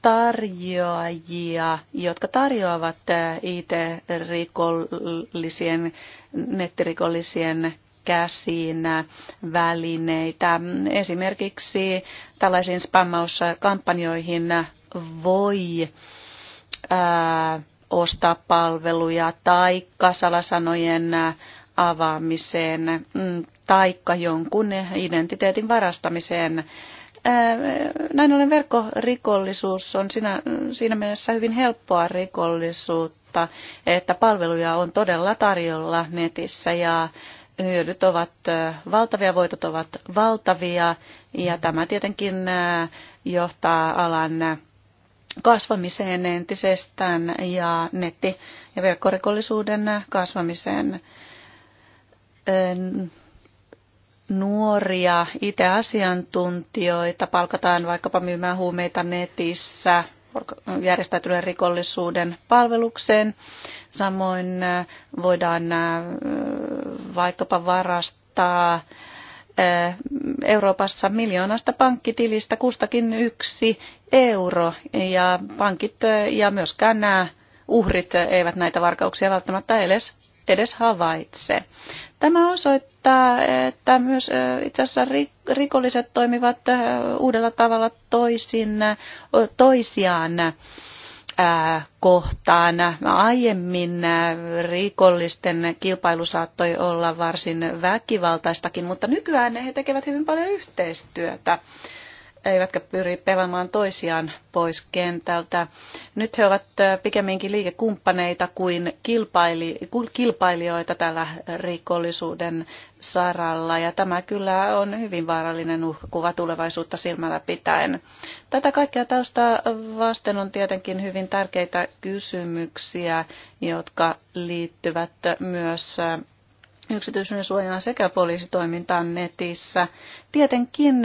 tarjoajia, jotka tarjoavat äh, IT-rikollisien, nettirikollisien käsiin välineitä. Esimerkiksi tällaisiin spammauskampanjoihin voi ää, äh, ostaa palveluja tai salasanojen avaamiseen mm, taikka jonkun identiteetin varastamiseen. Näin ollen verkkorikollisuus on siinä, siinä mielessä hyvin helppoa rikollisuutta, että palveluja on todella tarjolla netissä ja hyödyt ovat valtavia, voitot ovat valtavia ja tämä tietenkin johtaa alan kasvamiseen entisestään ja netti- ja verkkorikollisuuden kasvamiseen nuoria IT-asiantuntijoita palkataan vaikkapa myymään huumeita netissä järjestäytyneen rikollisuuden palvelukseen. Samoin voidaan vaikkapa varastaa Euroopassa miljoonasta pankkitilistä kustakin yksi euro ja pankit ja myöskään nämä uhrit eivät näitä varkauksia välttämättä edes edes havaitse. Tämä osoittaa, että myös itse asiassa rikolliset toimivat uudella tavalla toisin, toisiaan kohtaan. Aiemmin rikollisten kilpailu saattoi olla varsin väkivaltaistakin, mutta nykyään he tekevät hyvin paljon yhteistyötä eivätkä pyri pelaamaan toisiaan pois kentältä. Nyt he ovat pikemminkin liikekumppaneita kuin kilpailijoita tällä rikollisuuden saralla, ja tämä kyllä on hyvin vaarallinen uhkakuva tulevaisuutta silmällä pitäen. Tätä kaikkea taustaa vasten on tietenkin hyvin tärkeitä kysymyksiä, jotka liittyvät myös yksityisyyden suojana sekä poliisitoimintaan netissä. Tietenkin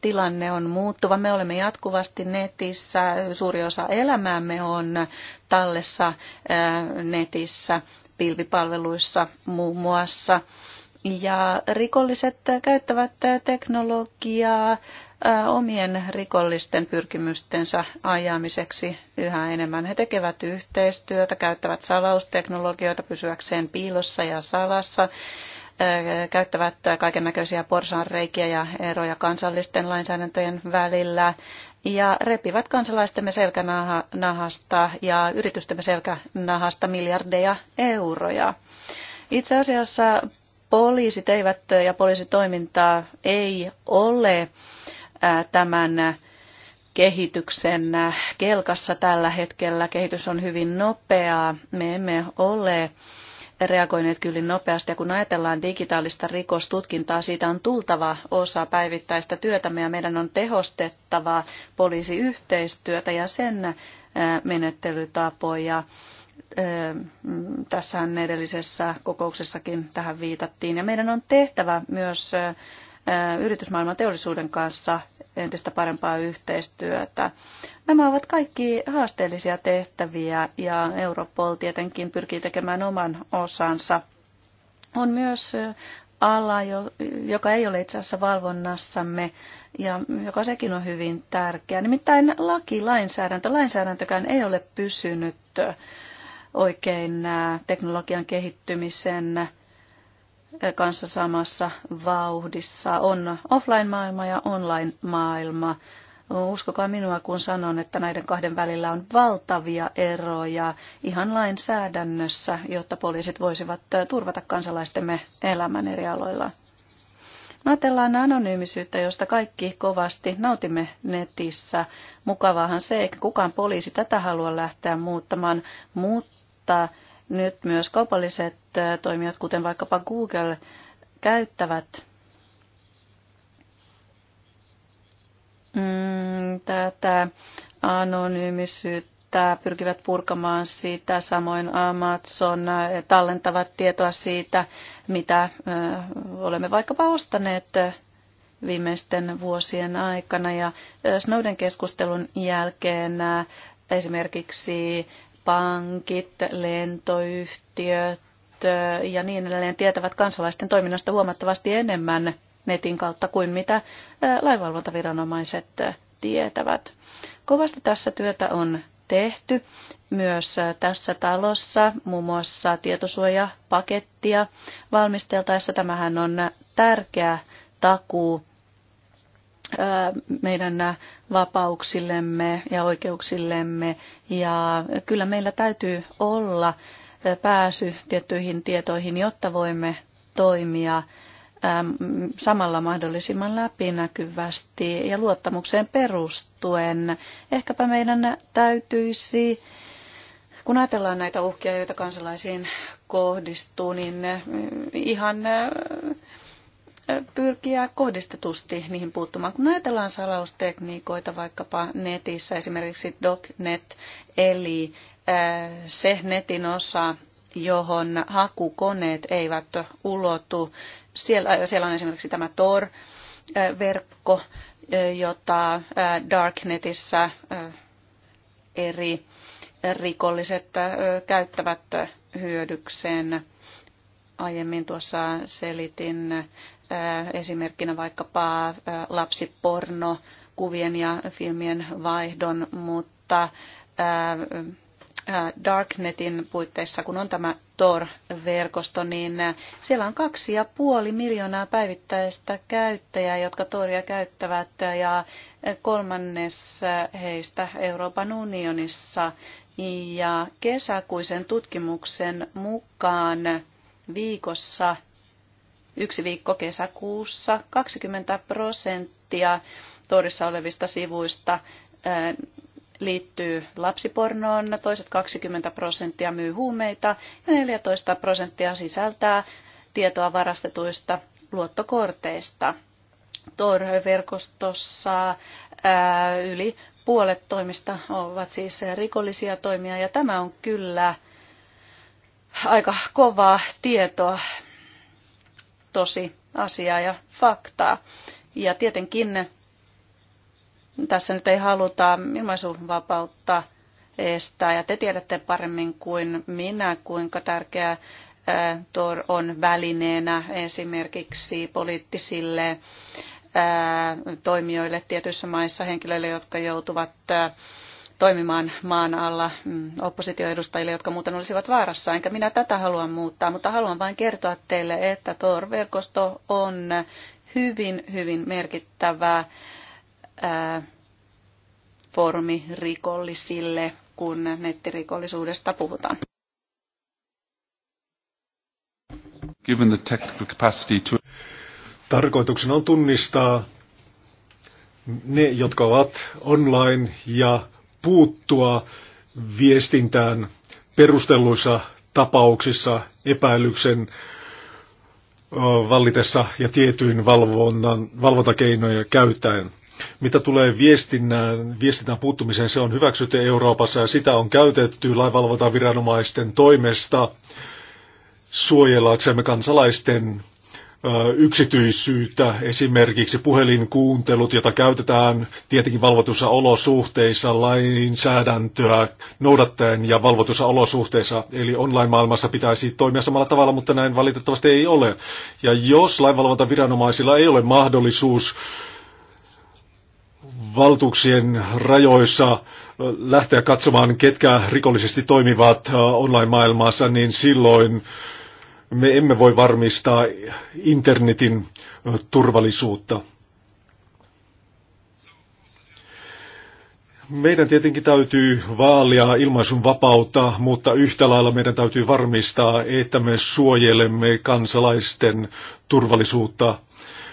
tilanne on muuttuva. Me olemme jatkuvasti netissä. Suuri osa elämäämme on tallessa netissä, pilvipalveluissa muun muassa. Ja rikolliset käyttävät teknologiaa omien rikollisten pyrkimystensä ajamiseksi yhä enemmän. He tekevät yhteistyötä, käyttävät salausteknologioita pysyäkseen piilossa ja salassa, käyttävät kaiken näköisiä porsanreikiä ja eroja kansallisten lainsäädäntöjen välillä ja repivät kansalaistemme selkänahasta ja yritystemme selkänahasta miljardeja euroja. Itse asiassa poliisit eivät ja poliisitoimintaa ei ole tämän kehityksen kelkassa tällä hetkellä. Kehitys on hyvin nopeaa. Me emme ole reagoineet kyllä niin nopeasti. Ja kun ajatellaan digitaalista rikostutkintaa, siitä on tultava osa päivittäistä työtämme ja meidän on tehostettava poliisiyhteistyötä ja sen menettelytapoja. Mm, tässä edellisessä kokouksessakin tähän viitattiin. Ja meidän on tehtävä myös yritysmaailman teollisuuden kanssa entistä parempaa yhteistyötä. Nämä ovat kaikki haasteellisia tehtäviä ja Europol tietenkin pyrkii tekemään oman osansa. On myös ala, joka ei ole itse asiassa valvonnassamme ja joka sekin on hyvin tärkeä. Nimittäin laki, lainsäädäntö, lainsäädäntökään ei ole pysynyt oikein teknologian kehittymisen kanssa samassa vauhdissa. On offline-maailma ja online-maailma. Uskokaa minua, kun sanon, että näiden kahden välillä on valtavia eroja ihan lainsäädännössä, jotta poliisit voisivat turvata kansalaistemme elämän eri aloilla. Ajatellaan anonyymisyyttä, josta kaikki kovasti nautimme netissä. Mukavaahan se, että kukaan poliisi tätä halua lähteä muuttamaan, mutta nyt myös kaupalliset toimijat, kuten vaikkapa Google, käyttävät mm, tätä anonyymisyyttä, pyrkivät purkamaan sitä, samoin Amazon tallentavat tietoa siitä, mitä olemme vaikkapa ostaneet viimeisten vuosien aikana. Ja Snowden keskustelun jälkeen esimerkiksi pankit, lentoyhtiöt ja niin edelleen tietävät kansalaisten toiminnasta huomattavasti enemmän netin kautta kuin mitä lainvalvontaviranomaiset tietävät. Kovasti tässä työtä on tehty myös tässä talossa, muun muassa tietosuojapakettia valmisteltaessa. Tämähän on tärkeä takuu meidän vapauksillemme ja oikeuksillemme. Ja kyllä meillä täytyy olla pääsy tiettyihin tietoihin, jotta voimme toimia samalla mahdollisimman läpinäkyvästi ja luottamukseen perustuen. Ehkäpä meidän täytyisi, kun ajatellaan näitä uhkia, joita kansalaisiin kohdistuu, niin ihan pyrkiä kohdistetusti niihin puuttumaan. Kun ajatellaan salaustekniikoita vaikkapa netissä, esimerkiksi DocNet, eli äh, se netin osa, johon hakukoneet eivät ulotu. Siellä, äh, siellä on esimerkiksi tämä Tor-verkko, äh, jota Darknetissä eri rikolliset käyttävät hyödykseen. Aiemmin tuossa selitin esimerkkinä vaikkapa lapsiporno, kuvien ja filmien vaihdon, mutta Darknetin puitteissa, kun on tämä Tor-verkosto, niin siellä on kaksi ja puoli miljoonaa päivittäistä käyttäjää, jotka Toria käyttävät, ja kolmannes heistä Euroopan unionissa. Ja kesäkuisen tutkimuksen mukaan viikossa yksi viikko kesäkuussa 20 prosenttia torissa olevista sivuista liittyy lapsipornoon, toiset 20 prosenttia myy huumeita ja 14 prosenttia sisältää tietoa varastetuista luottokorteista. Tor-verkostossa yli puolet toimista ovat siis rikollisia toimia ja tämä on kyllä aika kovaa tietoa tosi asiaa ja faktaa. Ja tietenkin tässä nyt ei haluta ilmaisuvapautta estää. Ja te tiedätte paremmin kuin minä, kuinka tärkeää Tor on välineenä esimerkiksi poliittisille toimijoille tietyissä maissa, henkilöille, jotka joutuvat toimimaan maan alla mm, oppositioedustajille, jotka muuten olisivat vaarassa. Enkä minä tätä halua muuttaa, mutta haluan vain kertoa teille, että Tor-verkosto on hyvin, hyvin merkittävä ää, foorumi rikollisille, kun nettirikollisuudesta puhutaan. Given the technical capacity to... Tarkoituksena on tunnistaa ne, jotka ovat online ja puuttua viestintään perustelluissa tapauksissa epäilyksen vallitessa ja tietyin valvonnan, valvontakeinoja käyttäen. Mitä tulee viestinnän, viestinnän puuttumiseen, se on hyväksytty Euroopassa ja sitä on käytetty lainvalvontaviranomaisten toimesta suojellaksemme kansalaisten yksityisyyttä, esimerkiksi puhelinkuuntelut, jota käytetään tietenkin valvotussa olosuhteissa, lainsäädäntöä noudattaen ja valvotussa olosuhteissa. Eli online-maailmassa pitäisi toimia samalla tavalla, mutta näin valitettavasti ei ole. Ja jos lainvalvontaviranomaisilla ei ole mahdollisuus valtuuksien rajoissa lähteä katsomaan, ketkä rikollisesti toimivat online-maailmassa, niin silloin me emme voi varmistaa internetin turvallisuutta. Meidän tietenkin täytyy vaalia ilmaisun vapautta, mutta yhtä lailla meidän täytyy varmistaa, että me suojelemme kansalaisten turvallisuutta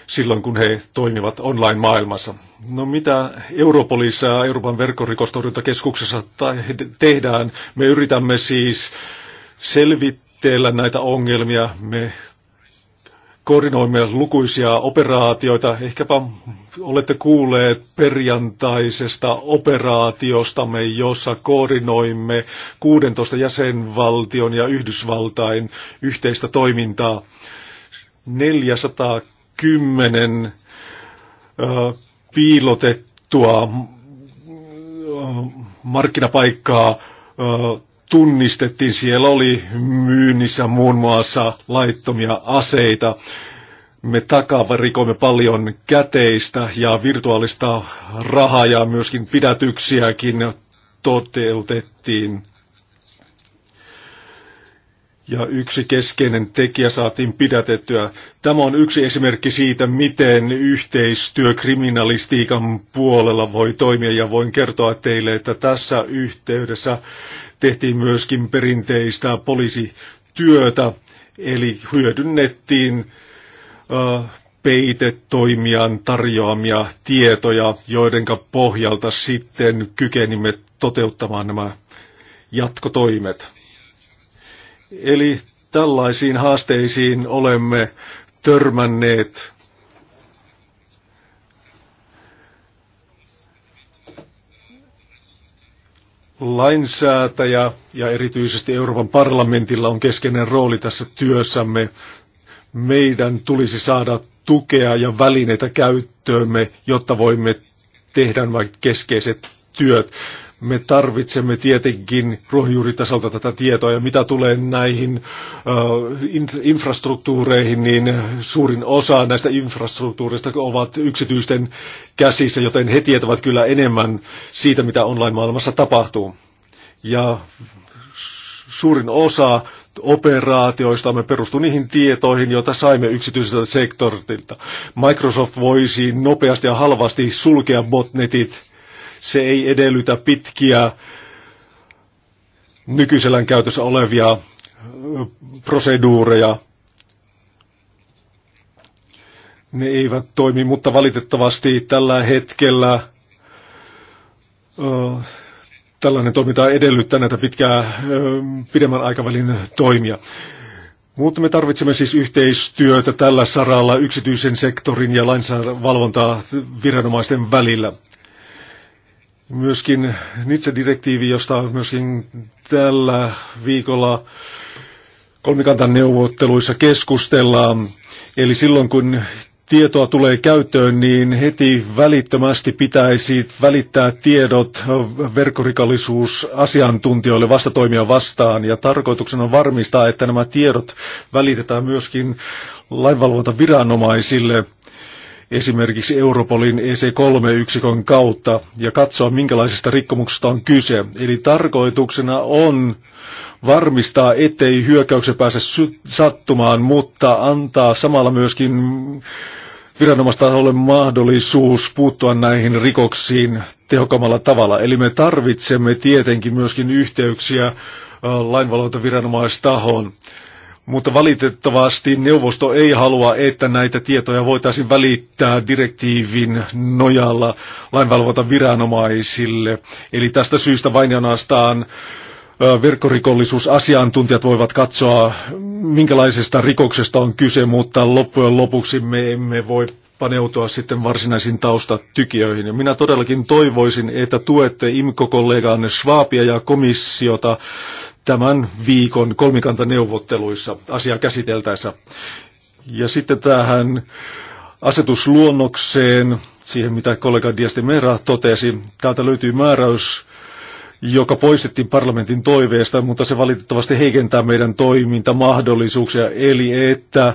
silloin, kun he toimivat online-maailmassa. No mitä Europolissa ja Euroopan verkkorikostorjuntakeskuksessa tehdään? Me yritämme siis selvittää, teillä näitä ongelmia. Me koordinoimme lukuisia operaatioita. Ehkäpä olette kuulleet perjantaisesta operaatiostamme, jossa koordinoimme 16 jäsenvaltion ja Yhdysvaltain yhteistä toimintaa. 410 piilotettua markkinapaikkaa tunnistettiin. Siellä oli myynnissä muun muassa laittomia aseita. Me takavarikoimme paljon käteistä ja virtuaalista rahaa ja myöskin pidätyksiäkin toteutettiin. Ja yksi keskeinen tekijä saatiin pidätettyä. Tämä on yksi esimerkki siitä, miten yhteistyö kriminalistiikan puolella voi toimia. Ja voin kertoa teille, että tässä yhteydessä tehtiin myöskin perinteistä poliisityötä, eli hyödynnettiin peitetoimijan tarjoamia tietoja, joiden pohjalta sitten kykenimme toteuttamaan nämä jatkotoimet. Eli tällaisiin haasteisiin olemme törmänneet lainsäätäjä ja erityisesti Euroopan parlamentilla on keskeinen rooli tässä työssämme. Meidän tulisi saada tukea ja välineitä käyttöömme, jotta voimme tehdä vaikka keskeiset työt. Me tarvitsemme tietenkin ruohonjuuritasolta tätä tietoa ja mitä tulee näihin uh, infrastruktuureihin, niin suurin osa näistä infrastruktuureista ovat yksityisten käsissä, joten he tietävät kyllä enemmän siitä, mitä online-maailmassa tapahtuu. Ja suurin osa operaatioista me perustuu niihin tietoihin, joita saimme yksityiseltä sektorilta. Microsoft voisi nopeasti ja halvasti sulkea botnetit se ei edellytä pitkiä nykyisellään käytössä olevia proseduureja. Ne eivät toimi, mutta valitettavasti tällä hetkellä ö, tällainen toiminta edellyttää näitä pitkää, ö, pidemmän aikavälin toimia. Mutta me tarvitsemme siis yhteistyötä tällä saralla yksityisen sektorin ja lainsäädäntövalvontaa viranomaisten välillä. Myöskin Nitse-direktiivi, josta myöskin tällä viikolla kolmikantan neuvotteluissa keskustellaan. Eli silloin kun tietoa tulee käyttöön, niin heti välittömästi pitäisi välittää tiedot verkkorikollisuusasiantuntijoille vastatoimia vastaan. Ja tarkoituksena on varmistaa, että nämä tiedot välitetään myöskin lainvalvontaviranomaisille esimerkiksi Europolin EC3-yksikön kautta ja katsoa, minkälaisista rikkomuksista on kyse. Eli tarkoituksena on varmistaa, ettei hyökkäyksen pääse sattumaan, mutta antaa samalla myöskin viranomaista ole mahdollisuus puuttua näihin rikoksiin tehokkaammalla tavalla. Eli me tarvitsemme tietenkin myöskin yhteyksiä lainvalvontaviranomaistahoon mutta valitettavasti neuvosto ei halua, että näitä tietoja voitaisiin välittää direktiivin nojalla lainvalvota viranomaisille. Eli tästä syystä vain ainoastaan verkkorikollisuusasiantuntijat voivat katsoa, minkälaisesta rikoksesta on kyse, mutta loppujen lopuksi me emme voi paneutua sitten varsinaisiin taustatykijöihin. Ja minä todellakin toivoisin, että tuette IMKO-kollegaanne Schwabia ja komissiota tämän viikon kolmikantaneuvotteluissa asiaa käsiteltäessä. Ja sitten tähän asetusluonnokseen, siihen mitä kollega de Mera totesi, täältä löytyy määräys, joka poistettiin parlamentin toiveesta, mutta se valitettavasti heikentää meidän toimintamahdollisuuksia, eli että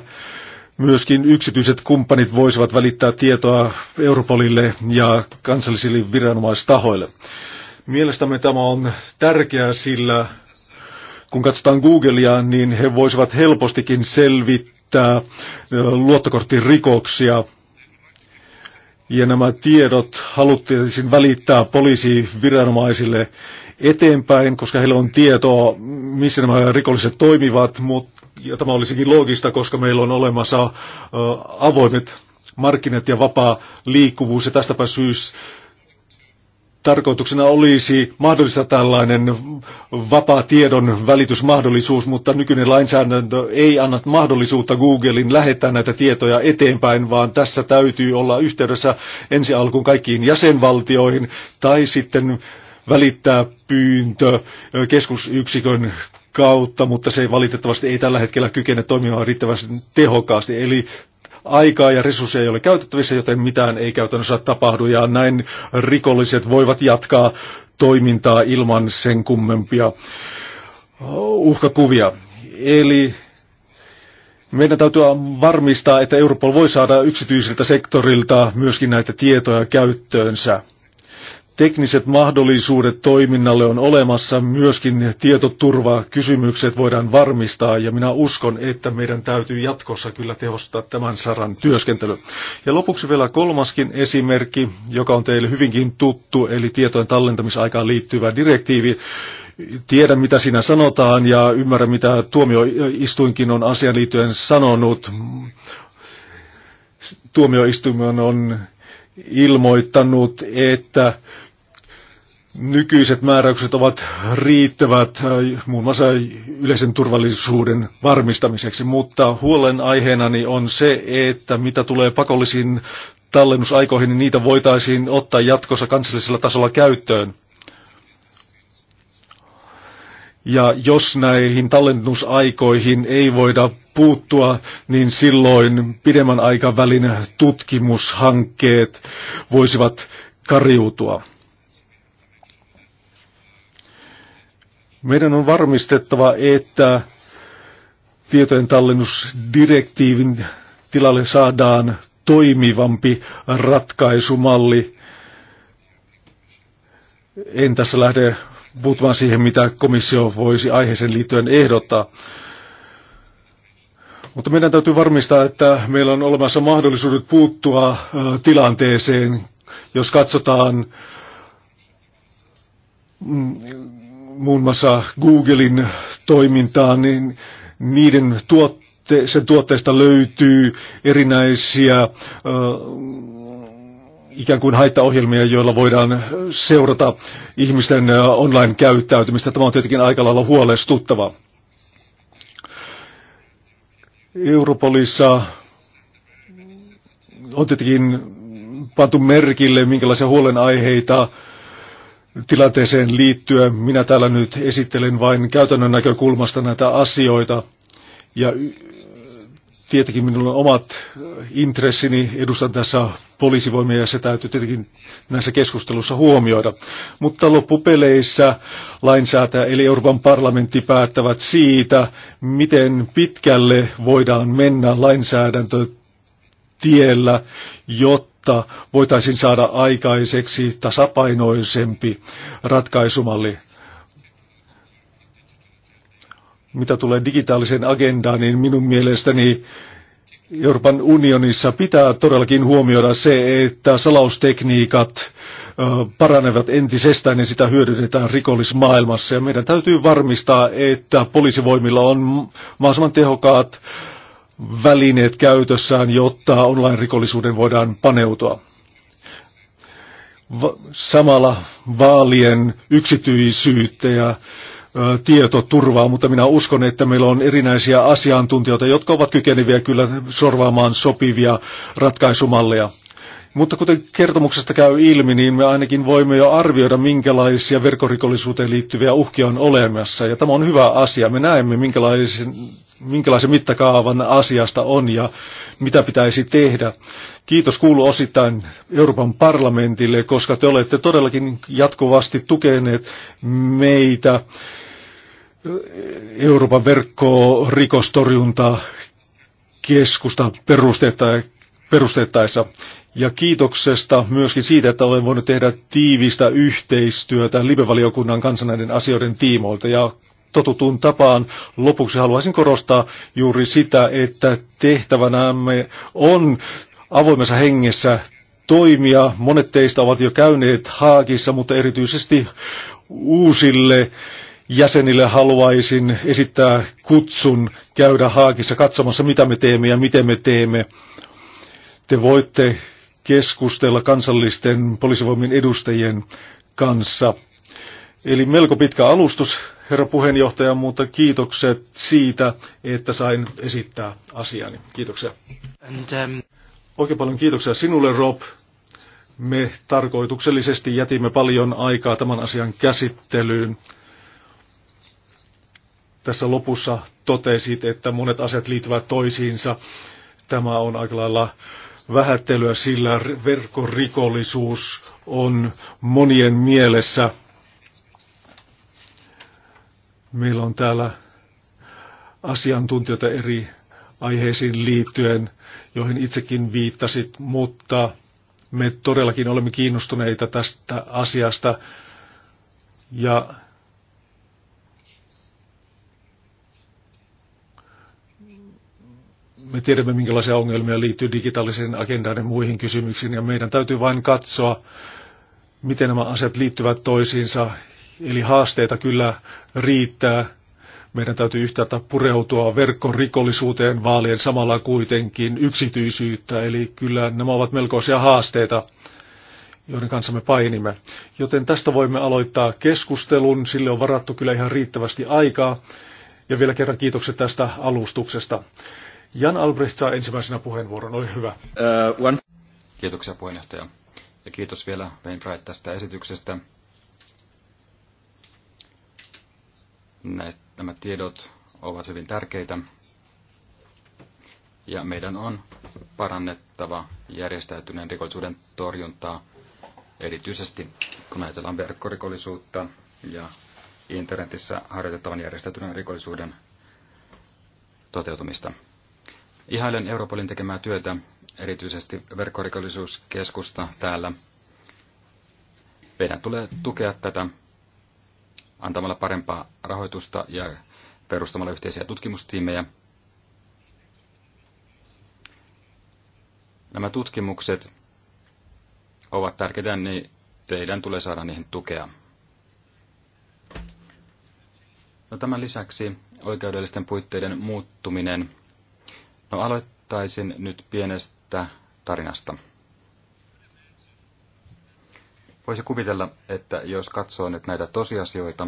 myöskin yksityiset kumppanit voisivat välittää tietoa Europolille ja kansallisille viranomaistahoille. Mielestämme tämä on tärkeää, sillä kun katsotaan Googlea, niin he voisivat helpostikin selvittää luottokorttirikoksia. Ja nämä tiedot haluttiin välittää poliisiviranomaisille eteenpäin, koska heillä on tietoa, missä nämä rikolliset toimivat, mutta ja tämä olisikin loogista, koska meillä on olemassa avoimet markkinat ja vapaa liikkuvuus, ja tästäpä syys, tarkoituksena olisi mahdollista tällainen vapaa tiedon välitysmahdollisuus, mutta nykyinen lainsäädäntö ei anna mahdollisuutta Googlein lähettää näitä tietoja eteenpäin, vaan tässä täytyy olla yhteydessä ensi alkuun kaikkiin jäsenvaltioihin tai sitten välittää pyyntö keskusyksikön kautta, mutta se valitettavasti ei tällä hetkellä kykene toimimaan riittävästi tehokkaasti. Eli aikaa ja resursseja ei ole käytettävissä, joten mitään ei käytännössä tapahdu ja näin rikolliset voivat jatkaa toimintaa ilman sen kummempia uh, uhkakuvia. Eli meidän täytyy varmistaa, että Europol voi saada yksityisiltä sektorilta myöskin näitä tietoja käyttöönsä tekniset mahdollisuudet toiminnalle on olemassa, myöskin tietoturvakysymykset voidaan varmistaa ja minä uskon, että meidän täytyy jatkossa kyllä tehostaa tämän saran työskentely. Ja lopuksi vielä kolmaskin esimerkki, joka on teille hyvinkin tuttu, eli tietojen tallentamisaikaan liittyvä direktiivi. Tiedän, mitä siinä sanotaan ja ymmärrän, mitä tuomioistuinkin on asian liittyen sanonut. Tuomioistuin on ilmoittanut, että nykyiset määräykset ovat riittävät äh, muun muassa yleisen turvallisuuden varmistamiseksi, mutta huolenaiheenani on se, että mitä tulee pakollisiin tallennusaikoihin, niin niitä voitaisiin ottaa jatkossa kansallisella tasolla käyttöön. Ja jos näihin tallennusaikoihin ei voida puuttua, niin silloin pidemmän aikavälin tutkimushankkeet voisivat kariutua. Meidän on varmistettava, että tietojen tallennusdirektiivin tilalle saadaan toimivampi ratkaisumalli. En tässä lähde puuttumaan siihen, mitä komissio voisi aiheeseen liittyen ehdottaa. Mutta meidän täytyy varmistaa, että meillä on olemassa mahdollisuudet puuttua tilanteeseen, jos katsotaan mm, muun muassa Googlein toimintaan, niin niiden tuotte, sen tuotteista löytyy erinäisiä ö, ikään kuin haittaohjelmia, joilla voidaan seurata ihmisten online-käyttäytymistä. Tämä on tietenkin aika lailla huolestuttava. Europolissa on tietenkin pantu merkille, minkälaisia huolenaiheita tilanteeseen liittyen. Minä täällä nyt esittelen vain käytännön näkökulmasta näitä asioita ja tietenkin minulla on omat intressini, edustan tässä poliisivoimia ja se täytyy tietenkin näissä keskustelussa huomioida. Mutta loppupeleissä lainsäätäjä eli Euroopan parlamentti päättävät siitä, miten pitkälle voidaan mennä lainsäädäntötiellä, jotta jotta voitaisiin saada aikaiseksi tasapainoisempi ratkaisumalli. Mitä tulee digitaaliseen agendaan, niin minun mielestäni Euroopan unionissa pitää todellakin huomioida se, että salaustekniikat paranevat entisestään ja sitä hyödynnetään rikollismaailmassa. Ja meidän täytyy varmistaa, että poliisivoimilla on mahdollisimman tehokkaat välineet käytössään, jotta online-rikollisuuden voidaan paneutua. Va- samalla vaalien yksityisyyttä ja tietoturvaa, mutta minä uskon, että meillä on erinäisiä asiantuntijoita, jotka ovat kykeneviä kyllä sorvaamaan sopivia ratkaisumalleja. Mutta kuten kertomuksesta käy ilmi, niin me ainakin voimme jo arvioida, minkälaisia verkkorikollisuuteen liittyviä uhkia on olemassa. Ja tämä on hyvä asia. Me näemme, minkälaisen, minkälaisen mittakaavan asiasta on ja mitä pitäisi tehdä. Kiitos kuulu osittain Euroopan parlamentille, koska te olette todellakin jatkuvasti tukeneet meitä eh, Euroopan verkkorikostorjuntaa keskusta perustettaessa ja kiitoksesta myöskin siitä, että olen voinut tehdä tiivistä yhteistyötä libevaliokunnan kansanäiden asioiden tiimoilta. Ja totutun tapaan lopuksi haluaisin korostaa juuri sitä, että tehtävänämme on avoimessa hengessä toimia. Monet teistä ovat jo käyneet Haakissa, mutta erityisesti uusille jäsenille haluaisin esittää kutsun käydä Haakissa katsomassa, mitä me teemme ja miten me teemme. Te voitte keskustella kansallisten poliisivoimien edustajien kanssa. Eli melko pitkä alustus, herra puheenjohtaja, mutta kiitokset siitä, että sain esittää asiani. Kiitoksia. And, um... Oikein paljon kiitoksia sinulle, Rob. Me tarkoituksellisesti jätimme paljon aikaa tämän asian käsittelyyn. Tässä lopussa totesit, että monet asiat liittyvät toisiinsa. Tämä on aika lailla vähättelyä, sillä verkkorikollisuus on monien mielessä. Meillä on täällä asiantuntijoita eri aiheisiin liittyen, joihin itsekin viittasit, mutta me todellakin olemme kiinnostuneita tästä asiasta ja me tiedämme, minkälaisia ongelmia liittyy digitaaliseen agendaan ja muihin kysymyksiin, ja meidän täytyy vain katsoa, miten nämä asiat liittyvät toisiinsa. Eli haasteita kyllä riittää. Meidän täytyy yhtäältä pureutua verkkorikollisuuteen vaalien samalla kuitenkin yksityisyyttä, eli kyllä nämä ovat melkoisia haasteita joiden kanssa me painimme. Joten tästä voimme aloittaa keskustelun, sille on varattu kyllä ihan riittävästi aikaa. Ja vielä kerran kiitokset tästä alustuksesta. Jan Albrecht saa ensimmäisenä puheenvuoron, ole hyvä. Uh, one. Kiitoksia puheenjohtaja. Ja kiitos vielä Wainwright tästä esityksestä. Näet, nämä tiedot ovat hyvin tärkeitä. Ja meidän on parannettava järjestäytyneen rikollisuuden torjuntaa, erityisesti kun ajatellaan verkkorikollisuutta ja internetissä harjoitettavan järjestäytyneen rikollisuuden toteutumista. Ihailen Europolin tekemää työtä, erityisesti verkkorikollisuuskeskusta täällä. Meidän tulee tukea tätä antamalla parempaa rahoitusta ja perustamalla yhteisiä tutkimustiimejä. Nämä tutkimukset ovat tärkeitä, niin teidän tulee saada niihin tukea. No tämän lisäksi oikeudellisten puitteiden muuttuminen No aloittaisin nyt pienestä tarinasta. Voisi kuvitella, että jos katsoo nyt näitä tosiasioita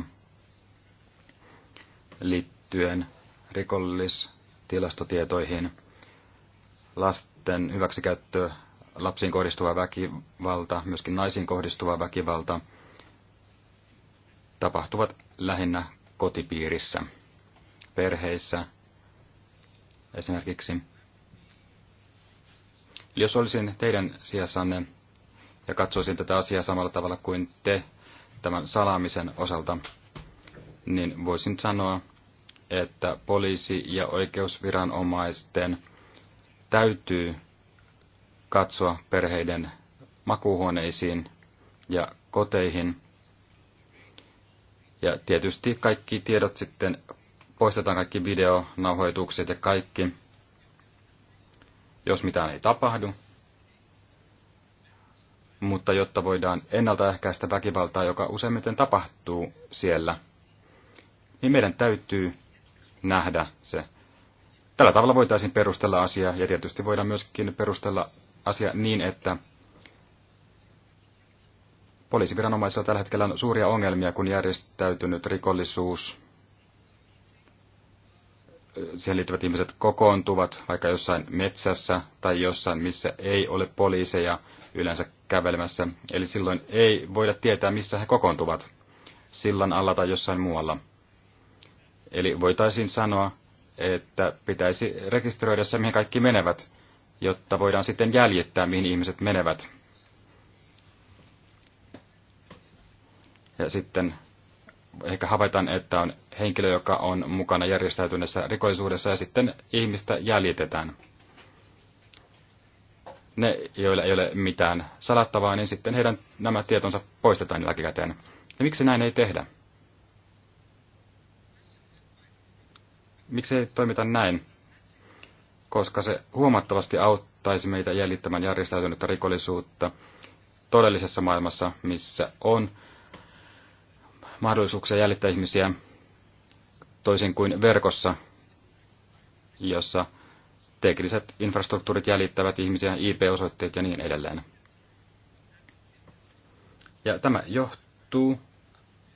liittyen rikollistilastotietoihin, lasten hyväksikäyttö, lapsiin kohdistuva väkivalta, myöskin naisiin kohdistuva väkivalta, tapahtuvat lähinnä kotipiirissä, perheissä, esimerkiksi. Eli jos olisin teidän sijassanne ja katsoisin tätä asiaa samalla tavalla kuin te tämän salaamisen osalta, niin voisin sanoa, että poliisi- ja oikeusviranomaisten täytyy katsoa perheiden makuuhuoneisiin ja koteihin. Ja tietysti kaikki tiedot sitten poistetaan kaikki videonauhoitukset ja kaikki, jos mitään ei tapahdu. Mutta jotta voidaan ennaltaehkäistä väkivaltaa, joka useimmiten tapahtuu siellä, niin meidän täytyy nähdä se. Tällä tavalla voitaisiin perustella asia, ja tietysti voidaan myöskin perustella asia niin, että poliisiviranomaisilla tällä hetkellä on suuria ongelmia, kun järjestäytynyt rikollisuus siihen liittyvät ihmiset kokoontuvat vaikka jossain metsässä tai jossain, missä ei ole poliiseja yleensä kävelemässä. Eli silloin ei voida tietää, missä he kokoontuvat, sillan alla tai jossain muualla. Eli voitaisiin sanoa, että pitäisi rekisteröidä se, mihin kaikki menevät, jotta voidaan sitten jäljittää, mihin ihmiset menevät. Ja sitten ehkä havaitaan, että on henkilö, joka on mukana järjestäytyneessä rikollisuudessa ja sitten ihmistä jäljitetään. Ne, joilla ei ole mitään salattavaa, niin sitten heidän nämä tietonsa poistetaan jälkikäteen. Ja miksi näin ei tehdä? Miksi ei toimita näin? Koska se huomattavasti auttaisi meitä jäljittämään järjestäytynyttä rikollisuutta todellisessa maailmassa, missä on mahdollisuuksia jäljittää ihmisiä toisin kuin verkossa, jossa tekniset infrastruktuurit jäljittävät ihmisiä, IP-osoitteet ja niin edelleen. Ja tämä johtuu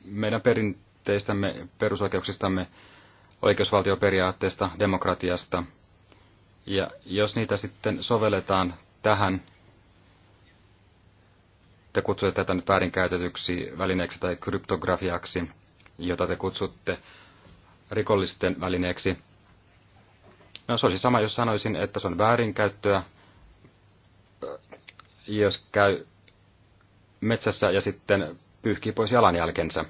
meidän perinteistämme, perusoikeuksistamme, oikeusvaltioperiaatteesta, demokratiasta. Ja jos niitä sitten sovelletaan tähän te kutsutte tätä nyt väärinkäytetyksi välineeksi tai kryptografiaksi, jota te kutsutte rikollisten välineeksi. No se olisi sama, jos sanoisin, että se on väärinkäyttöä, jos käy metsässä ja sitten pyyhkii pois jalanjälkensä.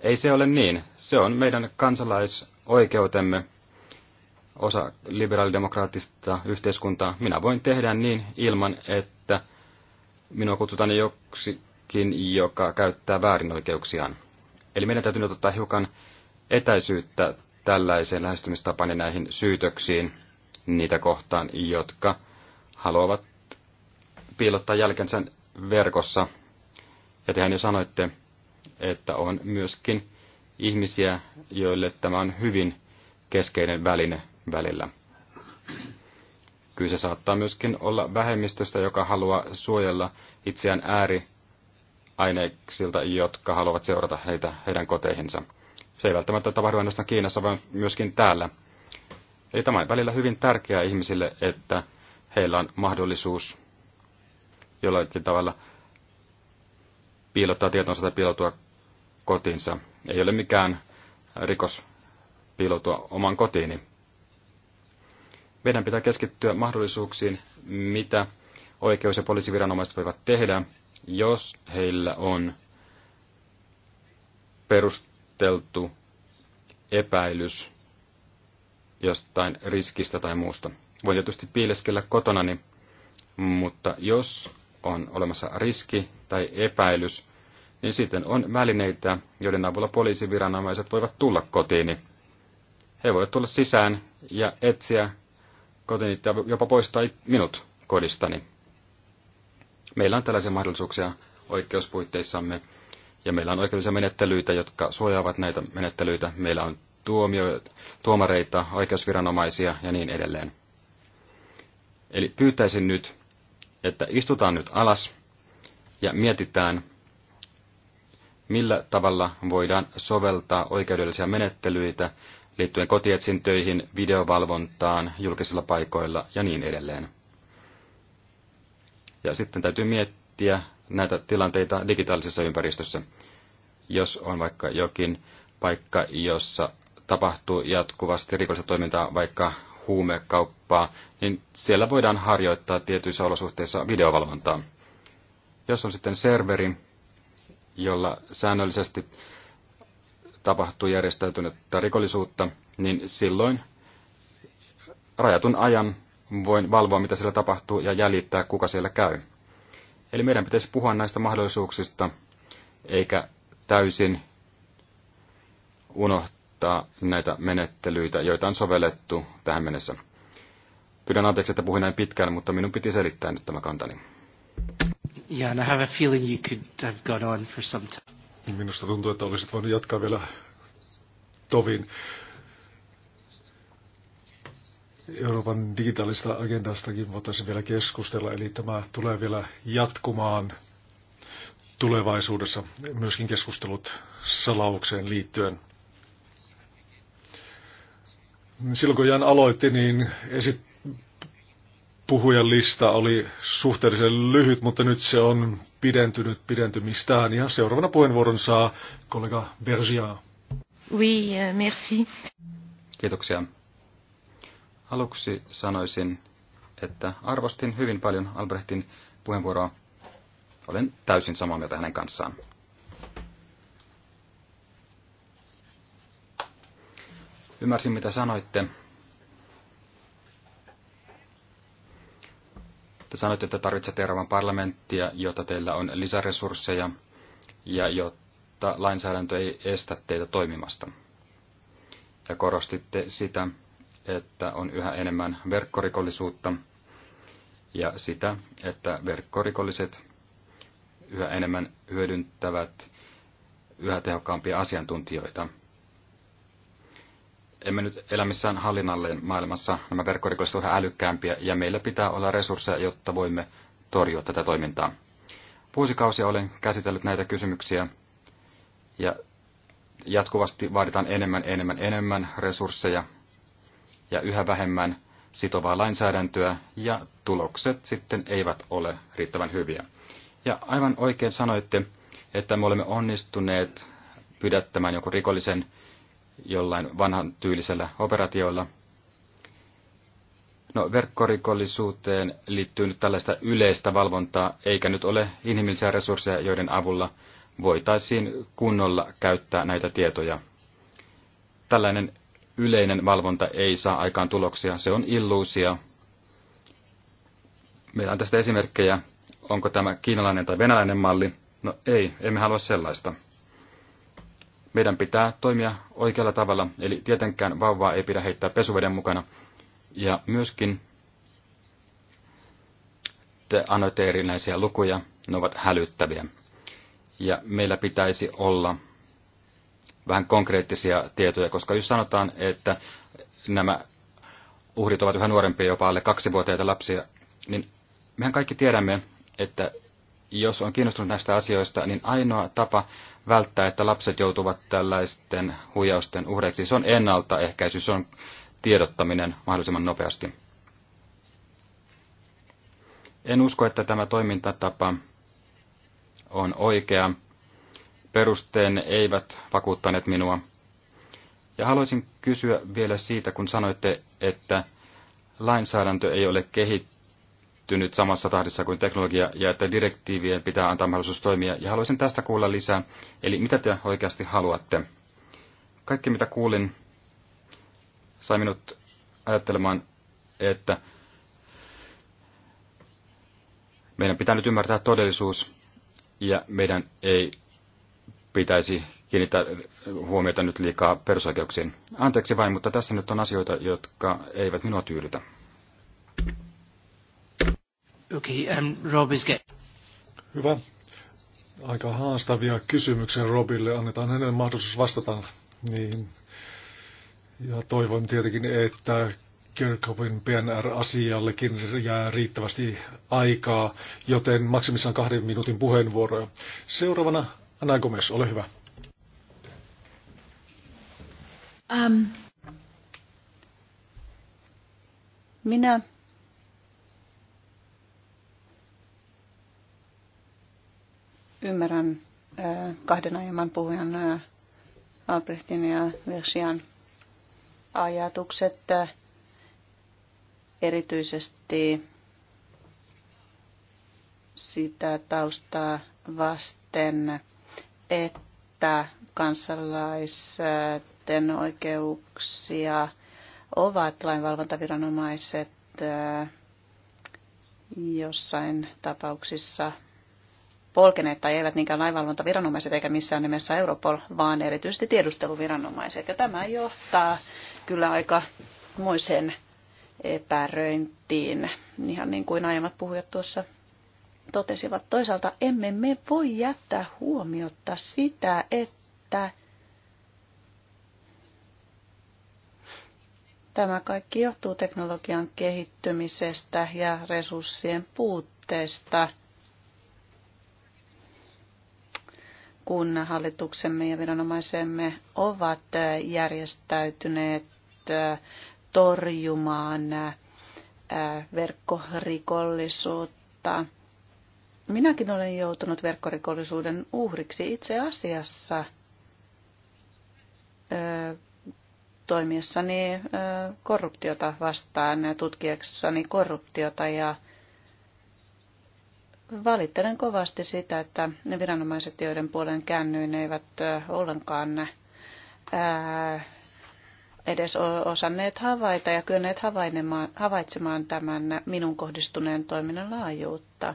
Ei se ole niin. Se on meidän kansalaisoikeutemme osa liberaalidemokraattista yhteiskuntaa. Minä voin tehdä niin ilman, että minua kutsutaan joksikin, joka käyttää väärinoikeuksiaan. Eli meidän täytyy nyt ottaa hiukan etäisyyttä tällaiseen lähestymistapaan ja näihin syytöksiin niitä kohtaan, jotka haluavat piilottaa jälkensä verkossa. Ja tehän jo sanoitte, että on myöskin ihmisiä, joille tämä on hyvin keskeinen väline välillä. Kyse saattaa myöskin olla vähemmistöstä, joka haluaa suojella itseään ääriaineksilta, jotka haluavat seurata heitä heidän koteihinsa. Se ei välttämättä tapahdu ainoastaan Kiinassa, vaan myöskin täällä. Eli tämä on välillä hyvin tärkeää ihmisille, että heillä on mahdollisuus jollakin tavalla piilottaa tietonsa tai piiloutua kotiinsa. Ei ole mikään rikos piiloutua oman kotiini. Meidän pitää keskittyä mahdollisuuksiin, mitä oikeus- ja poliisiviranomaiset voivat tehdä, jos heillä on perusteltu epäilys jostain riskistä tai muusta. Voi tietysti piileskellä kotonani, mutta jos on olemassa riski tai epäilys, niin sitten on välineitä, joiden avulla poliisiviranomaiset voivat tulla kotiini. He voivat tulla sisään ja etsiä kotiin ja jopa poistaa minut kodistani. Meillä on tällaisia mahdollisuuksia oikeuspuitteissamme ja meillä on oikeudellisia menettelyitä, jotka suojaavat näitä menettelyitä. Meillä on tuomio, tuomareita, oikeusviranomaisia ja niin edelleen. Eli pyytäisin nyt, että istutaan nyt alas ja mietitään, millä tavalla voidaan soveltaa oikeudellisia menettelyitä liittyen kotietsintöihin, videovalvontaan, julkisilla paikoilla ja niin edelleen. Ja sitten täytyy miettiä näitä tilanteita digitaalisessa ympäristössä. Jos on vaikka jokin paikka, jossa tapahtuu jatkuvasti rikollista toimintaa, vaikka huumekauppaa, niin siellä voidaan harjoittaa tietyissä olosuhteissa videovalvontaa. Jos on sitten serveri, jolla säännöllisesti tapahtuu järjestäytynyttä rikollisuutta, niin silloin rajatun ajan voin valvoa, mitä siellä tapahtuu ja jäljittää, kuka siellä käy. Eli meidän pitäisi puhua näistä mahdollisuuksista, eikä täysin unohtaa näitä menettelyitä, joita on sovellettu tähän mennessä. Pyydän anteeksi, että puhuin näin pitkään, mutta minun piti selittää nyt tämä kantani. Yeah, and I have a feeling you could have gone on for some time. Minusta tuntuu, että olisit voinut jatkaa vielä tovin. Euroopan digitaalista agendastakin voitaisiin vielä keskustella, eli tämä tulee vielä jatkumaan tulevaisuudessa, myöskin keskustelut salaukseen liittyen. Silloin kun Jan aloitti, niin esit- puhujan lista oli suhteellisen lyhyt, mutta nyt se on pidentynyt pidentymistään. Ja seuraavana puheenvuoron saa kollega Bergia. Oui, euh, merci. Kiitoksia. Aluksi sanoisin, että arvostin hyvin paljon Albrehtin puheenvuoroa. Olen täysin samaa mieltä hänen kanssaan. Ymmärsin, mitä sanoitte, Te sanoitte, että tarvitsette Euroopan parlamenttia, jotta teillä on lisäresursseja ja jotta lainsäädäntö ei estä teitä toimimasta. Ja korostitte sitä, että on yhä enemmän verkkorikollisuutta ja sitä, että verkkorikolliset yhä enemmän hyödyntävät yhä tehokkaampia asiantuntijoita emme nyt elä missään hallinnalleen maailmassa. Nämä verkkorikolliset ovat älykkäämpiä ja meillä pitää olla resursseja, jotta voimme torjua tätä toimintaa. Vuosikausia olen käsitellyt näitä kysymyksiä ja jatkuvasti vaaditaan enemmän, enemmän, enemmän resursseja ja yhä vähemmän sitovaa lainsäädäntöä ja tulokset sitten eivät ole riittävän hyviä. Ja aivan oikein sanoitte, että me olemme onnistuneet pidättämään jonkun rikollisen jollain vanhan tyylisellä operaatioilla. No, verkkorikollisuuteen liittyy nyt tällaista yleistä valvontaa, eikä nyt ole inhimillisiä resursseja, joiden avulla voitaisiin kunnolla käyttää näitä tietoja. Tällainen yleinen valvonta ei saa aikaan tuloksia, se on illuusia. Meillä on tästä esimerkkejä, onko tämä kiinalainen tai venäläinen malli. No ei, emme halua sellaista. Meidän pitää toimia oikealla tavalla, eli tietenkään vauvaa ei pidä heittää pesuveden mukana. Ja myöskin te annoitte erinäisiä lukuja, ne ovat hälyttäviä. Ja meillä pitäisi olla vähän konkreettisia tietoja, koska jos sanotaan, että nämä uhrit ovat yhä nuorempia, jopa alle kaksivuotiaita lapsia, niin mehän kaikki tiedämme, että jos on kiinnostunut näistä asioista, niin ainoa tapa välttää, että lapset joutuvat tällaisten huijausten uhreiksi, se on ennaltaehkäisy, se on tiedottaminen mahdollisimman nopeasti. En usko, että tämä toimintatapa on oikea. Perusteen eivät vakuuttaneet minua. Ja haluaisin kysyä vielä siitä, kun sanoitte, että lainsäädäntö ei ole kehittynyt kehittynyt samassa tahdissa kuin teknologia ja että direktiivien pitää antaa mahdollisuus toimia. Ja haluaisin tästä kuulla lisää. Eli mitä te oikeasti haluatte? Kaikki mitä kuulin sai minut ajattelemaan, että meidän pitää nyt ymmärtää todellisuus ja meidän ei pitäisi kiinnittää huomiota nyt liikaa perusoikeuksiin. Anteeksi vain, mutta tässä nyt on asioita, jotka eivät minua tyydytä. Okay, um, Rob is get... Hyvä. Aika haastavia kysymyksiä Robille. Annetaan hänelle mahdollisuus vastata niihin. Ja toivon tietenkin, että Kirkhopin PNR-asiallekin jää riittävästi aikaa, joten maksimissaan kahden minuutin puheenvuoroja. Seuraavana Anna Gomes, ole hyvä. Um, minä Ymmärrän äh, kahden aiemman puhujan äh, Albrechtin ja Virsian ajatukset äh, erityisesti sitä taustaa vasten, että kansalaisten oikeuksia ovat lainvalvontaviranomaiset jossain tapauksissa polkeneet tai eivät niinkään lainvalvontaviranomaiset eikä missään nimessä Europol, vaan erityisesti tiedusteluviranomaiset. Ja tämä johtaa kyllä aika moisen epäröintiin, ihan niin kuin aiemmat puhujat tuossa totesivat. Toisaalta emme me voi jättää huomiota sitä, että Tämä kaikki johtuu teknologian kehittymisestä ja resurssien puutteesta – kun hallituksemme ja viranomaisemme ovat äh, järjestäytyneet äh, torjumaan äh, verkkorikollisuutta. Minäkin olen joutunut verkkorikollisuuden uhriksi itse asiassa toimiessani korruptiota vastaan, tutkiessani korruptiota ja Valittelen kovasti sitä, että ne viranomaiset, joiden puolen käännyin, eivät ollenkaan ää, edes osanneet havaita ja kyenneet havaitsemaan tämän minun kohdistuneen toiminnan laajuutta.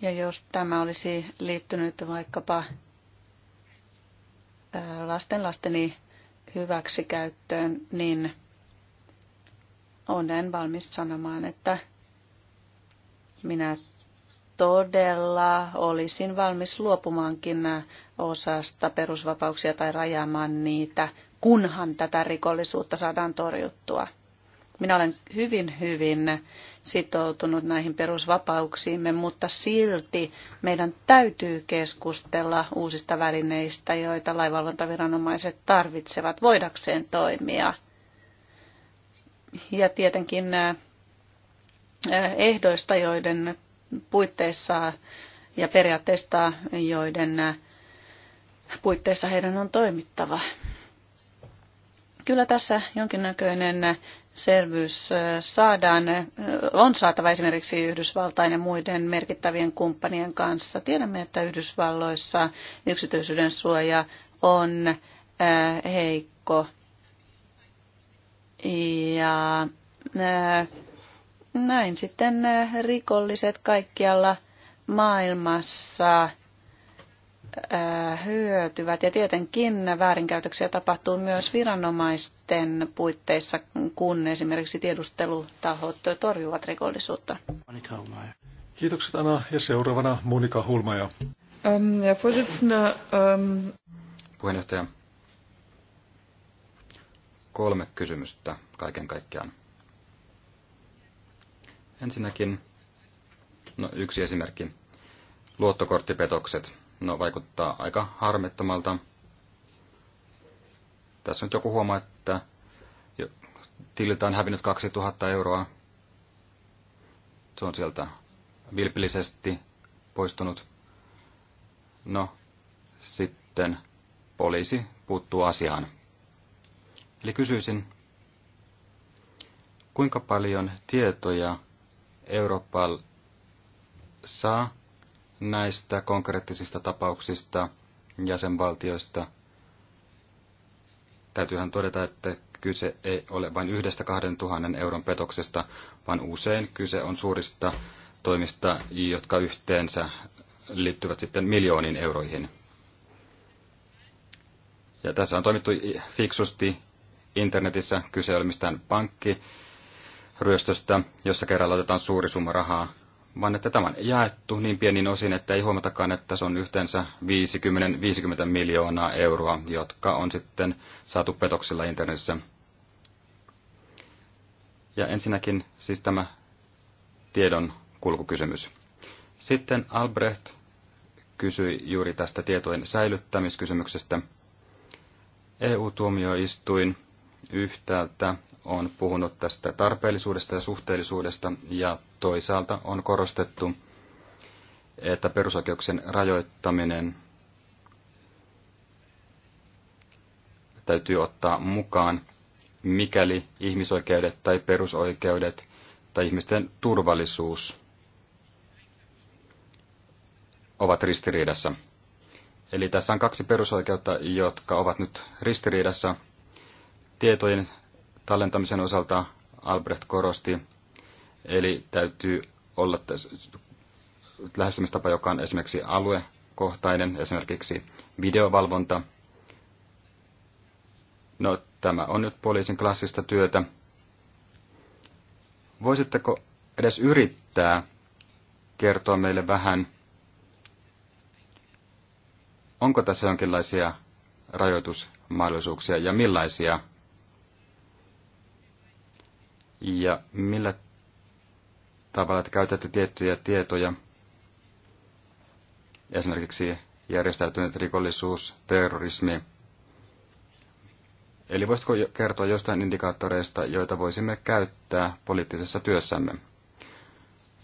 Ja jos tämä olisi liittynyt vaikkapa lasten lasteni hyväksikäyttöön, niin olen valmis sanomaan, että minä todella olisin valmis luopumaankin osasta perusvapauksia tai rajaamaan niitä, kunhan tätä rikollisuutta saadaan torjuttua. Minä olen hyvin, hyvin sitoutunut näihin perusvapauksiimme, mutta silti meidän täytyy keskustella uusista välineistä, joita laivalvontaviranomaiset tarvitsevat voidakseen toimia. Ja tietenkin ehdoista, joiden puitteissa ja periaatteista, joiden puitteissa heidän on toimittava. Kyllä tässä jonkinnäköinen selvyys saadaan, on saatava esimerkiksi Yhdysvaltain ja muiden merkittävien kumppanien kanssa. Tiedämme, että Yhdysvalloissa yksityisyyden suoja on heikko ja näin sitten eh, rikolliset kaikkialla maailmassa eh, hyötyvät. Ja tietenkin väärinkäytöksiä tapahtuu myös viranomaisten puitteissa, kun esimerkiksi tiedustelutahot torjuvat rikollisuutta. Monika Kiitokset Anna ja seuraavana Monika Hulmaja. Ähm, ähm, Puheenjohtaja, kolme kysymystä kaiken kaikkiaan. Ensinnäkin, no yksi esimerkki, luottokorttipetokset. No vaikuttaa aika harmittomalta. Tässä nyt joku huomaa, että tililtä on hävinnyt 2000 euroa. Se on sieltä vilpillisesti poistunut. No, sitten poliisi puuttuu asiaan. Eli kysyisin, kuinka paljon tietoja Europal saa näistä konkreettisista tapauksista jäsenvaltioista. Täytyyhän todeta, että kyse ei ole vain yhdestä kahden tuhannen euron petoksesta, vaan usein kyse on suurista toimista, jotka yhteensä liittyvät sitten miljooniin euroihin. Ja tässä on toimittu fiksusti internetissä, kyse ei ole mistään pankki, ryöstöstä, jossa kerralla otetaan suuri summa rahaa, vaan että tämä on jaettu niin pienin osin, että ei huomatakaan, että se on yhteensä 50-50 miljoonaa euroa, jotka on sitten saatu petoksilla internetissä. Ja ensinnäkin siis tämä tiedon kulkukysymys. Sitten Albrecht kysyi juuri tästä tietojen säilyttämiskysymyksestä. EU-tuomioistuin yhtäältä on puhunut tästä tarpeellisuudesta ja suhteellisuudesta ja toisaalta on korostettu, että perusoikeuksien rajoittaminen täytyy ottaa mukaan, mikäli ihmisoikeudet tai perusoikeudet tai ihmisten turvallisuus ovat ristiriidassa. Eli tässä on kaksi perusoikeutta, jotka ovat nyt ristiriidassa tietojen tallentamisen osalta Albrecht korosti, eli täytyy olla lähestymistapa, joka on esimerkiksi aluekohtainen, esimerkiksi videovalvonta. No, tämä on nyt poliisin klassista työtä. Voisitteko edes yrittää kertoa meille vähän, onko tässä jonkinlaisia rajoitusmahdollisuuksia ja millaisia ja millä tavalla te käytätte tiettyjä tietoja, esimerkiksi järjestäytynyt rikollisuus, terrorismi. Eli voisitko kertoa jostain indikaattoreista, joita voisimme käyttää poliittisessa työssämme?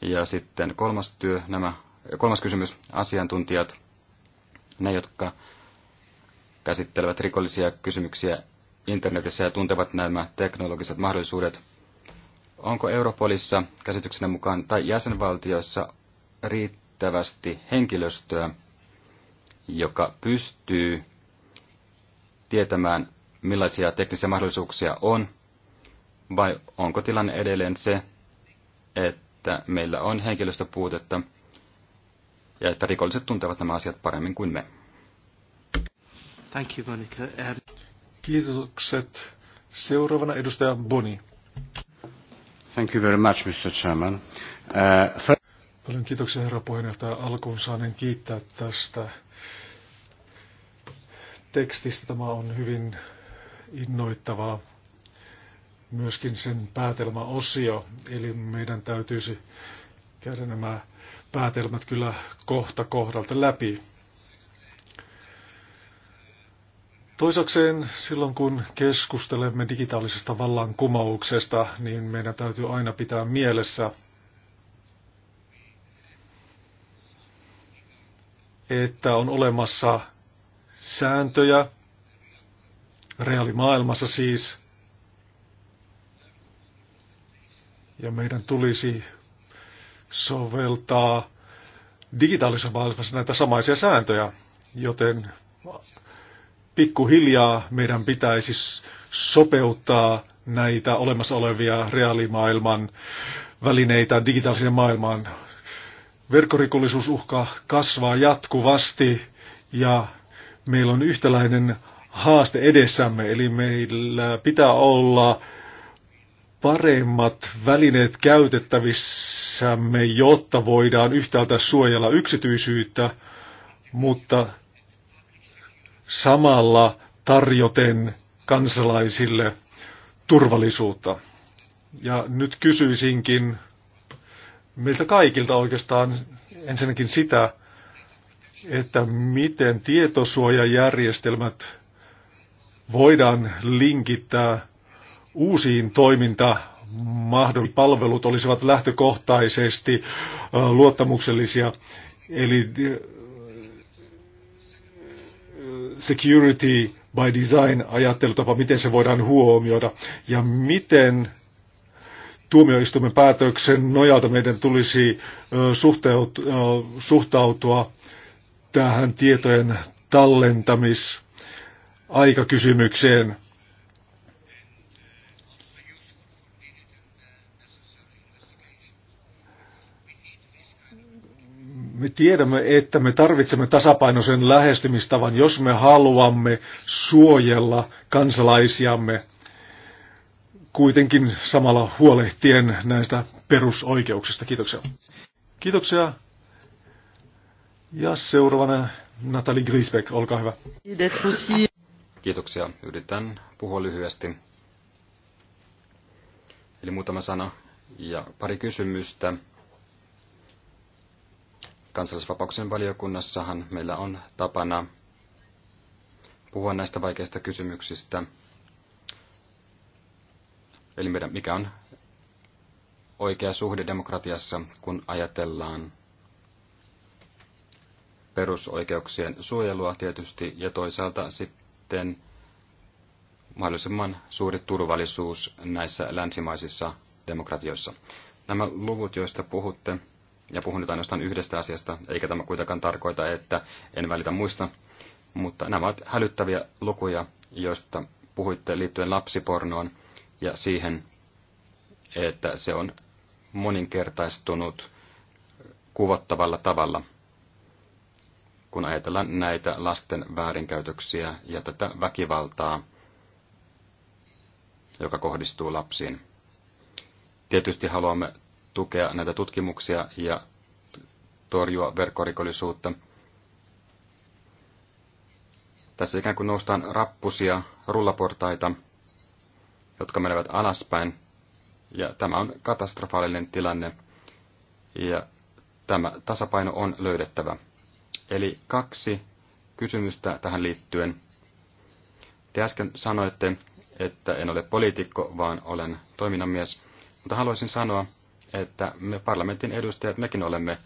Ja sitten kolmas, työ, nämä, kolmas kysymys, asiantuntijat, ne, jotka käsittelevät rikollisia kysymyksiä internetissä ja tuntevat nämä teknologiset mahdollisuudet – Onko Europolissa käsityksenä mukaan tai jäsenvaltioissa riittävästi henkilöstöä, joka pystyy tietämään, millaisia teknisiä mahdollisuuksia on, vai onko tilanne edelleen se, että meillä on henkilöstöpuutetta ja että rikolliset tuntevat nämä asiat paremmin kuin me? Thank you, Monica. Um, Kiitokset. Seuraavana edustaja Boni. Thank you very much, Mr. Chairman. Uh, first... Paljon kiitoksia, herra puheenjohtaja. Alkuun saanen kiittää tästä tekstistä. Tämä on hyvin innoittavaa. Myöskin sen päätelmäosio, eli meidän täytyisi käydä nämä päätelmät kyllä kohta kohdalta läpi. Toisakseen silloin kun keskustelemme digitaalisesta vallankumouksesta, niin meidän täytyy aina pitää mielessä, että on olemassa sääntöjä reaalimaailmassa siis, ja meidän tulisi soveltaa digitaalisessa maailmassa näitä samaisia sääntöjä, joten pikkuhiljaa meidän pitäisi sopeuttaa näitä olemassa olevia reaalimaailman välineitä digitaaliseen maailmaan. Verkkorikollisuusuhka kasvaa jatkuvasti ja meillä on yhtäläinen haaste edessämme, eli meillä pitää olla paremmat välineet käytettävissämme, jotta voidaan yhtäältä suojella yksityisyyttä, mutta samalla tarjoten kansalaisille turvallisuutta. Ja nyt kysyisinkin meiltä kaikilta oikeastaan ensinnäkin sitä, että miten tietosuojajärjestelmät voidaan linkittää uusiin toiminta palvelut olisivat lähtökohtaisesti luottamuksellisia. Eli security by design ajattelutapa, miten se voidaan huomioida ja miten tuomioistuimen päätöksen nojalta meidän tulisi suhtautua tähän tietojen tallentamisaikakysymykseen. Me tiedämme, että me tarvitsemme tasapainoisen lähestymistavan, jos me haluamme suojella kansalaisiamme kuitenkin samalla huolehtien näistä perusoikeuksista. Kiitoksia. Kiitoksia. Ja seuraavana Natali Grisbeck, olkaa hyvä. Kiitoksia. Yritän puhua lyhyesti. Eli muutama sana ja pari kysymystä kansallisvapauksen valiokunnassahan meillä on tapana puhua näistä vaikeista kysymyksistä. Eli meidän, mikä on oikea suhde demokratiassa, kun ajatellaan perusoikeuksien suojelua tietysti ja toisaalta sitten mahdollisimman suuri turvallisuus näissä länsimaisissa demokratioissa. Nämä luvut, joista puhutte, ja puhun nyt ainoastaan yhdestä asiasta, eikä tämä kuitenkaan tarkoita, että en välitä muista, mutta nämä ovat hälyttäviä lukuja, joista puhuitte liittyen lapsipornoon ja siihen, että se on moninkertaistunut kuvottavalla tavalla, kun ajatellaan näitä lasten väärinkäytöksiä ja tätä väkivaltaa, joka kohdistuu lapsiin. Tietysti haluamme tukea näitä tutkimuksia ja torjua verkkorikollisuutta. Tässä ikään kuin noustaan rappusia, rullaportaita, jotka menevät alaspäin. Ja tämä on katastrofaalinen tilanne. Ja tämä tasapaino on löydettävä. Eli kaksi kysymystä tähän liittyen. Te äsken sanoitte, että en ole poliitikko, vaan olen toiminnanmies. Mutta haluaisin sanoa, että me parlamentin edustajat, mekin olemme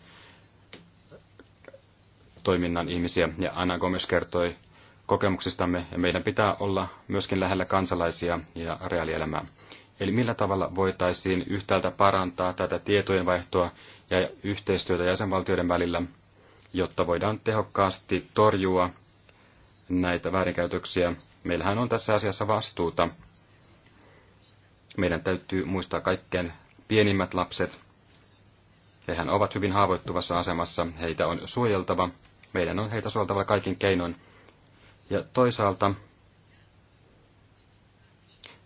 toiminnan ihmisiä, ja Anna Gomes kertoi kokemuksistamme, ja meidän pitää olla myöskin lähellä kansalaisia ja reaalielämää. Eli millä tavalla voitaisiin yhtäältä parantaa tätä tietojenvaihtoa ja yhteistyötä jäsenvaltioiden välillä, jotta voidaan tehokkaasti torjua näitä väärinkäytöksiä. Meillähän on tässä asiassa vastuuta. Meidän täytyy muistaa kaikkein pienimmät lapset. Hehän ovat hyvin haavoittuvassa asemassa, heitä on suojeltava, meidän on heitä suojeltava kaikin keinoin. Ja toisaalta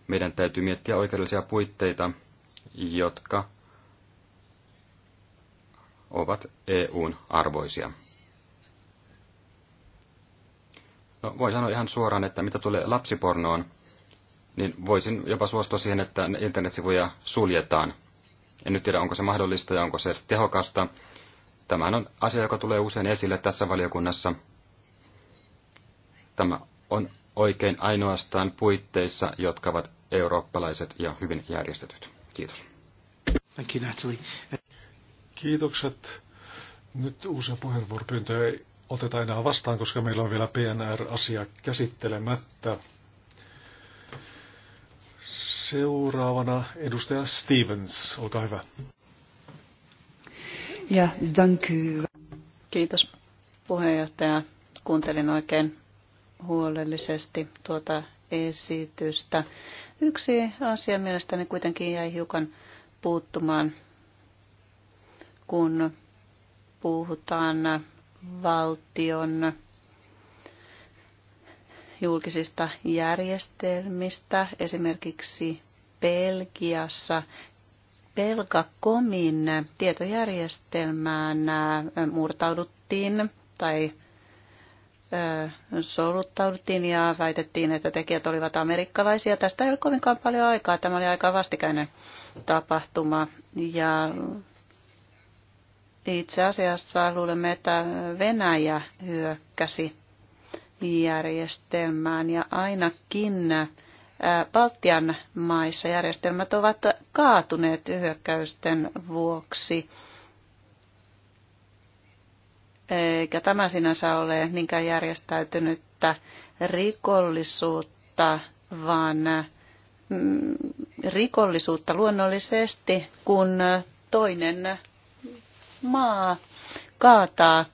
meidän täytyy miettiä oikeudellisia puitteita, jotka ovat EUn arvoisia. No, voi sanoa ihan suoraan, että mitä tulee lapsipornoon, niin voisin jopa suostua siihen, että internetsivuja suljetaan – en nyt tiedä, onko se mahdollista ja onko se tehokasta. Tämä on asia, joka tulee usein esille tässä valiokunnassa. Tämä on oikein ainoastaan puitteissa, jotka ovat eurooppalaiset ja hyvin järjestetyt. Kiitos. Thank you, Natalie. Kiitokset. Nyt uusia puheenvuoropyyntöjä ei oteta enää vastaan, koska meillä on vielä PNR-asia käsittelemättä. Seuraavana edustaja Stevens, olkaa hyvä. Ja dank Kiitos puheenjohtaja. Kuuntelin oikein huolellisesti tuota esitystä. Yksi asia mielestäni kuitenkin jäi hiukan puuttumaan, kun puhutaan valtion julkisista järjestelmistä. Esimerkiksi Belgiassa Pelkakomin tietojärjestelmään murtauduttiin tai soluttauduttiin ja väitettiin, että tekijät olivat amerikkalaisia. Tästä ei ole kovinkaan paljon aikaa. Tämä oli aika vastikäinen tapahtuma. Ja itse asiassa luulemme, että Venäjä hyökkäsi järjestelmään ja ainakin Baltian maissa järjestelmät ovat kaatuneet hyökkäysten vuoksi. Eikä tämä sinänsä ole niinkään järjestäytynyttä rikollisuutta, vaan mm, rikollisuutta luonnollisesti, kun toinen maa kaataa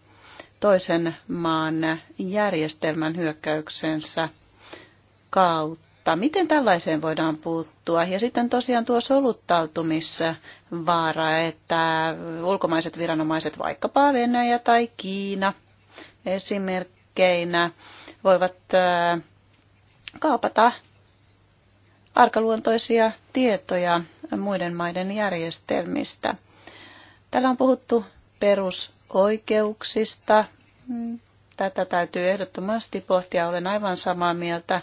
toisen maan järjestelmän hyökkäyksensä kautta. Miten tällaiseen voidaan puuttua? Ja sitten tosiaan tuo soluttautumisvaara, että ulkomaiset viranomaiset, vaikkapa Venäjä tai Kiina esimerkkeinä, voivat äh, kaupata arkaluontoisia tietoja muiden maiden järjestelmistä. Täällä on puhuttu perusoikeuksista, Tätä täytyy ehdottomasti pohtia. Olen aivan samaa mieltä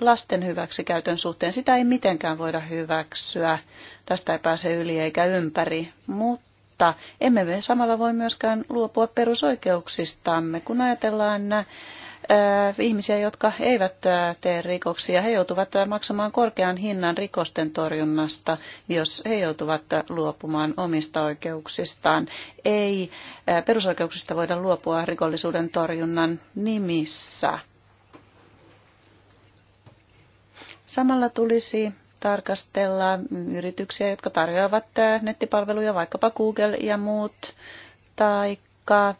lasten hyväksikäytön suhteen. Sitä ei mitenkään voida hyväksyä. Tästä ei pääse yli eikä ympäri. Mutta emme me samalla voi myöskään luopua perusoikeuksistamme, kun ajatellaan ihmisiä, jotka eivät tee rikoksia. He joutuvat maksamaan korkean hinnan rikosten torjunnasta, jos he joutuvat luopumaan omista oikeuksistaan. Ei perusoikeuksista voida luopua rikollisuuden torjunnan nimissä. Samalla tulisi tarkastella yrityksiä, jotka tarjoavat nettipalveluja, vaikkapa Google ja muut, taikka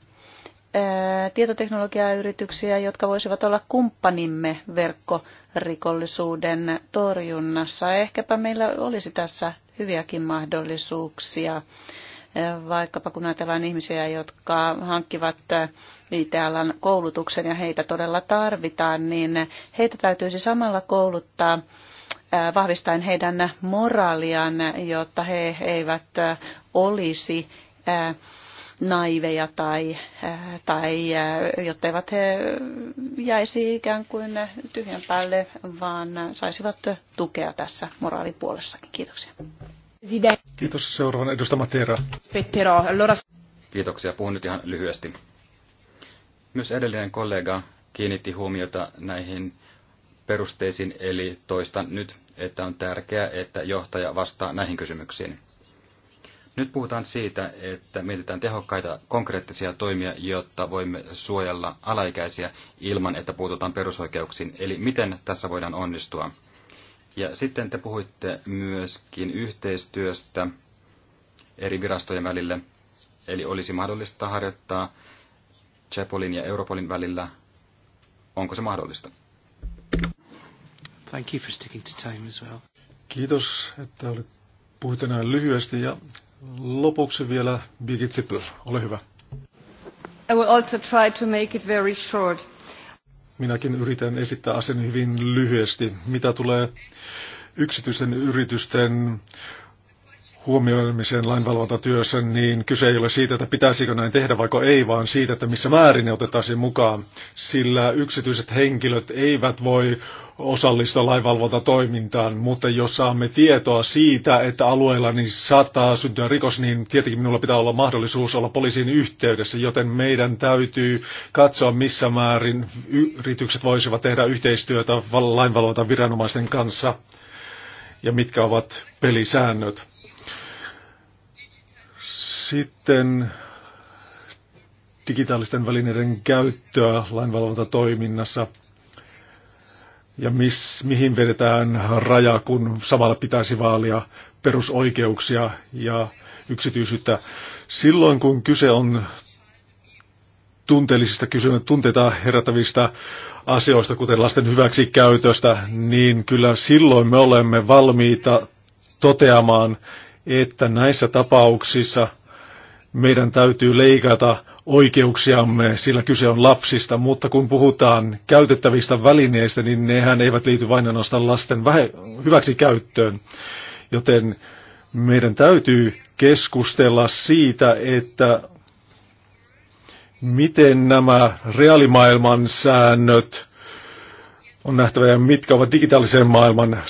tietoteknologiayrityksiä, jotka voisivat olla kumppanimme verkkorikollisuuden torjunnassa. Ehkäpä meillä olisi tässä hyviäkin mahdollisuuksia, vaikkapa kun ajatellaan ihmisiä, jotka hankkivat IT-alan koulutuksen ja heitä todella tarvitaan, niin heitä täytyisi samalla kouluttaa vahvistaen heidän moraaliaan, jotta he eivät olisi naiveja tai, äh, tai äh, jotta eivät he jäisi ikään kuin tyhjän päälle, vaan saisivat tukea tässä moraalipuolessakin. Kiitoksia. Kiitos seuraavan edustama Tera. Kiitoksia. Puhun nyt ihan lyhyesti. Myös edellinen kollega kiinnitti huomiota näihin perusteisiin, eli toistan nyt, että on tärkeää, että johtaja vastaa näihin kysymyksiin. Nyt puhutaan siitä, että mietitään tehokkaita konkreettisia toimia, jotta voimme suojella alaikäisiä ilman, että puututaan perusoikeuksiin. Eli miten tässä voidaan onnistua? Ja sitten te puhuitte myöskin yhteistyöstä eri virastojen välille. Eli olisi mahdollista harjoittaa Chepolin ja Europolin välillä. Onko se mahdollista? Thank you for sticking to time as well. Kiitos, että olit puhuttu näin lyhyesti ja lopuksi vielä Birgit Zippel, ole hyvä. I will also try to make it very short. Minäkin yritän esittää asian hyvin lyhyesti. Mitä tulee yksityisen yritysten huomioimiseen lainvalvontatyössä, niin kyse ei ole siitä, että pitäisikö näin tehdä vaiko ei, vaan siitä, että missä määrin ne otetaan mukaan. Sillä yksityiset henkilöt eivät voi osallistua lainvalvontatoimintaan, mutta jos saamme tietoa siitä, että alueella niin saattaa syntyä rikos, niin tietenkin minulla pitää olla mahdollisuus olla poliisin yhteydessä, joten meidän täytyy katsoa, missä määrin yritykset voisivat tehdä yhteistyötä lainvalvontaviranomaisten kanssa ja mitkä ovat pelisäännöt. Sitten digitaalisten välineiden käyttöä lainvalvontatoiminnassa ja miss, mihin vedetään raja, kun samalla pitäisi vaalia perusoikeuksia ja yksityisyyttä. Silloin kun kyse on tunteellisista kysymyksistä, tunteita herättävistä asioista, kuten lasten hyväksikäytöstä, niin kyllä silloin me olemme valmiita toteamaan, että näissä tapauksissa – meidän täytyy leikata oikeuksiamme, sillä kyse on lapsista, mutta kun puhutaan käytettävistä välineistä, niin nehän eivät liity vain ainoastaan lasten hyväksi käyttöön. Joten meidän täytyy keskustella siitä, että miten nämä reaalimaailman säännöt on nähtävä ja mitkä ovat digitaalisen maailman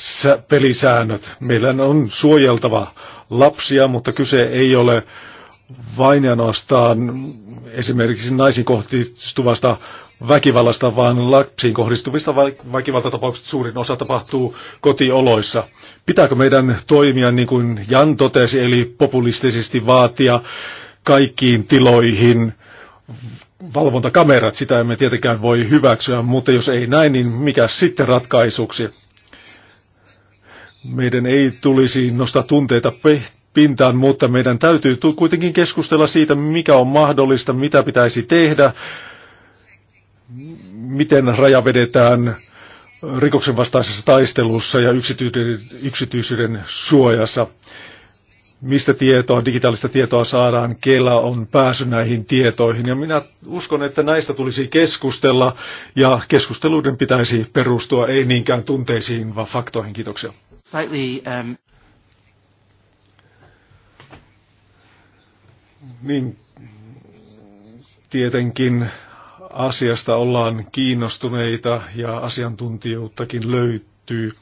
pelisäännöt. Meillä on suojeltava lapsia, mutta kyse ei ole vain ja nostaan esimerkiksi naisiin kohdistuvasta väkivallasta, vaan lapsiin kohdistuvista väkivaltatapauksista suurin osa tapahtuu kotioloissa. Pitääkö meidän toimia, niin kuin Jan totesi, eli populistisesti vaatia kaikkiin tiloihin valvontakamerat, sitä emme tietenkään voi hyväksyä, mutta jos ei näin, niin mikä sitten ratkaisuksi? Meidän ei tulisi nostaa tunteita pintaan, mutta meidän täytyy kuitenkin keskustella siitä, mikä on mahdollista, mitä pitäisi tehdä, miten raja vedetään rikoksen vastaisessa taistelussa ja yksityisyyden, yksityisyyden suojassa. Mistä tietoa, digitaalista tietoa saadaan, kela on pääsy näihin tietoihin. Ja minä uskon, että näistä tulisi keskustella ja keskusteluiden pitäisi perustua ei niinkään tunteisiin, vaan faktoihin. Kiitoksia. Slightly, um... Niin tietenkin asiasta ollaan kiinnostuneita ja asiantuntijuuttakin löytyy.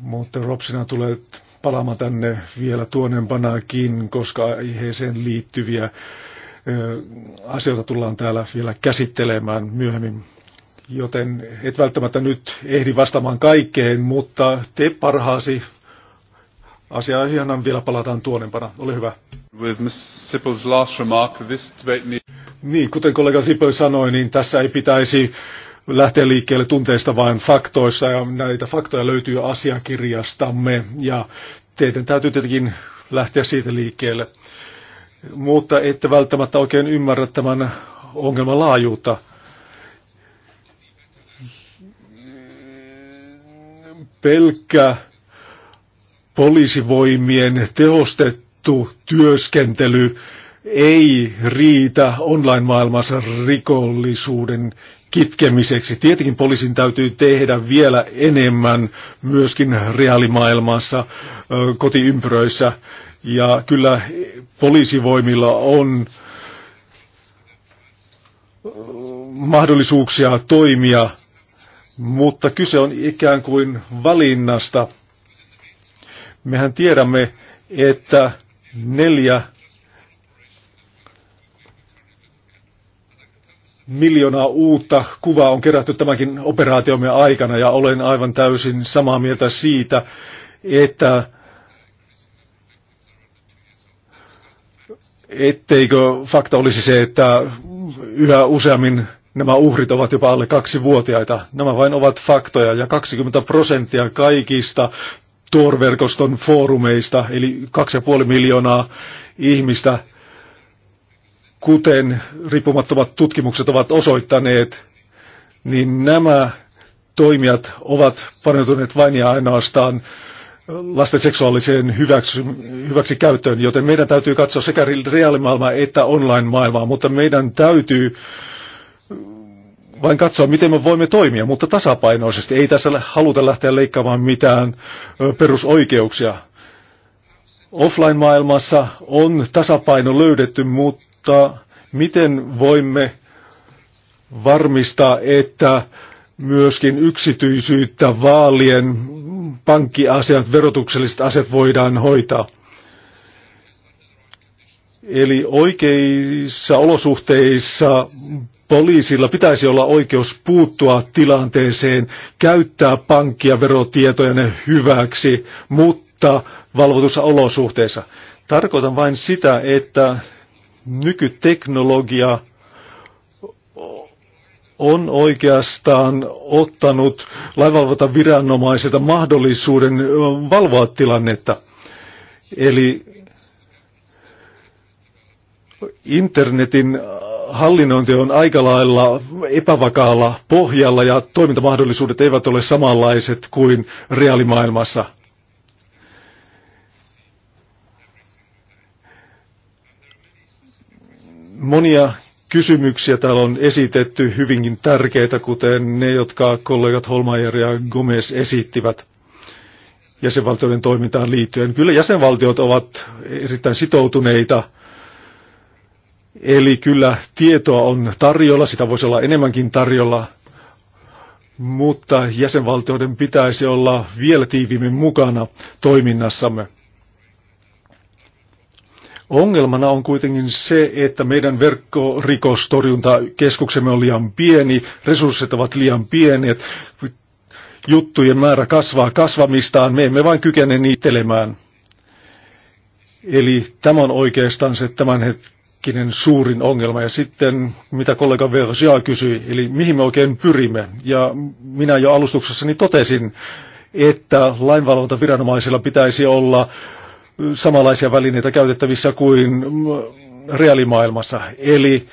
Mutta Ropsina tulee palaamaan tänne vielä tuonempanaakin, koska aiheeseen liittyviä asioita tullaan täällä vielä käsittelemään myöhemmin. Joten et välttämättä nyt ehdi vastaamaan kaikkeen, mutta te parhaasi Asiaa hieman vielä palataan tuonempana. Ole hyvä. With Ms. last remark, this debate Niin, kuten kollega Sipö sanoi, niin tässä ei pitäisi lähteä liikkeelle tunteista vain faktoissa, ja näitä faktoja löytyy asiakirjastamme, ja teidän täytyy tietenkin lähteä siitä liikkeelle. Mutta ette välttämättä oikein ymmärrä tämän ongelman laajuutta. Pelkkä poliisivoimien tehostettu työskentely ei riitä online-maailmassa rikollisuuden kitkemiseksi. Tietenkin poliisin täytyy tehdä vielä enemmän myöskin reaalimaailmassa, kotiympyröissä. Ja kyllä poliisivoimilla on mahdollisuuksia toimia, mutta kyse on ikään kuin valinnasta – Mehän tiedämme, että neljä miljoonaa uutta kuvaa on kerätty tämänkin operaatiomme aikana ja olen aivan täysin samaa mieltä siitä, että etteikö fakta olisi se, että yhä useammin nämä uhrit ovat jopa alle kaksi vuotiaita. Nämä vain ovat faktoja ja 20 prosenttia kaikista Tor-verkoston foorumeista, eli 2,5 miljoonaa ihmistä, kuten riippumattomat tutkimukset ovat osoittaneet, niin nämä toimijat ovat paneutuneet vain ja ainoastaan lasten seksuaaliseen hyväksy, hyväksikäyttöön, joten meidän täytyy katsoa sekä reaalimaailmaa että online-maailmaa, mutta meidän täytyy vain katsoa, miten me voimme toimia, mutta tasapainoisesti. Ei tässä haluta lähteä leikkaamaan mitään perusoikeuksia. Offline-maailmassa on tasapaino löydetty, mutta miten voimme varmistaa, että myöskin yksityisyyttä vaalien pankkiasiat, verotukselliset asiat voidaan hoitaa. Eli oikeissa olosuhteissa Poliisilla pitäisi olla oikeus puuttua tilanteeseen, käyttää pankkia verotietojen hyväksi, mutta valvotussa olosuhteissa. Tarkoitan vain sitä, että nykyteknologia on oikeastaan ottanut laivalvota viranomaisilta mahdollisuuden valvoa tilannetta. Eli internetin hallinnointi on aika lailla epävakaalla pohjalla ja toimintamahdollisuudet eivät ole samanlaiset kuin reaalimaailmassa. Monia kysymyksiä täällä on esitetty hyvinkin tärkeitä, kuten ne, jotka kollegat Holmeier ja Gomez esittivät jäsenvaltioiden toimintaan liittyen. Kyllä jäsenvaltiot ovat erittäin sitoutuneita – Eli kyllä tietoa on tarjolla, sitä voisi olla enemmänkin tarjolla, mutta jäsenvaltioiden pitäisi olla vielä tiiviimmin mukana toiminnassamme. Ongelmana on kuitenkin se, että meidän verkkorikostorjuntakeskuksemme on liian pieni, resurssit ovat liian pienet, juttujen määrä kasvaa kasvamistaan, me emme vain kykene niittelemään. Eli tämä on oikeastaan se tämän hetken tämänhetkinen suurin ongelma. Ja sitten, mitä kollega Versia kysyi, eli mihin me oikein pyrimme. Ja minä jo alustuksessani totesin, että lainvalvontaviranomaisilla pitäisi olla samanlaisia välineitä käytettävissä kuin reaalimaailmassa. Eli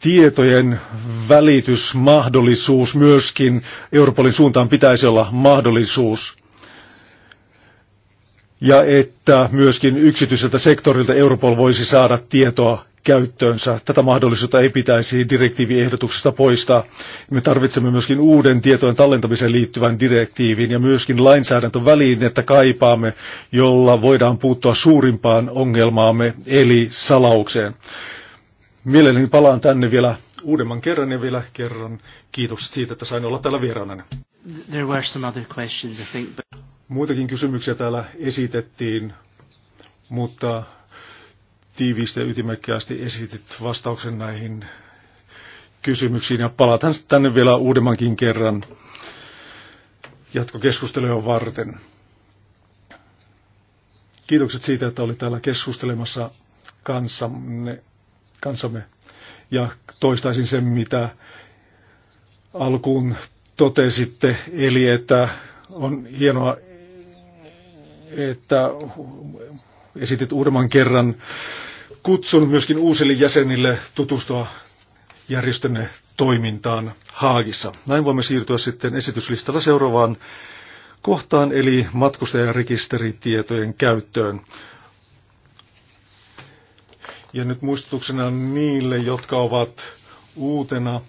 tietojen välitysmahdollisuus myöskin Europolin suuntaan pitäisi olla mahdollisuus ja että myöskin yksityiseltä sektorilta Europol voisi saada tietoa käyttöönsä. Tätä mahdollisuutta ei pitäisi direktiiviehdotuksesta poistaa. Me tarvitsemme myöskin uuden tietojen tallentamiseen liittyvän direktiivin ja myöskin että kaipaamme, jolla voidaan puuttua suurimpaan ongelmaamme eli salaukseen. Mielelläni palaan tänne vielä uudemman kerran ja vielä kerran kiitokset siitä, että sain olla täällä vieraana. There were some other questions, I think, but... Muitakin kysymyksiä täällä esitettiin, mutta tiiviisti ja ytimekkäästi esitit vastauksen näihin kysymyksiin ja palataan tänne vielä uudemmankin kerran jatkokeskustelua varten. Kiitokset siitä, että oli täällä keskustelemassa kanssamme, kanssamme. Ja toistaisin sen, mitä alkuun totesitte, eli että on hienoa, että esitit uudemman kerran kutsun myöskin uusille jäsenille tutustua järjestönne toimintaan Haagissa. Näin voimme siirtyä sitten esityslistalla seuraavaan kohtaan, eli matkustajarekisteritietojen käyttöön. Ja nyt muistutuksena niille, jotka ovat uutena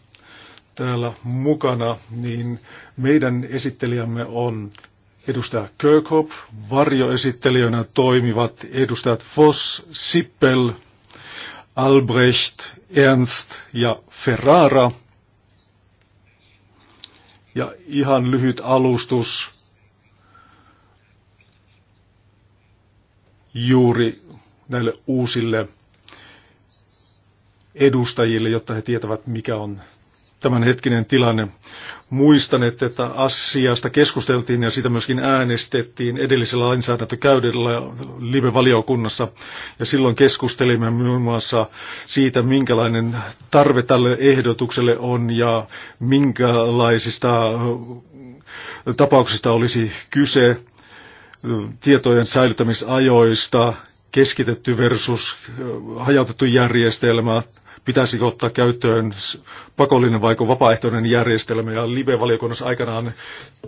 täällä mukana, niin meidän esittelijämme on Edustaja Kirkhope, varjoesittelijöinä toimivat edustajat Voss, Sippel, Albrecht, Ernst ja Ferrara. Ja ihan lyhyt alustus juuri näille uusille edustajille, jotta he tietävät, mikä on tämänhetkinen tilanne. Muistan, että asiasta keskusteltiin ja sitä myöskin äänestettiin edellisellä lainsäädäntökäydellä live-valiokunnassa. Ja silloin keskustelimme muun muassa siitä, minkälainen tarve tälle ehdotukselle on ja minkälaisista äh, tapauksista olisi kyse tietojen säilyttämisajoista, keskitetty versus äh, hajautettu järjestelmä, pitäisikö ottaa käyttöön pakollinen vaiko vapaaehtoinen järjestelmä. Ja live-valiokunnassa aikanaan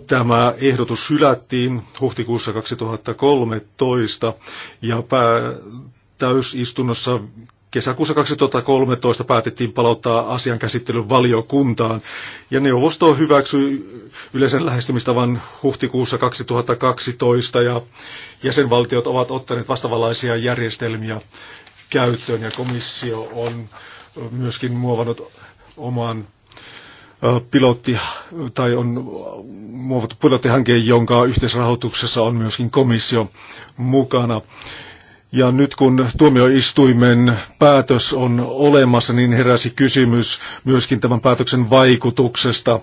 tämä ehdotus hylättiin huhtikuussa 2013 ja pää- täysistunnossa kesäkuussa 2013 päätettiin palauttaa asian käsittelyn valiokuntaan ja neuvosto hyväksyi yleisen lähestymistavan huhtikuussa 2012 ja jäsenvaltiot ovat ottaneet vastavalaisia järjestelmiä käyttöön ja komissio on myöskin muovannut oman pilotti, tai on muovattu pilottihanke, jonka yhteisrahoituksessa on myöskin komissio mukana. Ja nyt kun tuomioistuimen päätös on olemassa, niin heräsi kysymys myöskin tämän päätöksen vaikutuksesta.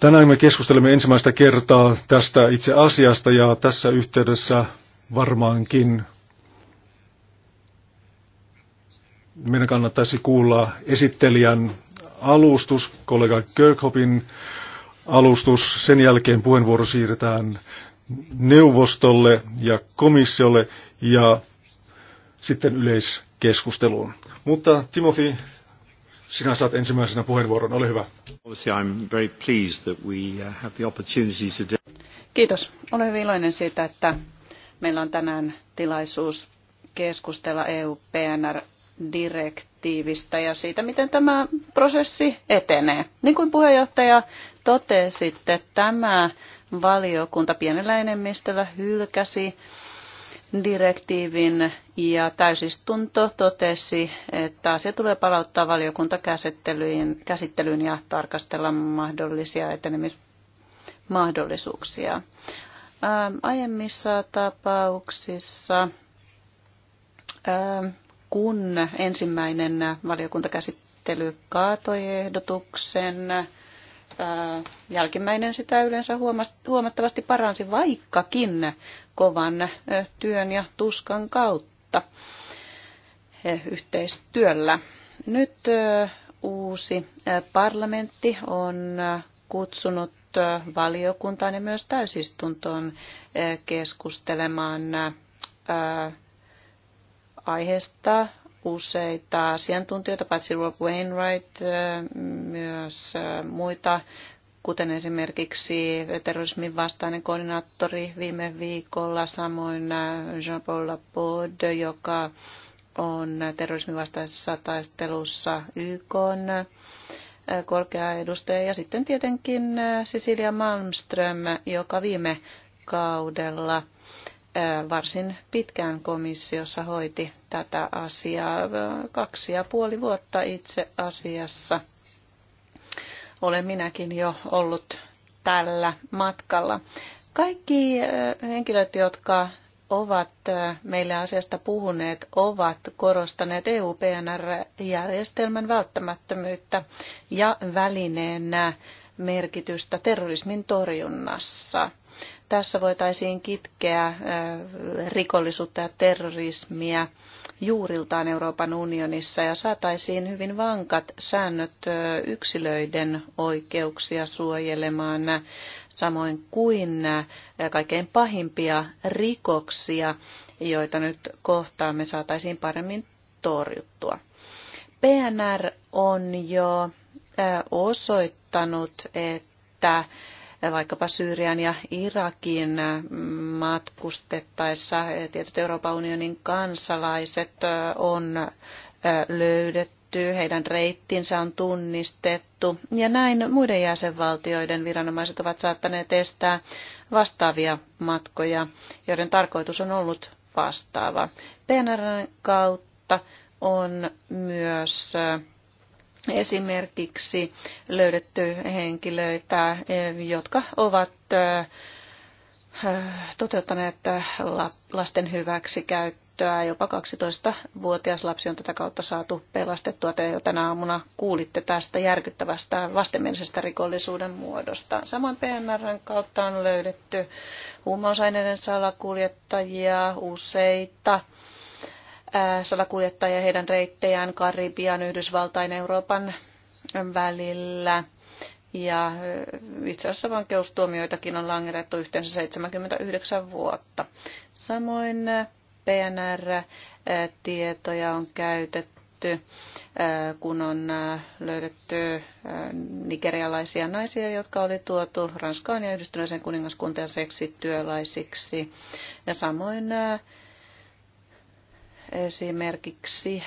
Tänään me keskustelemme ensimmäistä kertaa tästä itse asiasta ja tässä yhteydessä varmaankin meidän kannattaisi kuulla esittelijän alustus, kollega Kirkhopin alustus. Sen jälkeen puheenvuoro siirretään neuvostolle ja komissiolle ja sitten yleiskeskusteluun. Mutta Timothy, sinä saat ensimmäisenä puheenvuoron. Ole hyvä. Uh, Kiitos. Olen hyvin iloinen siitä, että meillä on tänään tilaisuus keskustella EU-PNR direktiivistä ja siitä, miten tämä prosessi etenee. Niin kuin puheenjohtaja että tämä valiokunta pienellä enemmistöllä hylkäsi direktiivin ja täysistunto totesi, että asia tulee palauttaa valiokuntakäsittelyyn käsittelyyn ja tarkastella mahdollisia etenemismahdollisuuksia. Ää, ähm, aiemmissa tapauksissa ää, ähm, kun ensimmäinen valiokuntakäsittely kaatoi ehdotuksen, äh, jälkimmäinen sitä yleensä huomattavasti paransi vaikkakin kovan äh, työn ja tuskan kautta äh, yhteistyöllä. Nyt uusi parlamentti on kutsunut valiokuntaan ja myös täysistuntoon keskustelemaan aiheesta useita asiantuntijoita, paitsi Rob Wainwright, myös muita, kuten esimerkiksi terrorismin vastainen koordinaattori viime viikolla, samoin Jean-Paul Laporte, joka on terrorismin vastaisessa taistelussa YK korkea edustaja ja sitten tietenkin Cecilia Malmström, joka viime kaudella – varsin pitkään komissiossa hoiti tätä asiaa, kaksi ja puoli vuotta itse asiassa. Olen minäkin jo ollut tällä matkalla. Kaikki henkilöt, jotka ovat meille asiasta puhuneet, ovat korostaneet EU-PNR-järjestelmän välttämättömyyttä ja välineenä merkitystä terrorismin torjunnassa. Tässä voitaisiin kitkeä rikollisuutta ja terrorismia juuriltaan Euroopan unionissa ja saataisiin hyvin vankat säännöt yksilöiden oikeuksia suojelemaan samoin kuin kaikkein pahimpia rikoksia, joita nyt kohtaamme saataisiin paremmin torjuttua. PNR on jo osoittanut, että vaikkapa Syyrian ja Irakin matkustettaessa tietyt Euroopan unionin kansalaiset on löydetty, heidän reittinsä on tunnistettu ja näin muiden jäsenvaltioiden viranomaiset ovat saattaneet estää vastaavia matkoja, joiden tarkoitus on ollut vastaava. PNRn kautta on myös esimerkiksi löydetty henkilöitä, eh, jotka ovat eh, toteuttaneet eh, lasten hyväksikäyttöä. Jopa 12-vuotias lapsi on tätä kautta saatu pelastettua. Te jo tänä aamuna kuulitte tästä järkyttävästä vastenmielisestä rikollisuuden muodosta. Samoin PNRn kautta on löydetty huumausaineiden salakuljettajia, useita salakuljettajia heidän reittejään Karibian, Yhdysvaltain, Euroopan välillä. Ja itse asiassa vankeustuomioitakin on langetettu yhteensä 79 vuotta. Samoin PNR-tietoja on käytetty, kun on löydetty nigerialaisia naisia, jotka oli tuotu Ranskaan ja yhdistyneeseen kuningaskuntaan seksityöläisiksi. Ja samoin esimerkiksi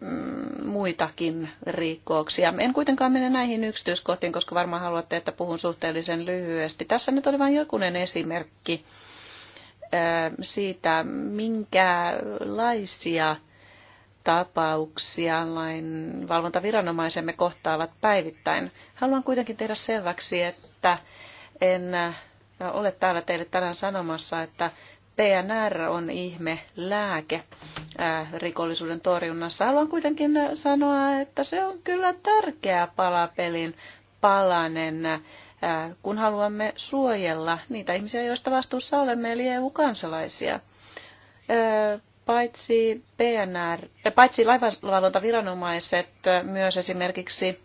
mm, muitakin rikoksia. En kuitenkaan mene näihin yksityiskohtiin, koska varmaan haluatte, että puhun suhteellisen lyhyesti. Tässä nyt oli vain jokunen esimerkki siitä, minkälaisia tapauksia valvontaviranomaisemme kohtaavat päivittäin. Haluan kuitenkin tehdä selväksi, että en ole täällä teille tänään sanomassa, että PNR on ihme lääke äh, rikollisuuden torjunnassa. Haluan kuitenkin sanoa, että se on kyllä tärkeä palapelin palanen, äh, kun haluamme suojella niitä ihmisiä, joista vastuussa olemme, eli EU-kansalaisia. Äh, paitsi, PNR, paitsi laivanvalvontaviranomaiset, myös esimerkiksi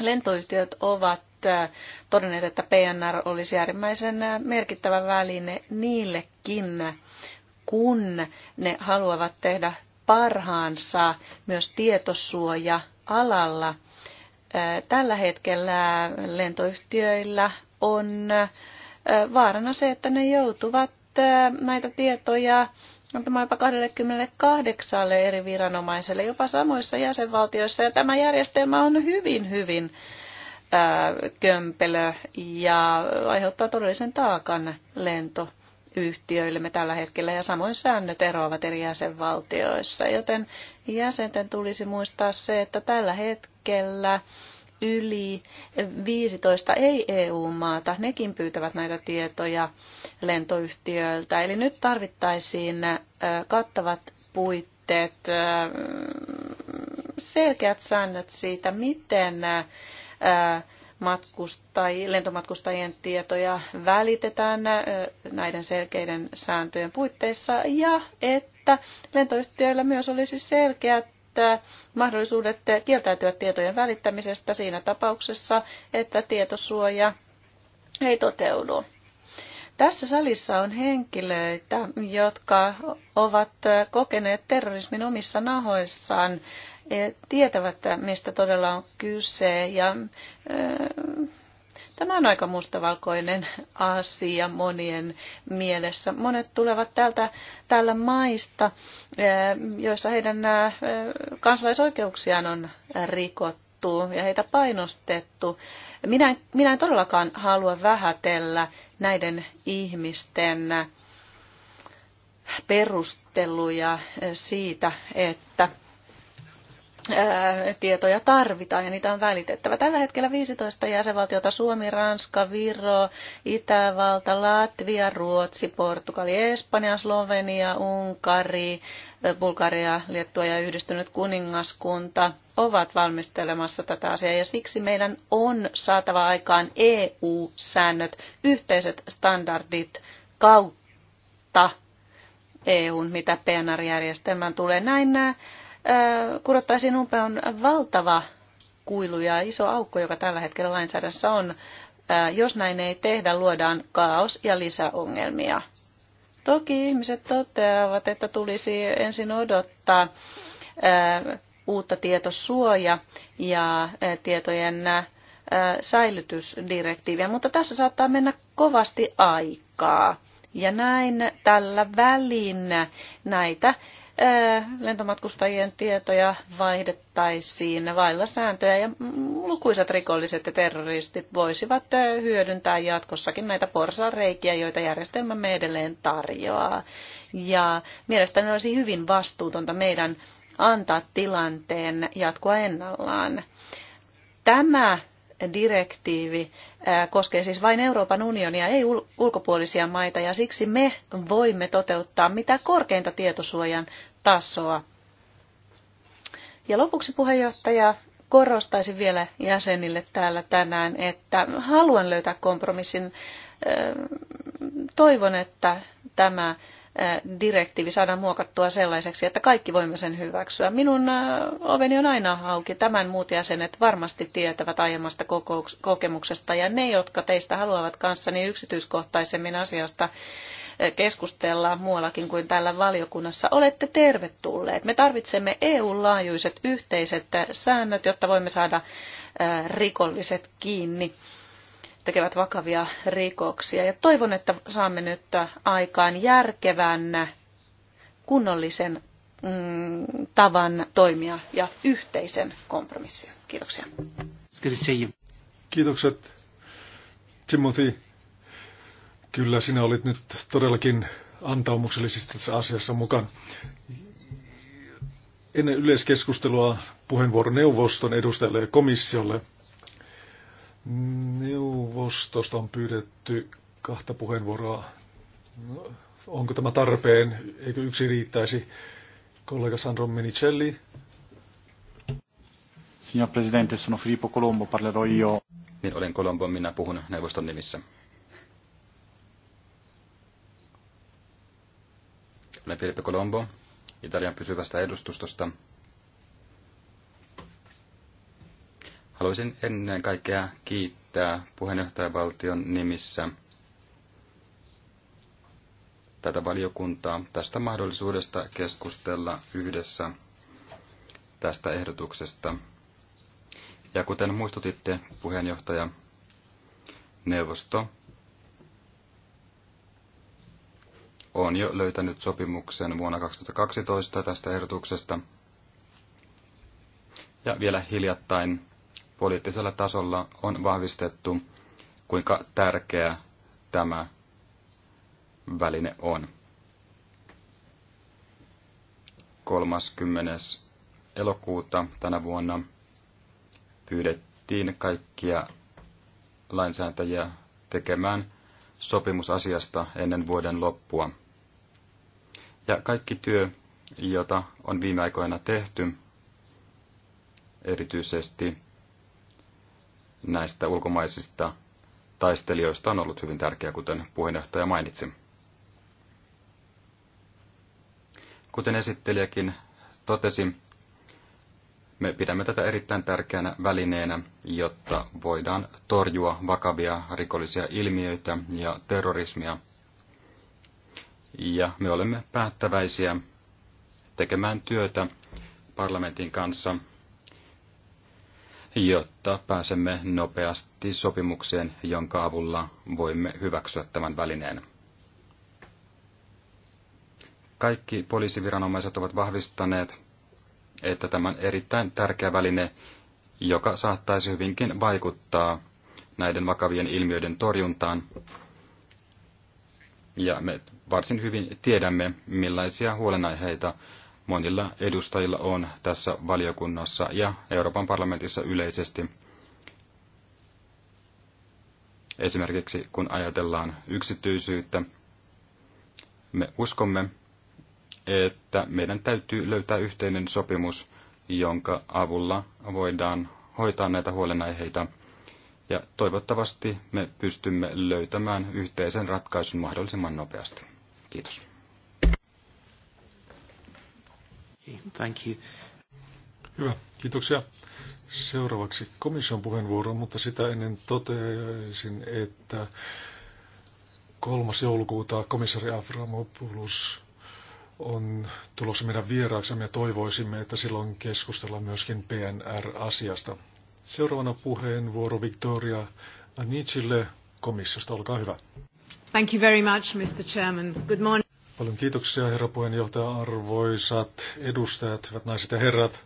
lentoyhtiöt ovat Äh, todenneet, että PNR olisi äärimmäisen äh, merkittävä väline niillekin, kun ne haluavat tehdä parhaansa myös tietosuoja-alalla. Äh, tällä hetkellä lentoyhtiöillä on vaarana se, että ne joutuvat näitä tietoja antamaan jopa 28 eri viranomaiselle jopa samoissa jäsenvaltioissa. Ja tämä järjestelmä on hyvin, hyvin kömpelö ja aiheuttaa todellisen taakan lentoyhtiöillemme tällä hetkellä ja samoin säännöt eroavat eri jäsenvaltioissa, joten jäsenten tulisi muistaa se, että tällä hetkellä yli 15 ei-EU-maata, nekin pyytävät näitä tietoja lentoyhtiöiltä. Eli nyt tarvittaisiin kattavat puitteet, selkeät säännöt siitä, miten matkustaji, lentomatkustajien tietoja välitetään näiden selkeiden sääntöjen puitteissa ja että lentoyhtiöillä myös olisi selkeät mahdollisuudet kieltäytyä tietojen välittämisestä siinä tapauksessa, että tietosuoja ei toteudu. Tässä salissa on henkilöitä, jotka ovat kokeneet terrorismin omissa nahoissaan tietävät, mistä todella on kyse. Ja, Tämä on aika mustavalkoinen asia monien mielessä. Monet tulevat täältä, täällä maista, joissa heidän kansalaisoikeuksiaan on rikottu ja heitä painostettu. Minä, minä en todellakaan halua vähätellä näiden ihmisten perusteluja siitä, että tietoja tarvitaan ja niitä on välitettävä. Tällä hetkellä 15 jäsenvaltiota, Suomi, Ranska, Viro, Itävalta, Latvia, Ruotsi, Portugali, Espanja, Slovenia, Unkari, Bulgaria, Liettua ja yhdistynyt kuningaskunta ovat valmistelemassa tätä asiaa ja siksi meidän on saatava aikaan EU-säännöt, yhteiset standardit kautta EUn, mitä PNR-järjestelmään tulee. Näin nämä kurottaisiin umpeon valtava kuilu ja iso aukko, joka tällä hetkellä lainsäädännössä on. Jos näin ei tehdä, luodaan kaos ja lisäongelmia. Toki ihmiset toteavat, että tulisi ensin odottaa uutta tietosuoja ja tietojen säilytysdirektiiviä, mutta tässä saattaa mennä kovasti aikaa. Ja näin tällä välin näitä Äh, lentomatkustajien tietoja vaihdettaisiin vailla sääntöjä ja lukuisat rikolliset ja terroristit voisivat äh, hyödyntää jatkossakin näitä porsareikiä, joita järjestelmä edelleen tarjoaa. Ja mielestäni olisi hyvin vastuutonta meidän antaa tilanteen jatkua ennallaan. Tämä direktiivi äh, koskee siis vain Euroopan unionia, ei ulkopuolisia maita, ja siksi me voimme toteuttaa mitä korkeinta tietosuojan tasoa. Ja lopuksi puheenjohtaja, korostaisin vielä jäsenille täällä tänään, että haluan löytää kompromissin. Toivon, että tämä direktiivi saadaan muokattua sellaiseksi, että kaikki voimme sen hyväksyä. Minun oveni on aina auki. Tämän muut jäsenet varmasti tietävät aiemmasta kokemuksesta ja ne, jotka teistä haluavat kanssani yksityiskohtaisemmin asiasta keskustellaan muuallakin kuin täällä valiokunnassa. Olette tervetulleet. Me tarvitsemme EU-laajuiset yhteiset säännöt, jotta voimme saada äh, rikolliset kiinni tekevät vakavia rikoksia. Ja toivon, että saamme nyt aikaan järkevän, kunnollisen mm, tavan toimia ja yhteisen kompromissin. Kiitoksia. Kiitokset Timothy Kyllä sinä olit nyt todellakin antaumuksellisesti tässä asiassa mukaan. Ennen yleiskeskustelua puheenvuoro neuvoston edustajalle ja komissiolle. Neuvostosta on pyydetty kahta puheenvuoroa. No, onko tämä tarpeen? Eikö yksi riittäisi? Kollega Sandro Menicelli. Signor Presidente, sono Filippo Colombo, parlerò io. Minä niin, olen Colombo, minä puhun neuvoston nimissä. me Filippo Colombo Italian pysyvästä edustustosta. Haluaisin ennen kaikkea kiittää puheenjohtajavaltion nimissä tätä valiokuntaa tästä mahdollisuudesta keskustella yhdessä tästä ehdotuksesta. Ja kuten muistutitte, puheenjohtaja, neuvosto on jo löytänyt sopimuksen vuonna 2012 tästä ehdotuksesta. Ja vielä hiljattain poliittisella tasolla on vahvistettu, kuinka tärkeä tämä väline on. 30. elokuuta tänä vuonna pyydettiin kaikkia lainsäätäjiä tekemään sopimusasiasta ennen vuoden loppua. Ja kaikki työ, jota on viime aikoina tehty, erityisesti näistä ulkomaisista taistelijoista on ollut hyvin tärkeää, kuten puheenjohtaja mainitsi. Kuten esittelijäkin totesi, me pidämme tätä erittäin tärkeänä välineenä, jotta voidaan torjua vakavia rikollisia ilmiöitä ja terrorismia – ja me olemme päättäväisiä tekemään työtä parlamentin kanssa, jotta pääsemme nopeasti sopimukseen, jonka avulla voimme hyväksyä tämän välineen. Kaikki poliisiviranomaiset ovat vahvistaneet, että tämä on erittäin tärkeä väline, joka saattaisi hyvinkin vaikuttaa näiden vakavien ilmiöiden torjuntaan ja me varsin hyvin tiedämme, millaisia huolenaiheita monilla edustajilla on tässä valiokunnassa ja Euroopan parlamentissa yleisesti. Esimerkiksi kun ajatellaan yksityisyyttä, me uskomme, että meidän täytyy löytää yhteinen sopimus, jonka avulla voidaan hoitaa näitä huolenaiheita – ja toivottavasti me pystymme löytämään yhteisen ratkaisun mahdollisimman nopeasti. Kiitos. Thank you. Hyvä, kiitoksia. Seuraavaksi komission puheenvuoro, mutta sitä ennen toteaisin, että 3. joulukuuta komissari Avramopoulos on tulossa meidän vieraaksemme ja toivoisimme, että silloin keskustellaan myöskin PNR-asiasta. Seuraavana puheenvuoro Victoria Anicille komissiosta. Olkaa hyvä. Thank you very much, Mr. Chairman. Good morning. Paljon kiitoksia, herra puheenjohtaja, arvoisat edustajat, hyvät naiset ja herrat.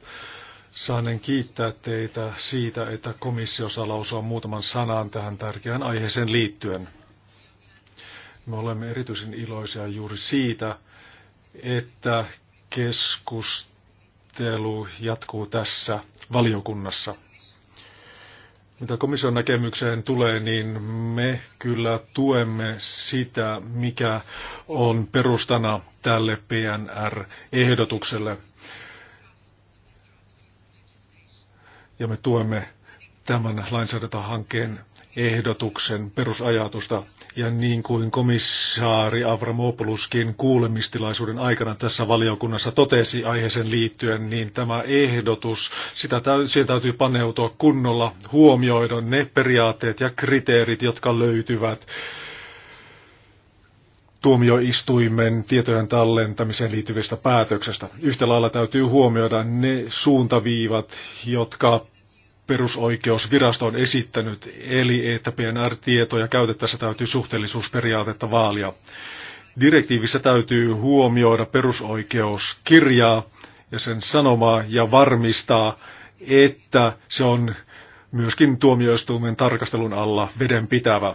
Saanen kiittää teitä siitä, että komissio saa lausua muutaman sanan tähän tärkeään aiheeseen liittyen. Me olemme erityisen iloisia juuri siitä, että keskustelu jatkuu tässä valiokunnassa. Mitä komission näkemykseen tulee, niin me kyllä tuemme sitä, mikä on perustana tälle PNR-ehdotukselle. Ja me tuemme tämän lainsäädäntöhankkeen ehdotuksen perusajatusta. Ja niin kuin komissaari Avramopoluskin kuulemistilaisuuden aikana tässä valiokunnassa totesi aiheeseen liittyen, niin tämä ehdotus, sitä täytyy, siihen täytyy paneutua kunnolla, huomioida ne periaatteet ja kriteerit, jotka löytyvät tuomioistuimen tietojen tallentamiseen liittyvistä päätöksestä. Yhtä lailla täytyy huomioida ne suuntaviivat, jotka perusoikeusvirasto on esittänyt, eli että PNR-tietoja käytettäessä täytyy suhteellisuusperiaatetta vaalia. Direktiivissä täytyy huomioida perusoikeuskirjaa ja sen sanomaa ja varmistaa, että se on myöskin tuomioistuimen tarkastelun alla vedenpitävä.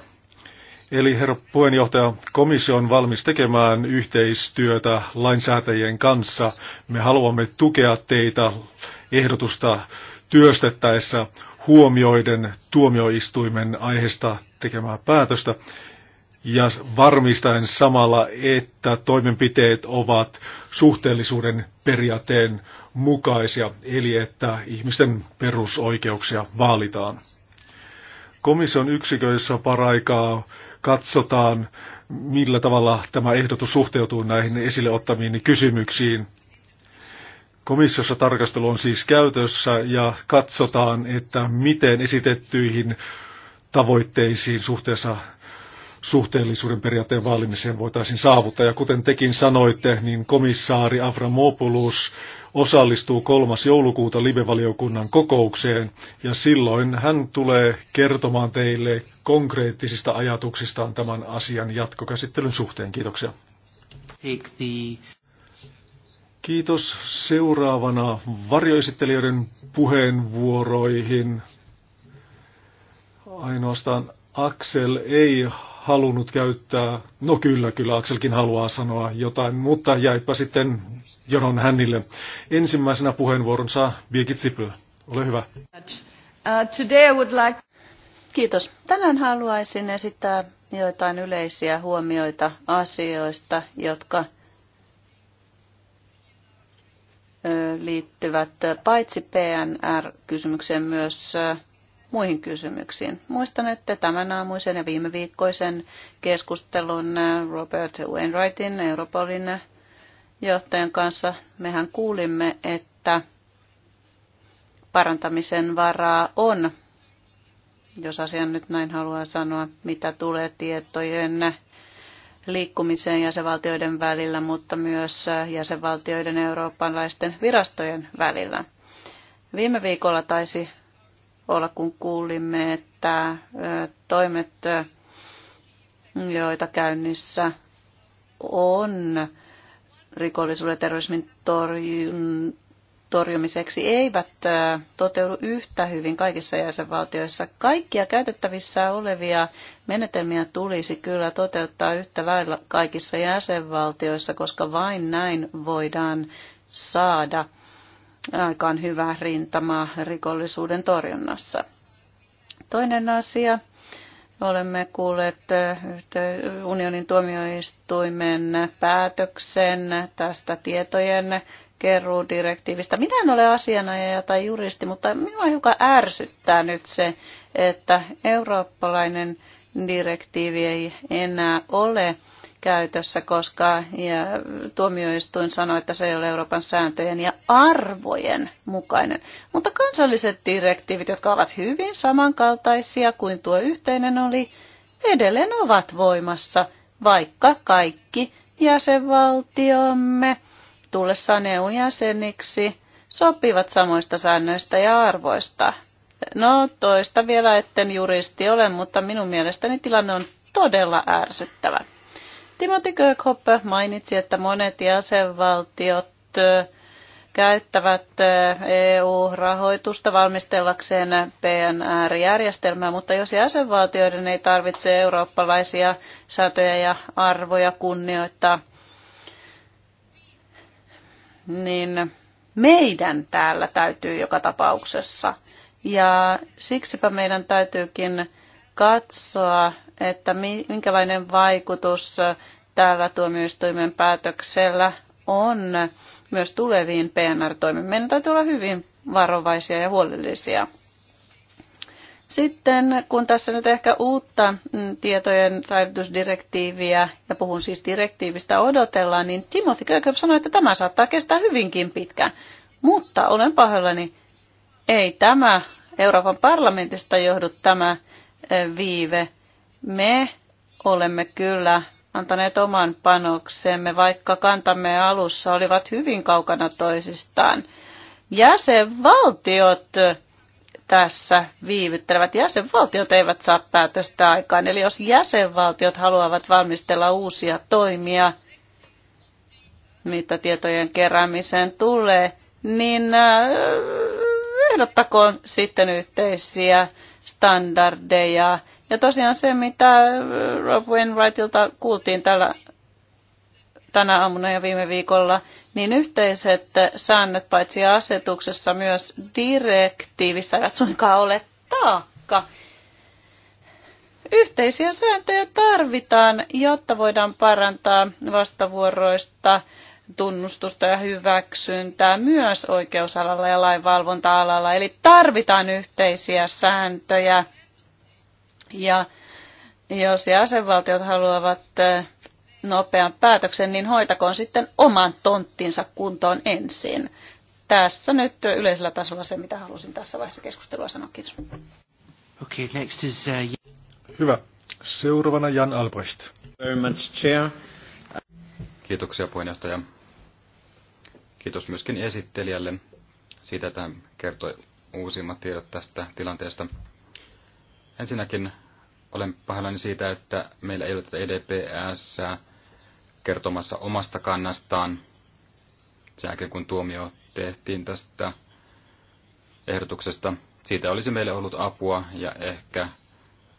Eli herra puheenjohtaja, komissio on valmis tekemään yhteistyötä lainsäätäjien kanssa. Me haluamme tukea teitä ehdotusta työstettäessä huomioiden tuomioistuimen aiheesta tekemää päätöstä ja varmistaen samalla, että toimenpiteet ovat suhteellisuuden periaatteen mukaisia, eli että ihmisten perusoikeuksia vaalitaan. Komission yksiköissä paraikaa katsotaan, millä tavalla tämä ehdotus suhteutuu näihin esille ottamiin kysymyksiin. Komissiossa tarkastelu on siis käytössä ja katsotaan, että miten esitettyihin tavoitteisiin suhteessa suhteellisuuden periaatteen vaalimiseen voitaisiin saavuttaa. Ja kuten tekin sanoitte, niin komissaari Avramopoulos osallistuu 3. joulukuuta Libevaliokunnan kokoukseen ja silloin hän tulee kertomaan teille konkreettisista ajatuksistaan tämän asian jatkokäsittelyn suhteen. Kiitoksia. Kiitos. Seuraavana varjoesittelijöiden puheenvuoroihin. Ainoastaan Axel ei halunnut käyttää, no kyllä, kyllä Akselkin haluaa sanoa jotain, mutta jäipä sitten jonon hänille. Ensimmäisenä puheenvuoron saa Birgit Sipilä. Ole hyvä. Uh, Kiitos. Tänään haluaisin esittää joitain yleisiä huomioita asioista, jotka liittyvät paitsi PNR-kysymykseen myös muihin kysymyksiin. Muistan, että tämän aamuisen ja viime viikkoisen keskustelun Robert Wainwrightin, Europolin johtajan kanssa, mehän kuulimme, että parantamisen varaa on, jos asian nyt näin haluaa sanoa, mitä tulee tietojen liikkumiseen jäsenvaltioiden välillä, mutta myös jäsenvaltioiden eurooppalaisten virastojen välillä. Viime viikolla taisi olla, kun kuulimme, että toimet, joita käynnissä on rikollisuuden ja terrorismin torjumiseksi eivät toteudu yhtä hyvin kaikissa jäsenvaltioissa. Kaikkia käytettävissä olevia menetelmiä tulisi kyllä toteuttaa yhtä lailla kaikissa jäsenvaltioissa, koska vain näin voidaan saada aikaan hyvää rintama rikollisuuden torjunnassa. Toinen asia. Olemme kuulleet unionin tuomioistuimen päätöksen tästä tietojen keruudirektiivistä. Minä en ole asianajaja tai juristi, mutta minua hiukan ärsyttää nyt se, että eurooppalainen direktiivi ei enää ole käytössä, koska ja tuomioistuin sanoi, että se ei ole Euroopan sääntöjen ja arvojen mukainen. Mutta kansalliset direktiivit, jotka ovat hyvin samankaltaisia kuin tuo yhteinen oli, edelleen ovat voimassa, vaikka kaikki jäsenvaltiomme tullessaan EUn jäseniksi sopivat samoista säännöistä ja arvoista. No, toista vielä etten juristi ole, mutta minun mielestäni tilanne on todella ärsyttävä. Timothy Kirkhope mainitsi, että monet jäsenvaltiot käyttävät EU-rahoitusta valmistellakseen PNR-järjestelmää, mutta jos jäsenvaltioiden ei tarvitse eurooppalaisia sääntöjä ja arvoja kunnioittaa, niin meidän täällä täytyy joka tapauksessa. Ja siksipä meidän täytyykin katsoa, että minkälainen vaikutus täällä tuomioistuimen päätöksellä on myös tuleviin PNR-toimiin. Meidän täytyy olla hyvin varovaisia ja huolellisia. Sitten kun tässä nyt ehkä uutta mm, tietojen säilytysdirektiiviä, ja puhun siis direktiivistä, odotellaan, niin Timothy Kököp sanoi, että tämä saattaa kestää hyvinkin pitkään. Mutta olen pahoillani, ei tämä Euroopan parlamentista johdu tämä viive. Me olemme kyllä antaneet oman panoksemme, vaikka kantamme alussa olivat hyvin kaukana toisistaan. Jäsenvaltiot valtiot tässä viivyttelevät jäsenvaltiot eivät saa päätöstä aikaan. Eli jos jäsenvaltiot haluavat valmistella uusia toimia, mitä tietojen keräämiseen tulee, niin äh, ehdottakoon sitten yhteisiä standardeja. Ja tosiaan se, mitä äh, Rob Wainwrightilta kuultiin tällä, tänä aamuna ja viime viikolla, niin yhteiset säännöt paitsi asetuksessa myös direktiivissä eivät suinkaan ole taakka. Yhteisiä sääntöjä tarvitaan, jotta voidaan parantaa vastavuoroista tunnustusta ja hyväksyntää myös oikeusalalla ja lainvalvonta-alalla. Eli tarvitaan yhteisiä sääntöjä. Ja jos jäsenvaltiot haluavat nopean päätöksen, niin hoitakoon sitten oman tonttinsa kuntoon ensin. Tässä nyt yleisellä tasolla se, mitä halusin tässä vaiheessa keskustelua sanoa. Kiitos. Okay, next is, uh... Hyvä. Seuraavana Jan Albrecht. Very much, chair. Kiitoksia puheenjohtaja. Kiitos myöskin esittelijälle siitä, että hän kertoi uusimmat tiedot tästä tilanteesta. Ensinnäkin olen pahoillani siitä, että meillä ei ole tätä EDPS kertomassa omasta kannastaan sen jälkeen, kun tuomio tehtiin tästä ehdotuksesta. Siitä olisi meille ollut apua ja ehkä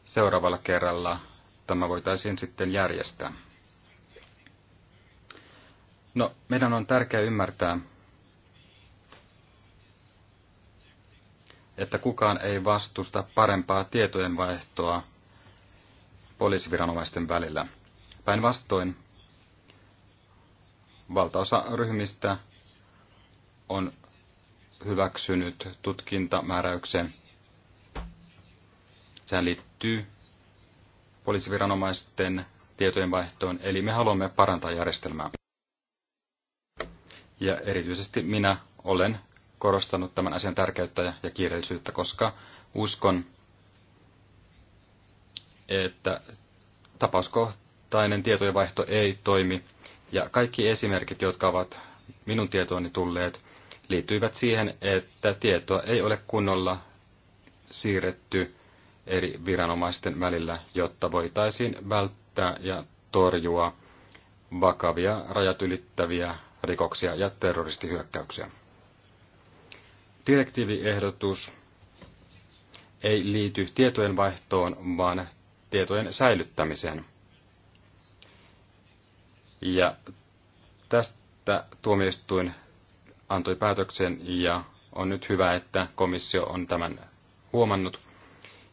seuraavalla kerralla tämä voitaisiin sitten järjestää. No, meidän on tärkeää ymmärtää, että kukaan ei vastusta parempaa tietojenvaihtoa poliisiviranomaisten välillä. Päinvastoin valtaosa ryhmistä on hyväksynyt tutkintamääräyksen. Sehän liittyy poliisiviranomaisten tietojenvaihtoon, eli me haluamme parantaa järjestelmää. Ja erityisesti minä olen korostanut tämän asian tärkeyttä ja kiireellisyyttä, koska uskon, että tapauskohtainen tietojenvaihto ei toimi, ja kaikki esimerkit, jotka ovat minun tietooni tulleet, liittyivät siihen, että tietoa ei ole kunnolla siirretty eri viranomaisten välillä, jotta voitaisiin välttää ja torjua vakavia rajat ylittäviä rikoksia ja terroristihyökkäyksiä. Direktiiviehdotus ei liity tietojenvaihtoon, vaan tietojen säilyttämiseen. Ja tästä tuomioistuin antoi päätöksen ja on nyt hyvä, että komissio on tämän huomannut.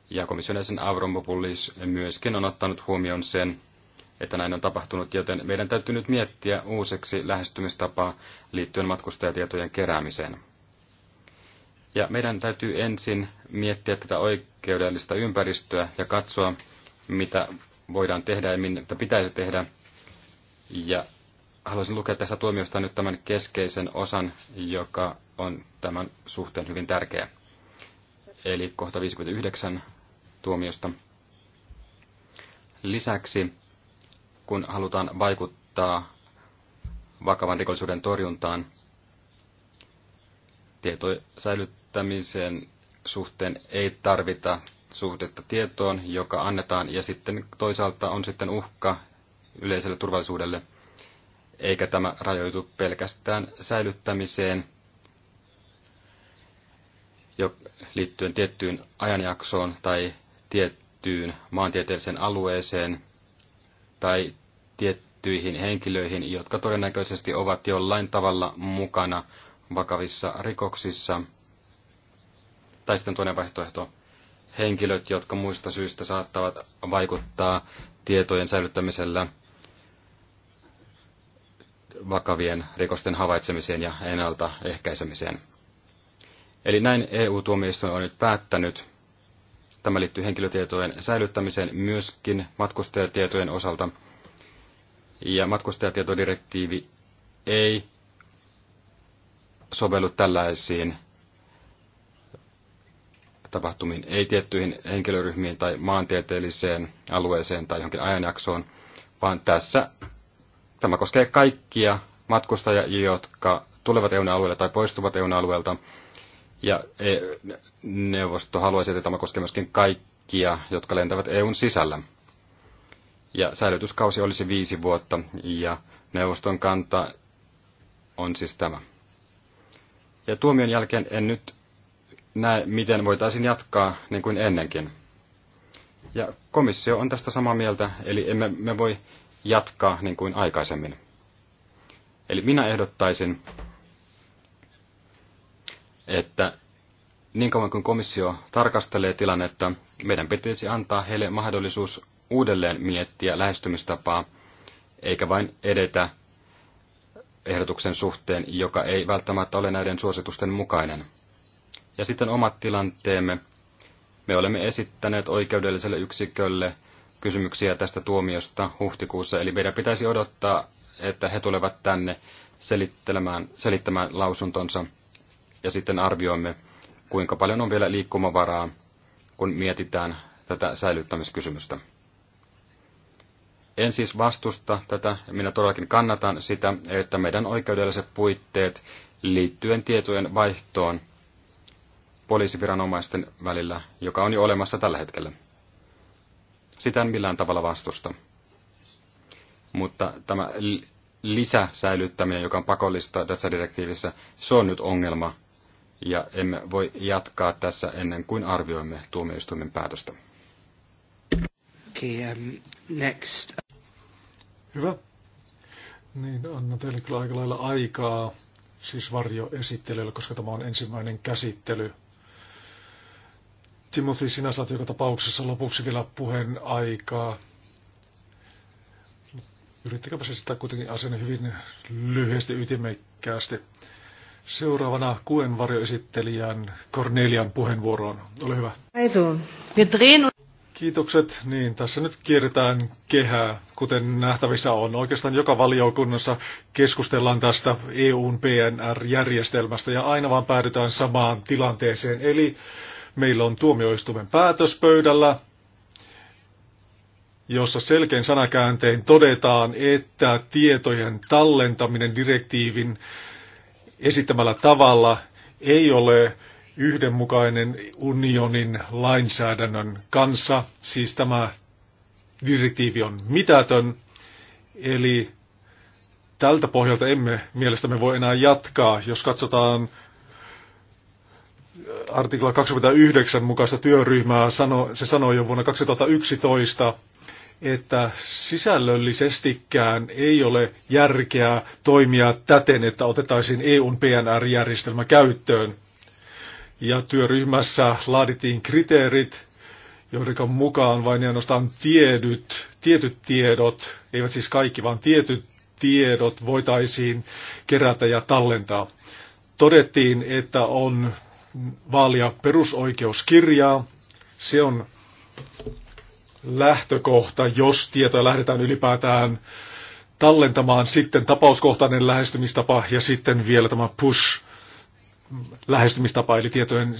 Ja komission jäsen Avramopoulos myöskin on ottanut huomioon sen, että näin on tapahtunut, joten meidän täytyy nyt miettiä uusiksi lähestymistapaa liittyen matkustajatietojen keräämiseen. Ja meidän täytyy ensin miettiä tätä oikeudellista ympäristöä ja katsoa, mitä voidaan tehdä ja mitä pitäisi tehdä. Ja haluaisin lukea tässä tuomiosta nyt tämän keskeisen osan, joka on tämän suhteen hyvin tärkeä. Eli kohta 59 tuomiosta. Lisäksi, kun halutaan vaikuttaa vakavan rikollisuuden torjuntaan, tietojen säilyttämisen suhteen ei tarvita suhdetta tietoon, joka annetaan, ja sitten toisaalta on sitten uhka yleiselle turvallisuudelle, eikä tämä rajoitu pelkästään säilyttämiseen jo liittyen tiettyyn ajanjaksoon tai tiettyyn maantieteelliseen alueeseen tai tiettyihin henkilöihin, jotka todennäköisesti ovat jollain tavalla mukana vakavissa rikoksissa. Tai sitten toinen vaihtoehto henkilöt, jotka muista syistä saattavat vaikuttaa tietojen säilyttämisellä vakavien rikosten havaitsemiseen ja ennaltaehkäisemiseen. Eli näin EU-tuomioistuin on nyt päättänyt. Tämä liittyy henkilötietojen säilyttämiseen myöskin matkustajatietojen osalta. Ja matkustajatietodirektiivi ei sovellu tällaisiin tapahtumiin, ei tiettyihin henkilöryhmiin tai maantieteelliseen alueeseen tai johonkin ajanjaksoon, vaan tässä tämä koskee kaikkia matkustajia, jotka tulevat EU-alueelta tai poistuvat EU-alueelta. Ja e- neuvosto haluaisi, että tämä koskee myöskin kaikkia, jotka lentävät EUn sisällä. Ja säilytyskausi olisi viisi vuotta, ja neuvoston kanta on siis tämä. Ja tuomion jälkeen en nyt näe, miten voitaisiin jatkaa niin kuin ennenkin. Ja komissio on tästä samaa mieltä, eli emme me voi jatkaa niin kuin aikaisemmin. Eli minä ehdottaisin, että niin kauan kuin komissio tarkastelee tilannetta, meidän pitäisi antaa heille mahdollisuus uudelleen miettiä lähestymistapaa, eikä vain edetä ehdotuksen suhteen, joka ei välttämättä ole näiden suositusten mukainen. Ja sitten omat tilanteemme. Me olemme esittäneet oikeudelliselle yksikölle kysymyksiä tästä tuomiosta huhtikuussa, eli meidän pitäisi odottaa, että he tulevat tänne selittelemään, selittämään lausuntonsa ja sitten arvioimme, kuinka paljon on vielä liikkumavaraa, kun mietitään tätä säilyttämiskysymystä. En siis vastusta tätä, minä todellakin kannatan sitä, että meidän oikeudelliset puitteet liittyen tietojen vaihtoon – poliisiviranomaisten välillä, joka on jo olemassa tällä hetkellä. Sitä en millään tavalla vastusta. Mutta tämä lisäsäilyttäminen, joka on pakollista tässä direktiivissä, se on nyt ongelma, ja emme voi jatkaa tässä ennen kuin arvioimme tuomioistuimen päätöstä. Okay, um, next. Hyvä. Niin, annan teille kyllä aika lailla aikaa, siis varjo esittelyllä, koska tämä on ensimmäinen käsittely. Timothy, sinä saat joka tapauksessa lopuksi vielä puheen aikaa. Yrittäkääpä se sitä kuitenkin asian hyvin lyhyesti ytimekkäästi. Seuraavana kuen varjoesittelijän Cornelian puheenvuoroon. Ole hyvä. Kiitokset. Niin, tässä nyt kierretään kehää, kuten nähtävissä on. Oikeastaan joka valiokunnassa keskustellaan tästä EUn PNR-järjestelmästä ja aina vaan päädytään samaan tilanteeseen. Eli Meillä on tuomioistuimen päätöspöydällä, jossa selkein sanakääntein todetaan, että tietojen tallentaminen direktiivin esittämällä tavalla ei ole yhdenmukainen unionin lainsäädännön kanssa. Siis tämä direktiivi on mitätön, eli tältä pohjalta emme mielestämme voi enää jatkaa. Jos katsotaan artikla 29 mukaista työryhmää, sano, se sanoi jo vuonna 2011, että sisällöllisestikään ei ole järkeä toimia täten, että otettaisiin EUn PNR-järjestelmä käyttöön. Ja työryhmässä laadittiin kriteerit, joiden mukaan vain ainoastaan tiedyt, tietyt tiedot, eivät siis kaikki, vaan tietyt tiedot voitaisiin kerätä ja tallentaa. Todettiin, että on vaalia perusoikeuskirjaa. Se on lähtökohta, jos tietoja lähdetään ylipäätään tallentamaan, sitten tapauskohtainen lähestymistapa ja sitten vielä tämä push lähestymistapa, eli tietojen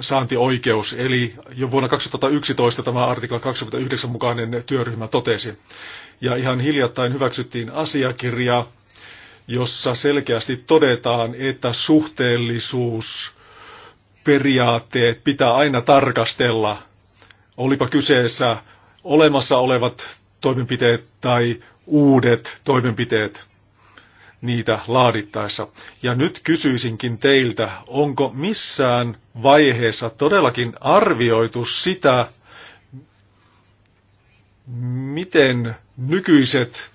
saantioikeus. Eli jo vuonna 2011 tämä artikla 29 mukainen työryhmä totesi. Ja ihan hiljattain hyväksyttiin asiakirja, jossa selkeästi todetaan, että suhteellisuus perusperiaatteet pitää aina tarkastella, olipa kyseessä olemassa olevat toimenpiteet tai uudet toimenpiteet niitä laadittaessa. Ja nyt kysyisinkin teiltä, onko missään vaiheessa todellakin arvioitu sitä, miten nykyiset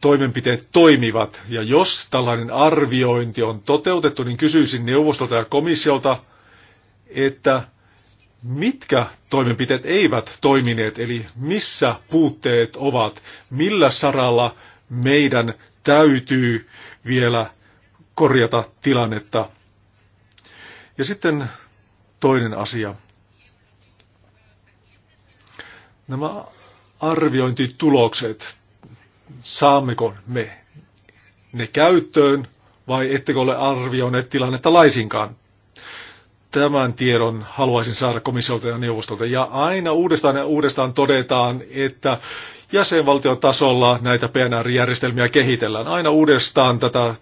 toimenpiteet toimivat. Ja jos tällainen arviointi on toteutettu, niin kysyisin neuvostolta ja komissiolta, että mitkä toimenpiteet eivät toimineet, eli missä puutteet ovat, millä saralla meidän täytyy vielä korjata tilannetta. Ja sitten toinen asia. Nämä arviointitulokset, saammeko me ne käyttöön vai ettekö ole arvioineet tilannetta laisinkaan? tämän tiedon haluaisin saada komissiolta ja neuvostolta. Ja aina uudestaan ja uudestaan todetaan, että jäsenvaltiotasolla näitä PNR-järjestelmiä kehitellään. Aina uudestaan tätä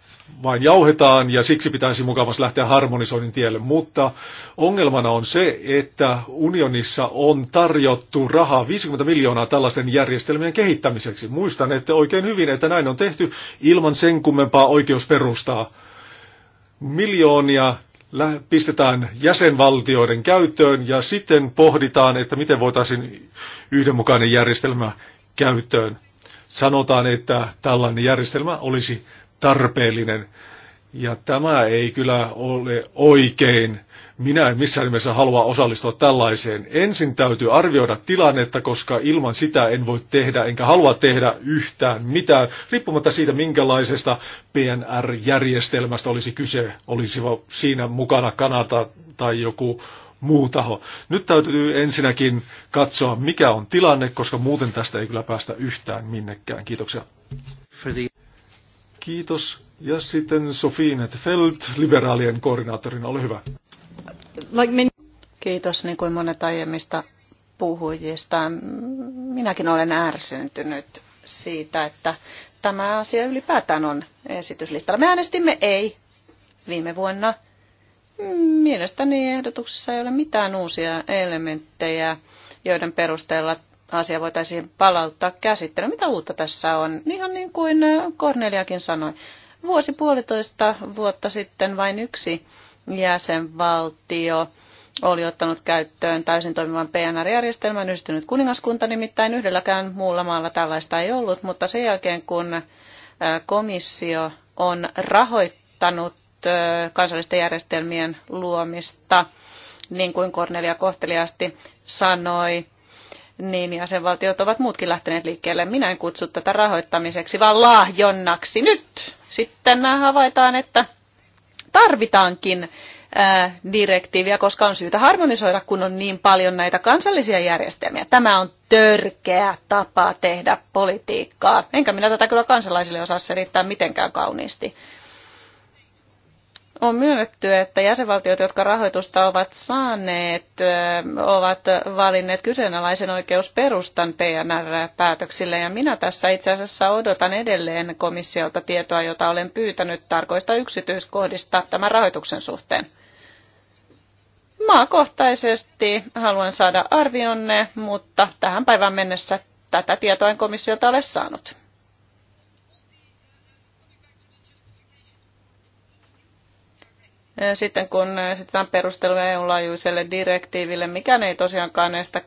vain jauhetaan ja siksi pitäisi mukavasti lähteä harmonisoinnin tielle. Mutta ongelmana on se, että unionissa on tarjottu rahaa 50 miljoonaa tällaisten järjestelmien kehittämiseksi. Muistan, että oikein hyvin, että näin on tehty ilman sen kummempaa oikeusperustaa. Miljoonia pistetään jäsenvaltioiden käyttöön ja sitten pohditaan, että miten voitaisiin yhdenmukainen järjestelmä käyttöön. Sanotaan, että tällainen järjestelmä olisi tarpeellinen. Ja tämä ei kyllä ole oikein. Minä en missään nimessä halua osallistua tällaiseen. Ensin täytyy arvioida tilannetta, koska ilman sitä en voi tehdä, enkä halua tehdä yhtään mitään, riippumatta siitä, minkälaisesta PNR-järjestelmästä olisi kyse, olisi siinä mukana Kanada tai joku muu taho. Nyt täytyy ensinnäkin katsoa, mikä on tilanne, koska muuten tästä ei kyllä päästä yhtään minnekään. Kiitoksia. Kiitos. Ja sitten Sofine Feld, liberaalien koordinaattorina, ole hyvä. Kiitos, niin kuin monet aiemmista puhujista. Minäkin olen ärsyntynyt siitä, että tämä asia ylipäätään on esityslistalla. Me äänestimme ei viime vuonna. Mielestäni ehdotuksessa ei ole mitään uusia elementtejä, joiden perusteella asia voitaisiin palauttaa käsittelyyn. Mitä uutta tässä on? Ihan niin kuin Korneliakin sanoi, vuosi puolitoista vuotta sitten vain yksi jäsenvaltio oli ottanut käyttöön täysin toimivan PNR-järjestelmän. Yhdistynyt kuningaskunta nimittäin yhdelläkään muulla maalla tällaista ei ollut, mutta sen jälkeen kun komissio on rahoittanut kansallisten järjestelmien luomista, niin kuin Kornelia kohteliasti sanoi, niin jäsenvaltiot ovat muutkin lähteneet liikkeelle. Minä en kutsu tätä rahoittamiseksi, vaan lahjonnaksi. Nyt sitten havaitaan, että tarvitaankin direktiiviä, koska on syytä harmonisoida, kun on niin paljon näitä kansallisia järjestelmiä. Tämä on törkeä tapa tehdä politiikkaa. Enkä minä tätä kyllä kansalaisille osaa selittää mitenkään kauniisti on myönnetty, että jäsenvaltiot, jotka rahoitusta ovat saaneet, ovat valinneet kyseenalaisen oikeusperustan PNR-päätöksille. Ja minä tässä itse asiassa odotan edelleen komissiolta tietoa, jota olen pyytänyt tarkoista yksityiskohdista tämän rahoituksen suhteen. Maakohtaisesti haluan saada arvionne, mutta tähän päivään mennessä tätä tietoa en komissiolta ole saanut. sitten kun esitetään perusteluja EU-laajuiselle direktiiville, mikään ei tosiaankaan estä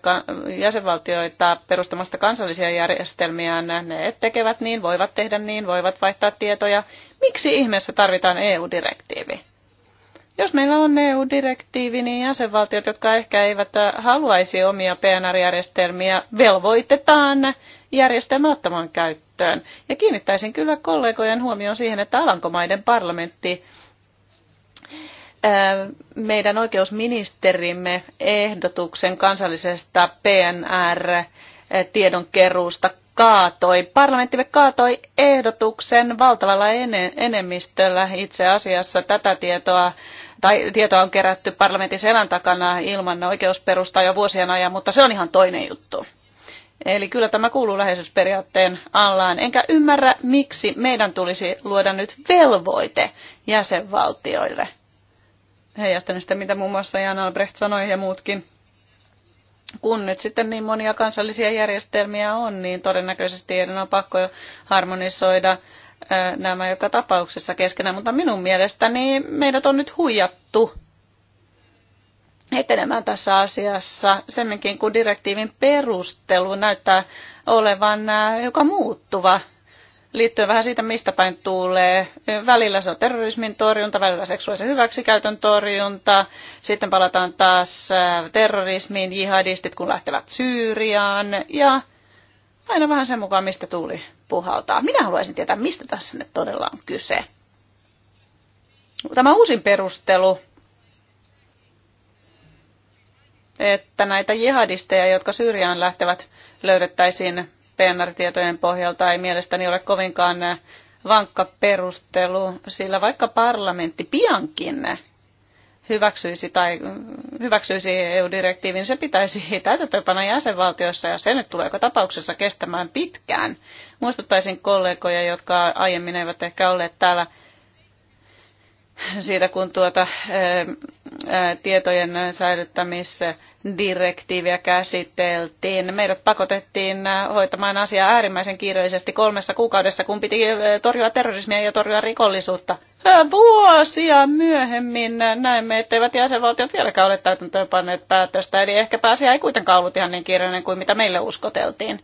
jäsenvaltioita perustamasta kansallisia järjestelmiä, Ne tekevät niin, voivat tehdä niin, voivat vaihtaa tietoja. Miksi ihmeessä tarvitaan EU-direktiivi? Jos meillä on EU-direktiivi, niin jäsenvaltiot, jotka ehkä eivät haluaisi omia PNR-järjestelmiä, velvoitetaan järjestelmä ottamaan käyttöön. Ja kiinnittäisin kyllä kollegojen huomioon siihen, että Alankomaiden parlamentti meidän oikeusministerimme ehdotuksen kansallisesta PNR-tiedonkeruusta kaatoi. Parlamentti kaatoi ehdotuksen valtavalla enemmistöllä itse asiassa tätä tietoa tai tietoa on kerätty parlamentin selän takana ilman oikeusperustaa jo vuosien ajan, mutta se on ihan toinen juttu. Eli kyllä tämä kuuluu läheisyysperiaatteen allaan. Enkä ymmärrä, miksi meidän tulisi luoda nyt velvoite jäsenvaltioille – heijastanut sitä, mitä muun muassa Jan Albrecht sanoi ja muutkin. Kun nyt sitten niin monia kansallisia järjestelmiä on, niin todennäköisesti ei on pakko harmonisoida nämä joka tapauksessa keskenään, mutta minun mielestäni meidät on nyt huijattu etenemään tässä asiassa, semminkin kun direktiivin perustelu näyttää olevan joka muuttuva liittyen vähän siitä, mistä päin tulee. Välillä se on terrorismin torjunta, välillä seksuaalisen hyväksikäytön torjunta. Sitten palataan taas äh, terrorismiin, jihadistit kun lähtevät Syyriaan ja aina vähän sen mukaan, mistä tuuli puhaltaa. Minä haluaisin tietää, mistä tässä nyt todella on kyse. Tämä uusin perustelu, että näitä jihadisteja, jotka Syyriaan lähtevät, löydettäisiin PNR-tietojen pohjalta ei mielestäni ole kovinkaan vankka perustelu, sillä vaikka parlamentti piankin hyväksyisi, tai hyväksyisi EU-direktiivin, se pitäisi täytäntöönpana jäsenvaltioissa, ja se nyt tuleeko tapauksessa kestämään pitkään. Muistuttaisin kollegoja, jotka aiemmin eivät ehkä olleet täällä siitä, kun tuota tietojen säilyttämisdirektiiviä käsiteltiin. Meidät pakotettiin hoitamaan asiaa äärimmäisen kiireisesti kolmessa kuukaudessa, kun piti torjua terrorismia ja torjua rikollisuutta. Vuosia myöhemmin näemme, etteivät jäsenvaltiot vieläkään ole täytäntöönpanneet päätöstä, eli ehkä pääsiä ei kuitenkaan ollut ihan niin kiireinen kuin mitä meille uskoteltiin.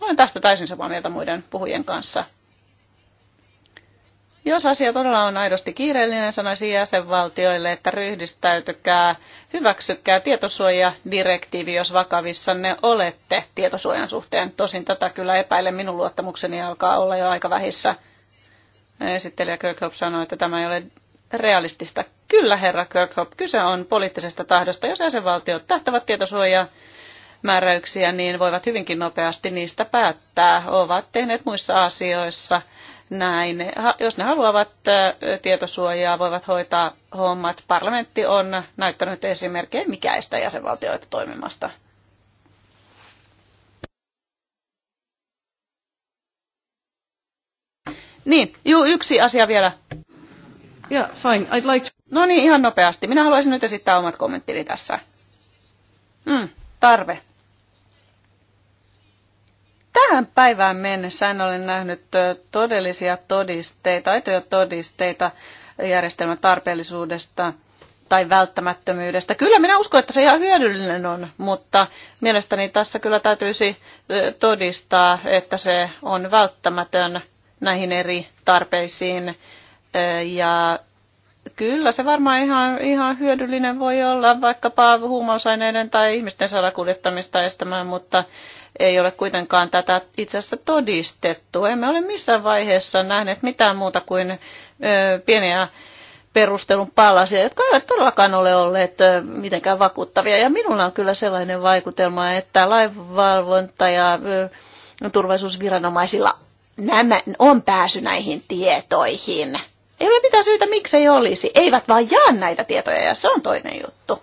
Olen tästä täysin samaa mieltä muiden puhujien kanssa. Jos asia todella on aidosti kiireellinen, sanoisin jäsenvaltioille, että ryhdistäytykää, hyväksykää tietosuojadirektiivi, jos vakavissanne olette tietosuojan suhteen. Tosin tätä kyllä epäilen, minun luottamukseni alkaa olla jo aika vähissä. Esittelijä Kirkhope sanoi, että tämä ei ole realistista. Kyllä, herra Kirkhope, kyse on poliittisesta tahdosta. Jos jäsenvaltiot tähtävät tietosuojaa, määräyksiä, niin voivat hyvinkin nopeasti niistä päättää. Ovat tehneet muissa asioissa näin. Jos ne haluavat tietosuojaa, voivat hoitaa hommat. Parlamentti on näyttänyt esimerkkejä mikäistä jäsenvaltioita toimimasta Niin, juu, yksi asia vielä. Yeah, fine. I'd like to... No niin, ihan nopeasti. Minä haluaisin nyt esittää omat kommenttini tässä. Mm, tarve tähän päivään mennessä en ole nähnyt todellisia todisteita, aitoja todisteita järjestelmän tarpeellisuudesta tai välttämättömyydestä. Kyllä minä uskon, että se ihan hyödyllinen on, mutta mielestäni tässä kyllä täytyisi todistaa, että se on välttämätön näihin eri tarpeisiin. Ja kyllä se varmaan ihan, ihan hyödyllinen voi olla vaikkapa huumausaineiden tai ihmisten salakuljettamista estämään, mutta ei ole kuitenkaan tätä itse asiassa todistettu. Emme ole missään vaiheessa nähneet mitään muuta kuin ö, pieniä perustelun palasia, jotka eivät todellakaan ole olleet mitenkään vakuuttavia. Ja minulla on kyllä sellainen vaikutelma, että laivavalvonta ja turvallisuusviranomaisilla nämä on pääsy näihin tietoihin. Ei ole mitään syytä, miksei olisi. Eivät vaan jaa näitä tietoja ja se on toinen juttu.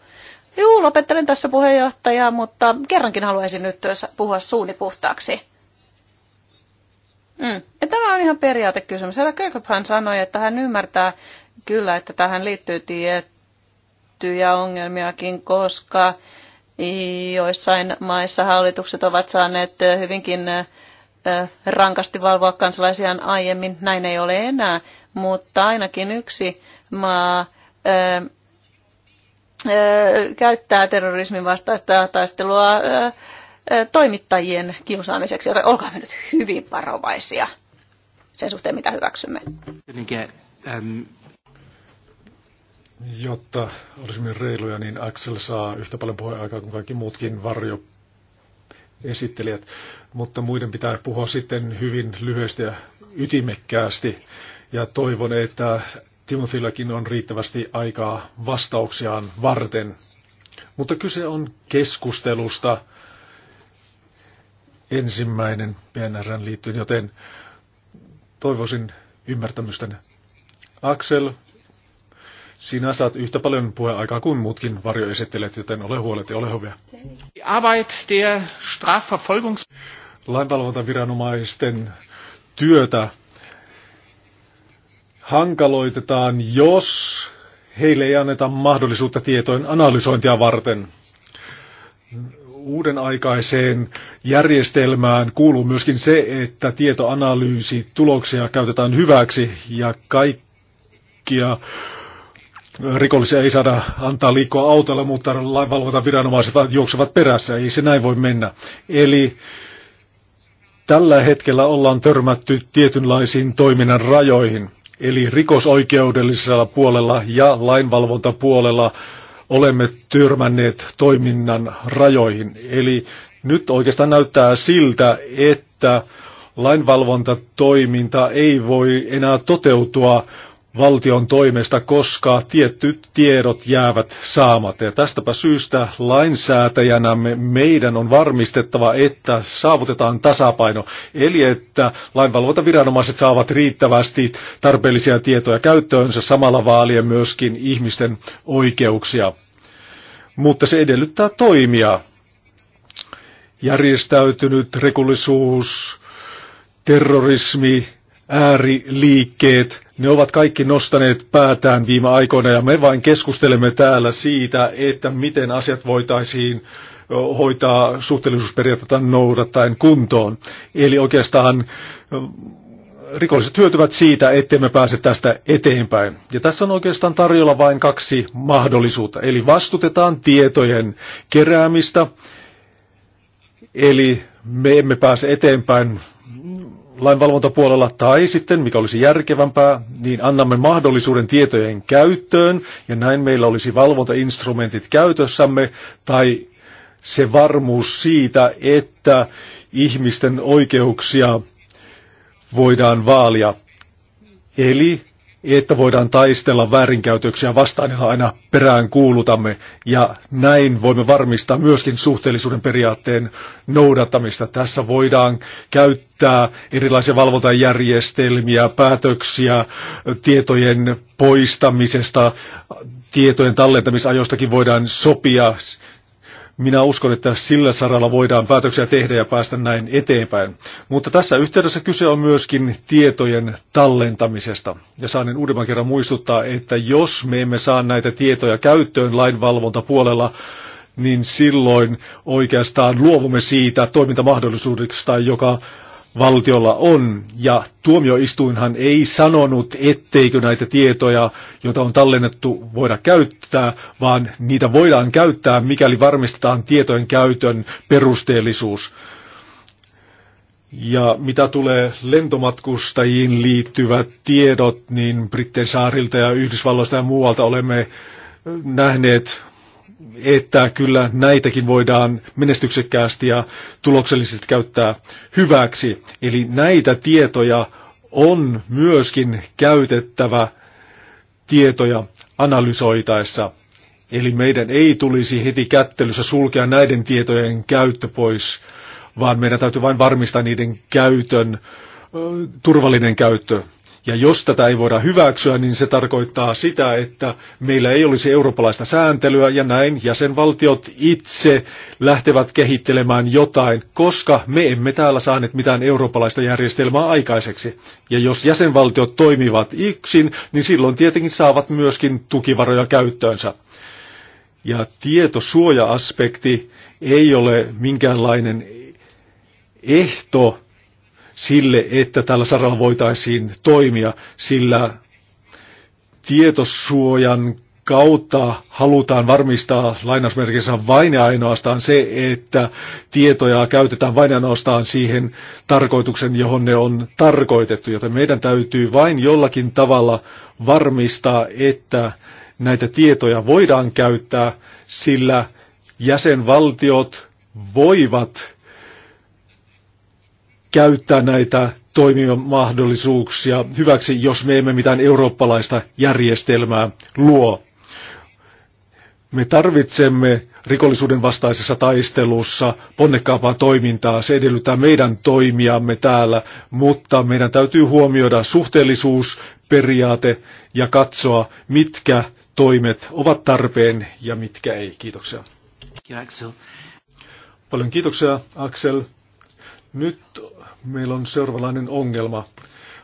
Juu, lopettelen tässä puheenjohtajaa, mutta kerrankin haluaisin nyt puhua suuni puhtaaksi. Mm. Ja tämä on ihan periaatekysymys. Herra Kirkland sanoi, että hän ymmärtää kyllä, että tähän liittyy tiettyjä ongelmiakin, koska joissain maissa hallitukset ovat saaneet hyvinkin rankasti valvoa kansalaisiaan aiemmin. Näin ei ole enää, mutta ainakin yksi maa käyttää terrorismin vastaista taistelua toimittajien kiusaamiseksi, joten olkaamme nyt hyvin varovaisia sen suhteen, mitä hyväksymme. Ähm, Jotta olisimme reiluja, niin Axel saa yhtä paljon puheaikaa kuin kaikki muutkin varjo esittelijät, mutta muiden pitää puhua sitten hyvin lyhyesti ja ytimekkäästi. Ja toivon, että Timothyllakin on riittävästi aikaa vastauksiaan varten. Mutta kyse on keskustelusta ensimmäinen PNRn liittyen, joten toivoisin ymmärtämystänne. Axel, sinä saat yhtä paljon puheaikaa kuin muutkin varjoesittelijät, joten ole huolet ja ole hyvä. Arbeit der Strafverfolgungs... Lainvalvontaviranomaisten työtä hankaloitetaan, jos heille ei anneta mahdollisuutta tietojen analysointia varten. Uuden aikaiseen järjestelmään kuuluu myöskin se, että tietoanalyysi tuloksia käytetään hyväksi ja kaikkia rikollisia ei saada antaa liikkua autolla, mutta viranomaiset juoksevat perässä. Ei se näin voi mennä. Eli tällä hetkellä ollaan törmätty tietynlaisiin toiminnan rajoihin. Eli rikosoikeudellisella puolella ja lainvalvontapuolella olemme tyrmänneet toiminnan rajoihin. Eli nyt oikeastaan näyttää siltä, että lainvalvontatoiminta ei voi enää toteutua valtion toimesta, koska tietyt tiedot jäävät saamatta. Ja tästäpä syystä lainsäätäjänämme meidän on varmistettava, että saavutetaan tasapaino, eli että lainvalvontaviranomaiset saavat riittävästi tarpeellisia tietoja käyttöönsä samalla vaalien myöskin ihmisten oikeuksia. Mutta se edellyttää toimia. Järjestäytynyt rekullisuus, terrorismi, ääriliikkeet – ne ovat kaikki nostaneet päätään viime aikoina ja me vain keskustelemme täällä siitä, että miten asiat voitaisiin hoitaa suhteellisuusperiaatetta noudattaen kuntoon. Eli oikeastaan rikolliset hyötyvät siitä, ettei me pääse tästä eteenpäin. Ja tässä on oikeastaan tarjolla vain kaksi mahdollisuutta. Eli vastutetaan tietojen keräämistä, eli me emme pääse eteenpäin lainvalvontapuolella tai sitten, mikä olisi järkevämpää, niin annamme mahdollisuuden tietojen käyttöön ja näin meillä olisi valvontainstrumentit käytössämme tai se varmuus siitä, että ihmisten oikeuksia voidaan vaalia. Eli että voidaan taistella väärinkäytöksiä vastaan, jota aina perään kuulutamme. Ja näin voimme varmistaa myöskin suhteellisuuden periaatteen noudattamista. Tässä voidaan käyttää erilaisia valvontajärjestelmiä, päätöksiä tietojen poistamisesta, tietojen tallentamisajoistakin voidaan sopia minä uskon, että sillä saralla voidaan päätöksiä tehdä ja päästä näin eteenpäin. Mutta tässä yhteydessä kyse on myöskin tietojen tallentamisesta. Ja saanen uudemman kerran muistuttaa, että jos me emme saa näitä tietoja käyttöön lainvalvontapuolella, niin silloin oikeastaan luovumme siitä toimintamahdollisuudesta, joka valtiolla on. Ja tuomioistuinhan ei sanonut, etteikö näitä tietoja, joita on tallennettu, voida käyttää, vaan niitä voidaan käyttää, mikäli varmistetaan tietojen käytön perusteellisuus. Ja mitä tulee lentomatkustajiin liittyvät tiedot, niin Britten saarilta ja Yhdysvalloista ja muualta olemme nähneet että kyllä näitäkin voidaan menestyksekkäästi ja tuloksellisesti käyttää hyväksi. Eli näitä tietoja on myöskin käytettävä tietoja analysoitaessa. Eli meidän ei tulisi heti kättelyssä sulkea näiden tietojen käyttö pois, vaan meidän täytyy vain varmistaa niiden käytön, turvallinen käyttö. Ja jos tätä ei voida hyväksyä, niin se tarkoittaa sitä, että meillä ei olisi eurooppalaista sääntelyä ja näin jäsenvaltiot itse lähtevät kehittelemään jotain, koska me emme täällä saaneet mitään eurooppalaista järjestelmää aikaiseksi. Ja jos jäsenvaltiot toimivat yksin, niin silloin tietenkin saavat myöskin tukivaroja käyttöönsä. Ja tietosuoja-aspekti ei ole minkäänlainen ehto sille, että tällä saralla voitaisiin toimia, sillä tietosuojan kautta halutaan varmistaa lainausmerkissä vain ja ainoastaan se, että tietoja käytetään vain ja ainoastaan siihen tarkoituksen, johon ne on tarkoitettu. Joten meidän täytyy vain jollakin tavalla varmistaa, että näitä tietoja voidaan käyttää, sillä jäsenvaltiot voivat käyttää näitä toimimahdollisuuksia hyväksi, jos me emme mitään eurooppalaista järjestelmää luo. Me tarvitsemme rikollisuuden vastaisessa taistelussa ponnekkaampaa toimintaa. Se edellyttää meidän toimiamme täällä, mutta meidän täytyy huomioida suhteellisuusperiaate ja katsoa, mitkä toimet ovat tarpeen ja mitkä ei. Kiitoksia. Kiitoksia Axel. Paljon kiitoksia, Axel. Nyt meillä on seuraavanlainen ongelma.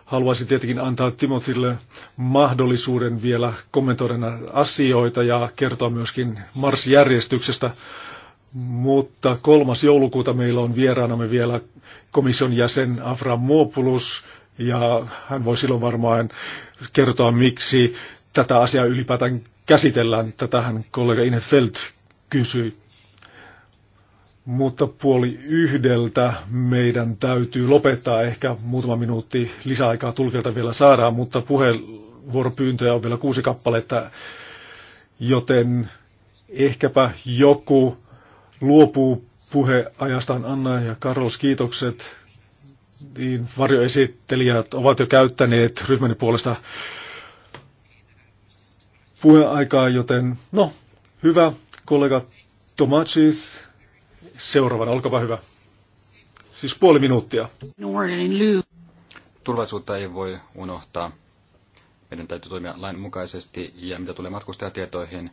Haluaisin tietenkin antaa Timotille mahdollisuuden vielä kommentoida asioita ja kertoa myöskin Mars-järjestyksestä. Mutta kolmas joulukuuta meillä on vieraanamme vielä komission jäsen Afra Muopulus ja hän voi silloin varmaan kertoa, miksi tätä asiaa ylipäätään käsitellään. Tätähän kollega Inet Feld kysyi. Mutta puoli yhdeltä meidän täytyy lopettaa. Ehkä muutama minuutti lisäaikaa tulkilta vielä saadaan, mutta puheenvuoropyyntöjä on vielä kuusi kappaletta, joten ehkäpä joku luopuu puheajastaan Anna ja Carlos, kiitokset. Niin varjoesittelijät ovat jo käyttäneet ryhmäni puolesta puheaikaa, joten no, hyvä kollega Tomacis Seuraavan Olkaa hyvä. Siis puoli minuuttia. Turvallisuutta ei voi unohtaa. Meidän täytyy toimia lain mukaisesti ja mitä tulee matkustajatietoihin,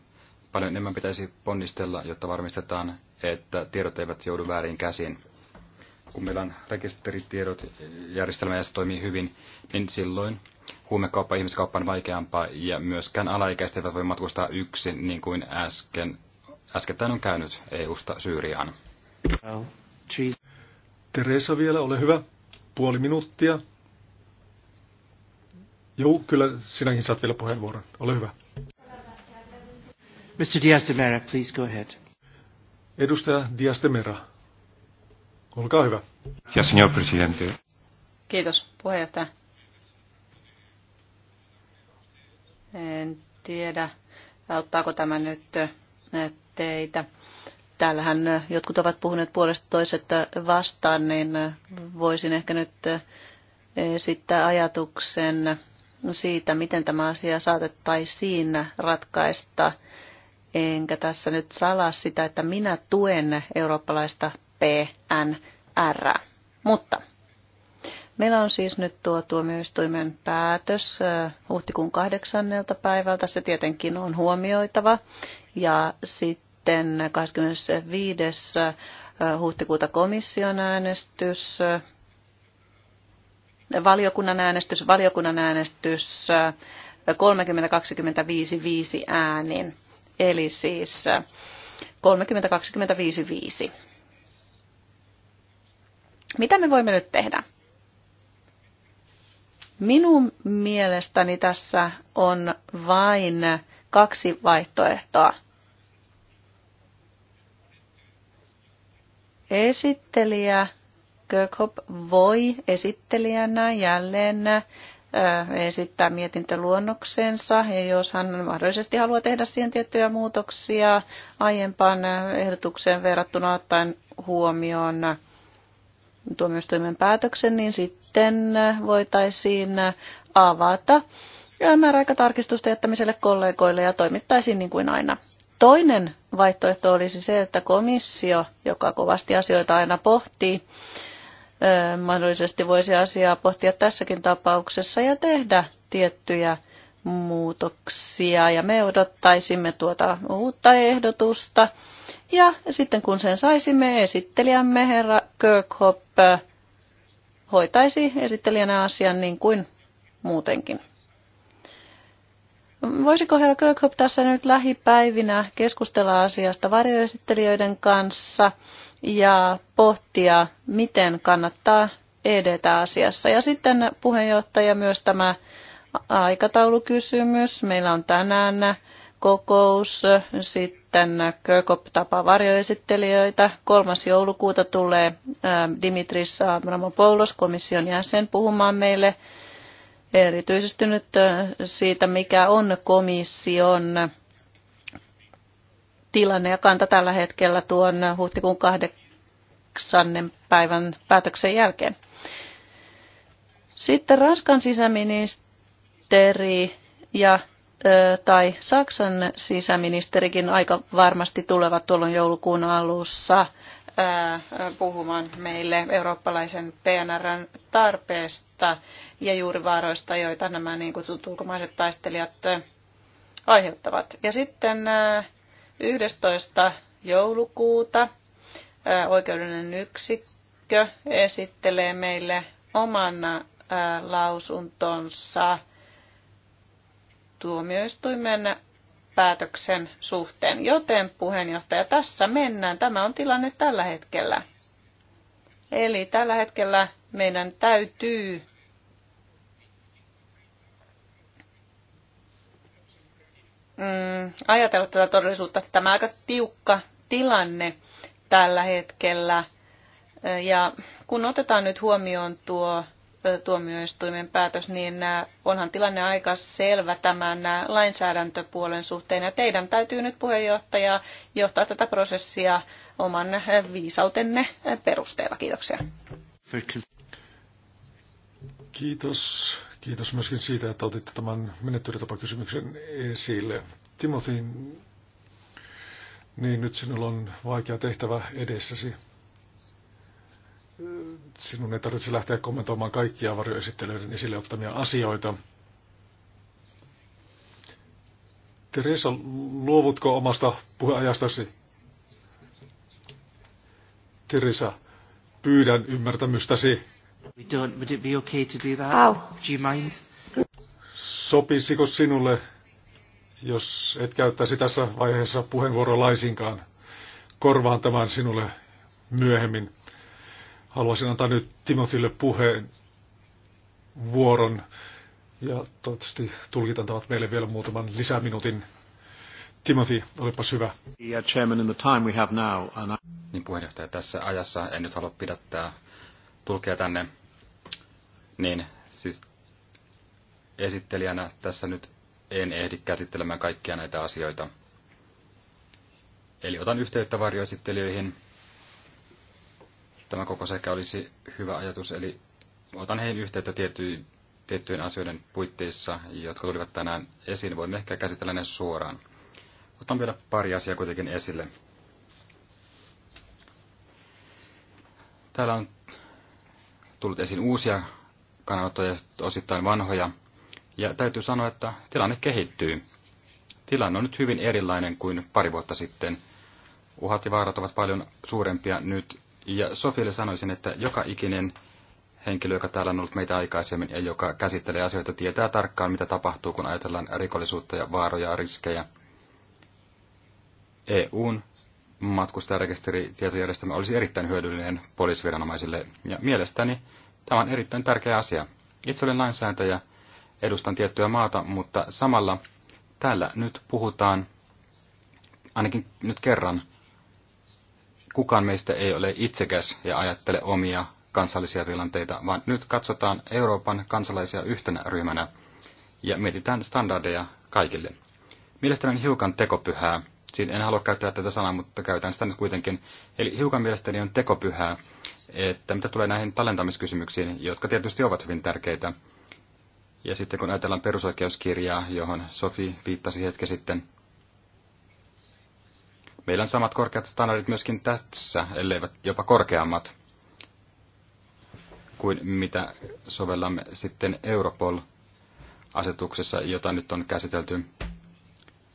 paljon enemmän pitäisi ponnistella, jotta varmistetaan, että tiedot eivät joudu väärin käsiin. Kun meillä on rekisteritiedot, järjestelmä ja se toimii hyvin, niin silloin huumekauppa ja ihmiskauppa on vaikeampaa ja myöskään alaikäiset eivät voi matkustaa yksin niin kuin äsken, äskettäin on käynyt EU-sta Syyriaan. Teresa vielä, ole hyvä. Puoli minuuttia. Joo, kyllä sinäkin saat vielä puheenvuoron. Ole hyvä. Mr. Diaz de Mera, please go ahead. Edustaja Diaz de Mera, olkaa hyvä. Ja señor presidente. Kiitos puheenjohtaja. En tiedä, auttaako tämä nyt teitä täällähän äh, jotkut ovat puhuneet puolesta toisesta äh, vastaan, niin äh, voisin ehkä nyt esittää ajatuksen siitä, miten tämä asia saatettaisiin ratkaista. Enkä tässä nyt salaa sitä, että minä tuen eurooppalaista PNR. Mutta meillä on siis nyt tuo tuomioistuimen päätös huhtikuun kahdeksannelta päivältä. Se tietenkin on huomioitava. Ja sitten sitten 25. huhtikuuta komission äänestys, valiokunnan äänestys, valiokunnan äänestys 30-25-5 äänin. Eli siis 30-25-5. Mitä me voimme nyt tehdä? Minun mielestäni tässä on vain kaksi vaihtoehtoa. Esittelijä Kirkhope voi esittelijänä jälleen esittää mietintöluonnoksensa ja jos hän mahdollisesti haluaa tehdä siihen tiettyjä muutoksia aiempaan ehdotukseen verrattuna ottaen huomioon tuomioistuimen päätöksen, niin sitten voitaisiin avata määräaikatarkistusta jättämiselle kollegoille ja toimittaisiin niin kuin aina. Toinen vaihtoehto olisi se, että komissio, joka kovasti asioita aina pohtii, mahdollisesti voisi asiaa pohtia tässäkin tapauksessa ja tehdä tiettyjä muutoksia ja me odottaisimme tuota uutta ehdotusta. Ja sitten kun sen saisimme, esittelijämme herra Kirkhoff hoitaisi esittelijänä asian niin kuin muutenkin. Voisiko herra Kirkhope tässä nyt lähipäivinä keskustella asiasta varjoesittelijöiden kanssa ja pohtia, miten kannattaa edetä asiassa. Ja sitten puheenjohtaja myös tämä aikataulukysymys. Meillä on tänään kokous, sitten Kirkhope tapaa varjoesittelijöitä. 3. joulukuuta tulee Dimitris Ramopoulos, komission jäsen, puhumaan meille erityisesti nyt äh, siitä, mikä on komission tilanne ja kanta tällä hetkellä tuon huhtikuun kahdeksannen päivän päätöksen jälkeen. Sitten Ranskan sisäministeri ja tai Saksan sisäministerikin aika varmasti tulevat tuolloin joulukuun alussa puhumaan meille eurooppalaisen PNRn tarpeesta ja juuri vaaroista, joita nämä niin kutsutut ulkomaiset taistelijat aiheuttavat. Ja sitten 11. joulukuuta oikeudellinen yksikkö esittelee meille oman lausuntonsa tuomioistuimen päätöksen suhteen. Joten puheenjohtaja, tässä mennään. Tämä on tilanne tällä hetkellä. Eli tällä hetkellä meidän täytyy mm, ajatella tätä todellisuutta. Tämä on aika tiukka tilanne tällä hetkellä. Ja kun otetaan nyt huomioon tuo tuomioistuimen päätös, niin onhan tilanne aika selvä tämän lainsäädäntöpuolen suhteen. Ja teidän täytyy nyt puheenjohtaja johtaa tätä prosessia oman viisautenne perusteella. Kiitoksia. Kiitos. Kiitos myöskin siitä, että otitte tämän menettelytapakysymyksen esille. Timothy, niin nyt sinulla on vaikea tehtävä edessäsi. Sinun ei tarvitse lähteä kommentoimaan kaikkia varjoesittelyiden esille ottamia asioita. Teresa, luovutko omasta puheajastasi? Teresa, pyydän ymmärtämystäsi. We don't, would it be okay to do that? Ow. Do you mind? Sopisiko sinulle, jos et käyttäisi tässä vaiheessa puheenvuoro laisinkaan? Korvaan tämän sinulle myöhemmin. Haluaisin antaa nyt Timothylle puheen vuoron ja toivottavasti tulkit antavat meille vielä muutaman lisäminuutin. Timothy, olipas hyvä. Uh, chairman, in the time we have now, and I... Niin puheenjohtaja, tässä ajassa en nyt halua pidättää tulkea tänne, niin siis esittelijänä tässä nyt en ehdi käsittelemään kaikkia näitä asioita. Eli otan yhteyttä varjoesittelijöihin Tämä koko sekä olisi hyvä ajatus, eli otan heihin yhteyttä tietty, tiettyjen asioiden puitteissa, jotka tulivat tänään esiin. Voimme ehkä käsitellä ne suoraan. Otan vielä pari asiaa kuitenkin esille. Täällä on tullut esiin uusia kannanottoja ja osittain vanhoja. Ja täytyy sanoa, että tilanne kehittyy. Tilanne on nyt hyvin erilainen kuin pari vuotta sitten. Uhat ja vaarat ovat paljon suurempia nyt ja Sofille sanoisin, että joka ikinen henkilö, joka täällä on ollut meitä aikaisemmin ja joka käsittelee asioita, tietää tarkkaan, mitä tapahtuu, kun ajatellaan rikollisuutta ja vaaroja ja riskejä. EUn matkustajarekisteritietojärjestelmä olisi erittäin hyödyllinen poliisiviranomaisille ja mielestäni tämä on erittäin tärkeä asia. Itse olen lainsääntäjä, edustan tiettyä maata, mutta samalla täällä nyt puhutaan ainakin nyt kerran kukaan meistä ei ole itsekäs ja ajattele omia kansallisia tilanteita, vaan nyt katsotaan Euroopan kansalaisia yhtenä ryhmänä ja mietitään standardeja kaikille. Mielestäni on hiukan tekopyhää. Siinä en halua käyttää tätä sanaa, mutta käytän sitä nyt kuitenkin. Eli hiukan mielestäni on tekopyhää, että mitä tulee näihin tallentamiskysymyksiin, jotka tietysti ovat hyvin tärkeitä. Ja sitten kun ajatellaan perusoikeuskirjaa, johon Sofi viittasi hetki sitten, Meillä on samat korkeat standardit myöskin tässä, elleivät jopa korkeammat kuin mitä sovellamme sitten Europol-asetuksessa, jota nyt on käsitelty,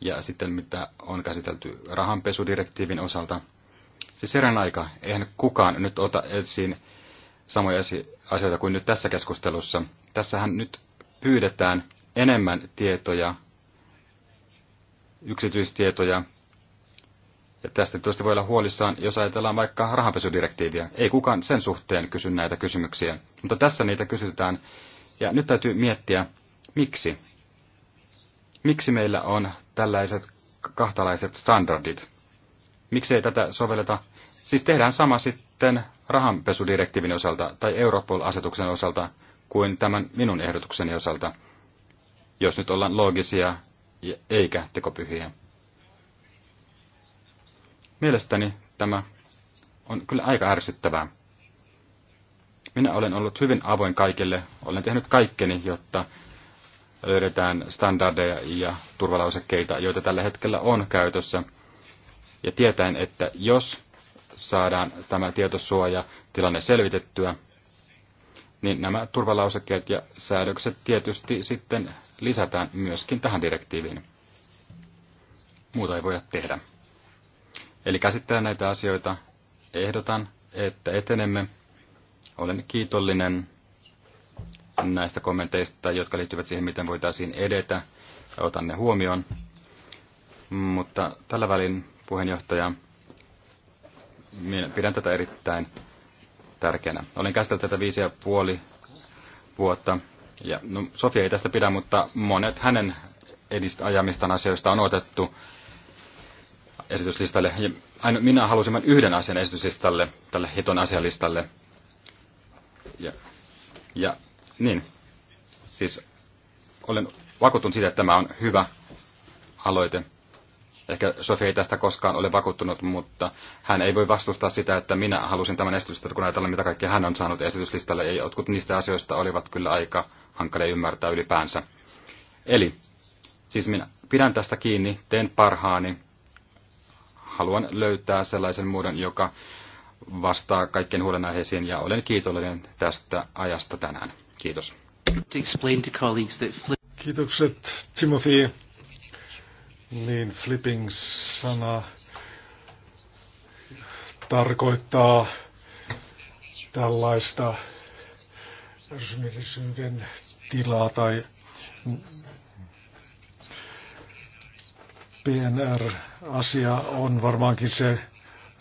ja sitten mitä on käsitelty rahanpesudirektiivin osalta. Siis herran aika, eihän kukaan nyt ota esiin samoja asioita kuin nyt tässä keskustelussa. Tässähän nyt pyydetään enemmän tietoja, yksityistietoja, ja tästä tietysti voi olla huolissaan, jos ajatellaan vaikka rahanpesudirektiiviä. Ei kukaan sen suhteen kysy näitä kysymyksiä, mutta tässä niitä kysytään. Ja nyt täytyy miettiä, miksi. Miksi meillä on tällaiset kahtalaiset standardit? Miksi ei tätä sovelleta? Siis tehdään sama sitten rahanpesudirektiivin osalta tai Europol-asetuksen osalta kuin tämän minun ehdotukseni osalta, jos nyt ollaan loogisia eikä tekopyhiä. Mielestäni tämä on kyllä aika ärsyttävää. Minä olen ollut hyvin avoin kaikille, olen tehnyt kaikkeni, jotta löydetään standardeja ja turvalausekkeita, joita tällä hetkellä on käytössä. Ja tietäen, että jos saadaan tämä tietosuoja tilanne selvitettyä, niin nämä turvalausekkeet ja säädökset tietysti sitten lisätään myöskin tähän direktiiviin. Muuta ei voida tehdä. Eli käsittää näitä asioita. Ehdotan, että etenemme. Olen kiitollinen näistä kommenteista, jotka liittyvät siihen, miten voitaisiin edetä. Otan ne huomioon. Mutta tällä välin, puheenjohtaja, minä pidän tätä erittäin tärkeänä. Olen käsitellyt tätä viisi ja puoli vuotta. Ja, no, Sofia ei tästä pidä, mutta monet hänen edistä ajamistaan asioista on otettu esityslistalle. Ja minä halusin vain yhden asian esityslistalle, tälle hiton asialistalle. Ja, ja niin, siis olen vakuuttunut siitä, että tämä on hyvä aloite. Ehkä Sofia ei tästä koskaan ole vakuuttunut, mutta hän ei voi vastustaa sitä, että minä halusin tämän esityslistalle, kun ajatellaan, mitä kaikkea hän on saanut esityslistalle. Ei jotkut niistä asioista olivat kyllä aika hankalia ymmärtää ylipäänsä. Eli, siis minä pidän tästä kiinni, teen parhaani, haluan löytää sellaisen muodon, joka vastaa kaikkien huolenaiheisiin ja olen kiitollinen tästä ajasta tänään. Kiitos. Kiitokset Timothy. Niin, flipping-sana tarkoittaa tällaista ärsyneellisyyden tilaa tai PNR-asia on varmaankin se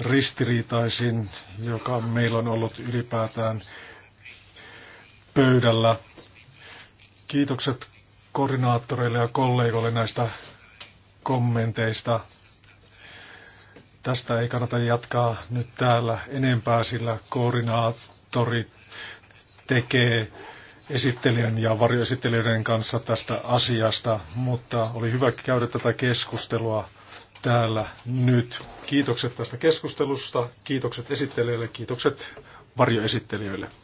ristiriitaisin, joka meillä on ollut ylipäätään pöydällä. Kiitokset koordinaattoreille ja kollegoille näistä kommenteista. Tästä ei kannata jatkaa nyt täällä enempää, sillä koordinaattori tekee esittelijän ja varjoesittelijöiden kanssa tästä asiasta, mutta oli hyvä käydä tätä keskustelua täällä nyt. Kiitokset tästä keskustelusta, kiitokset esittelijöille, kiitokset varjoesittelijöille.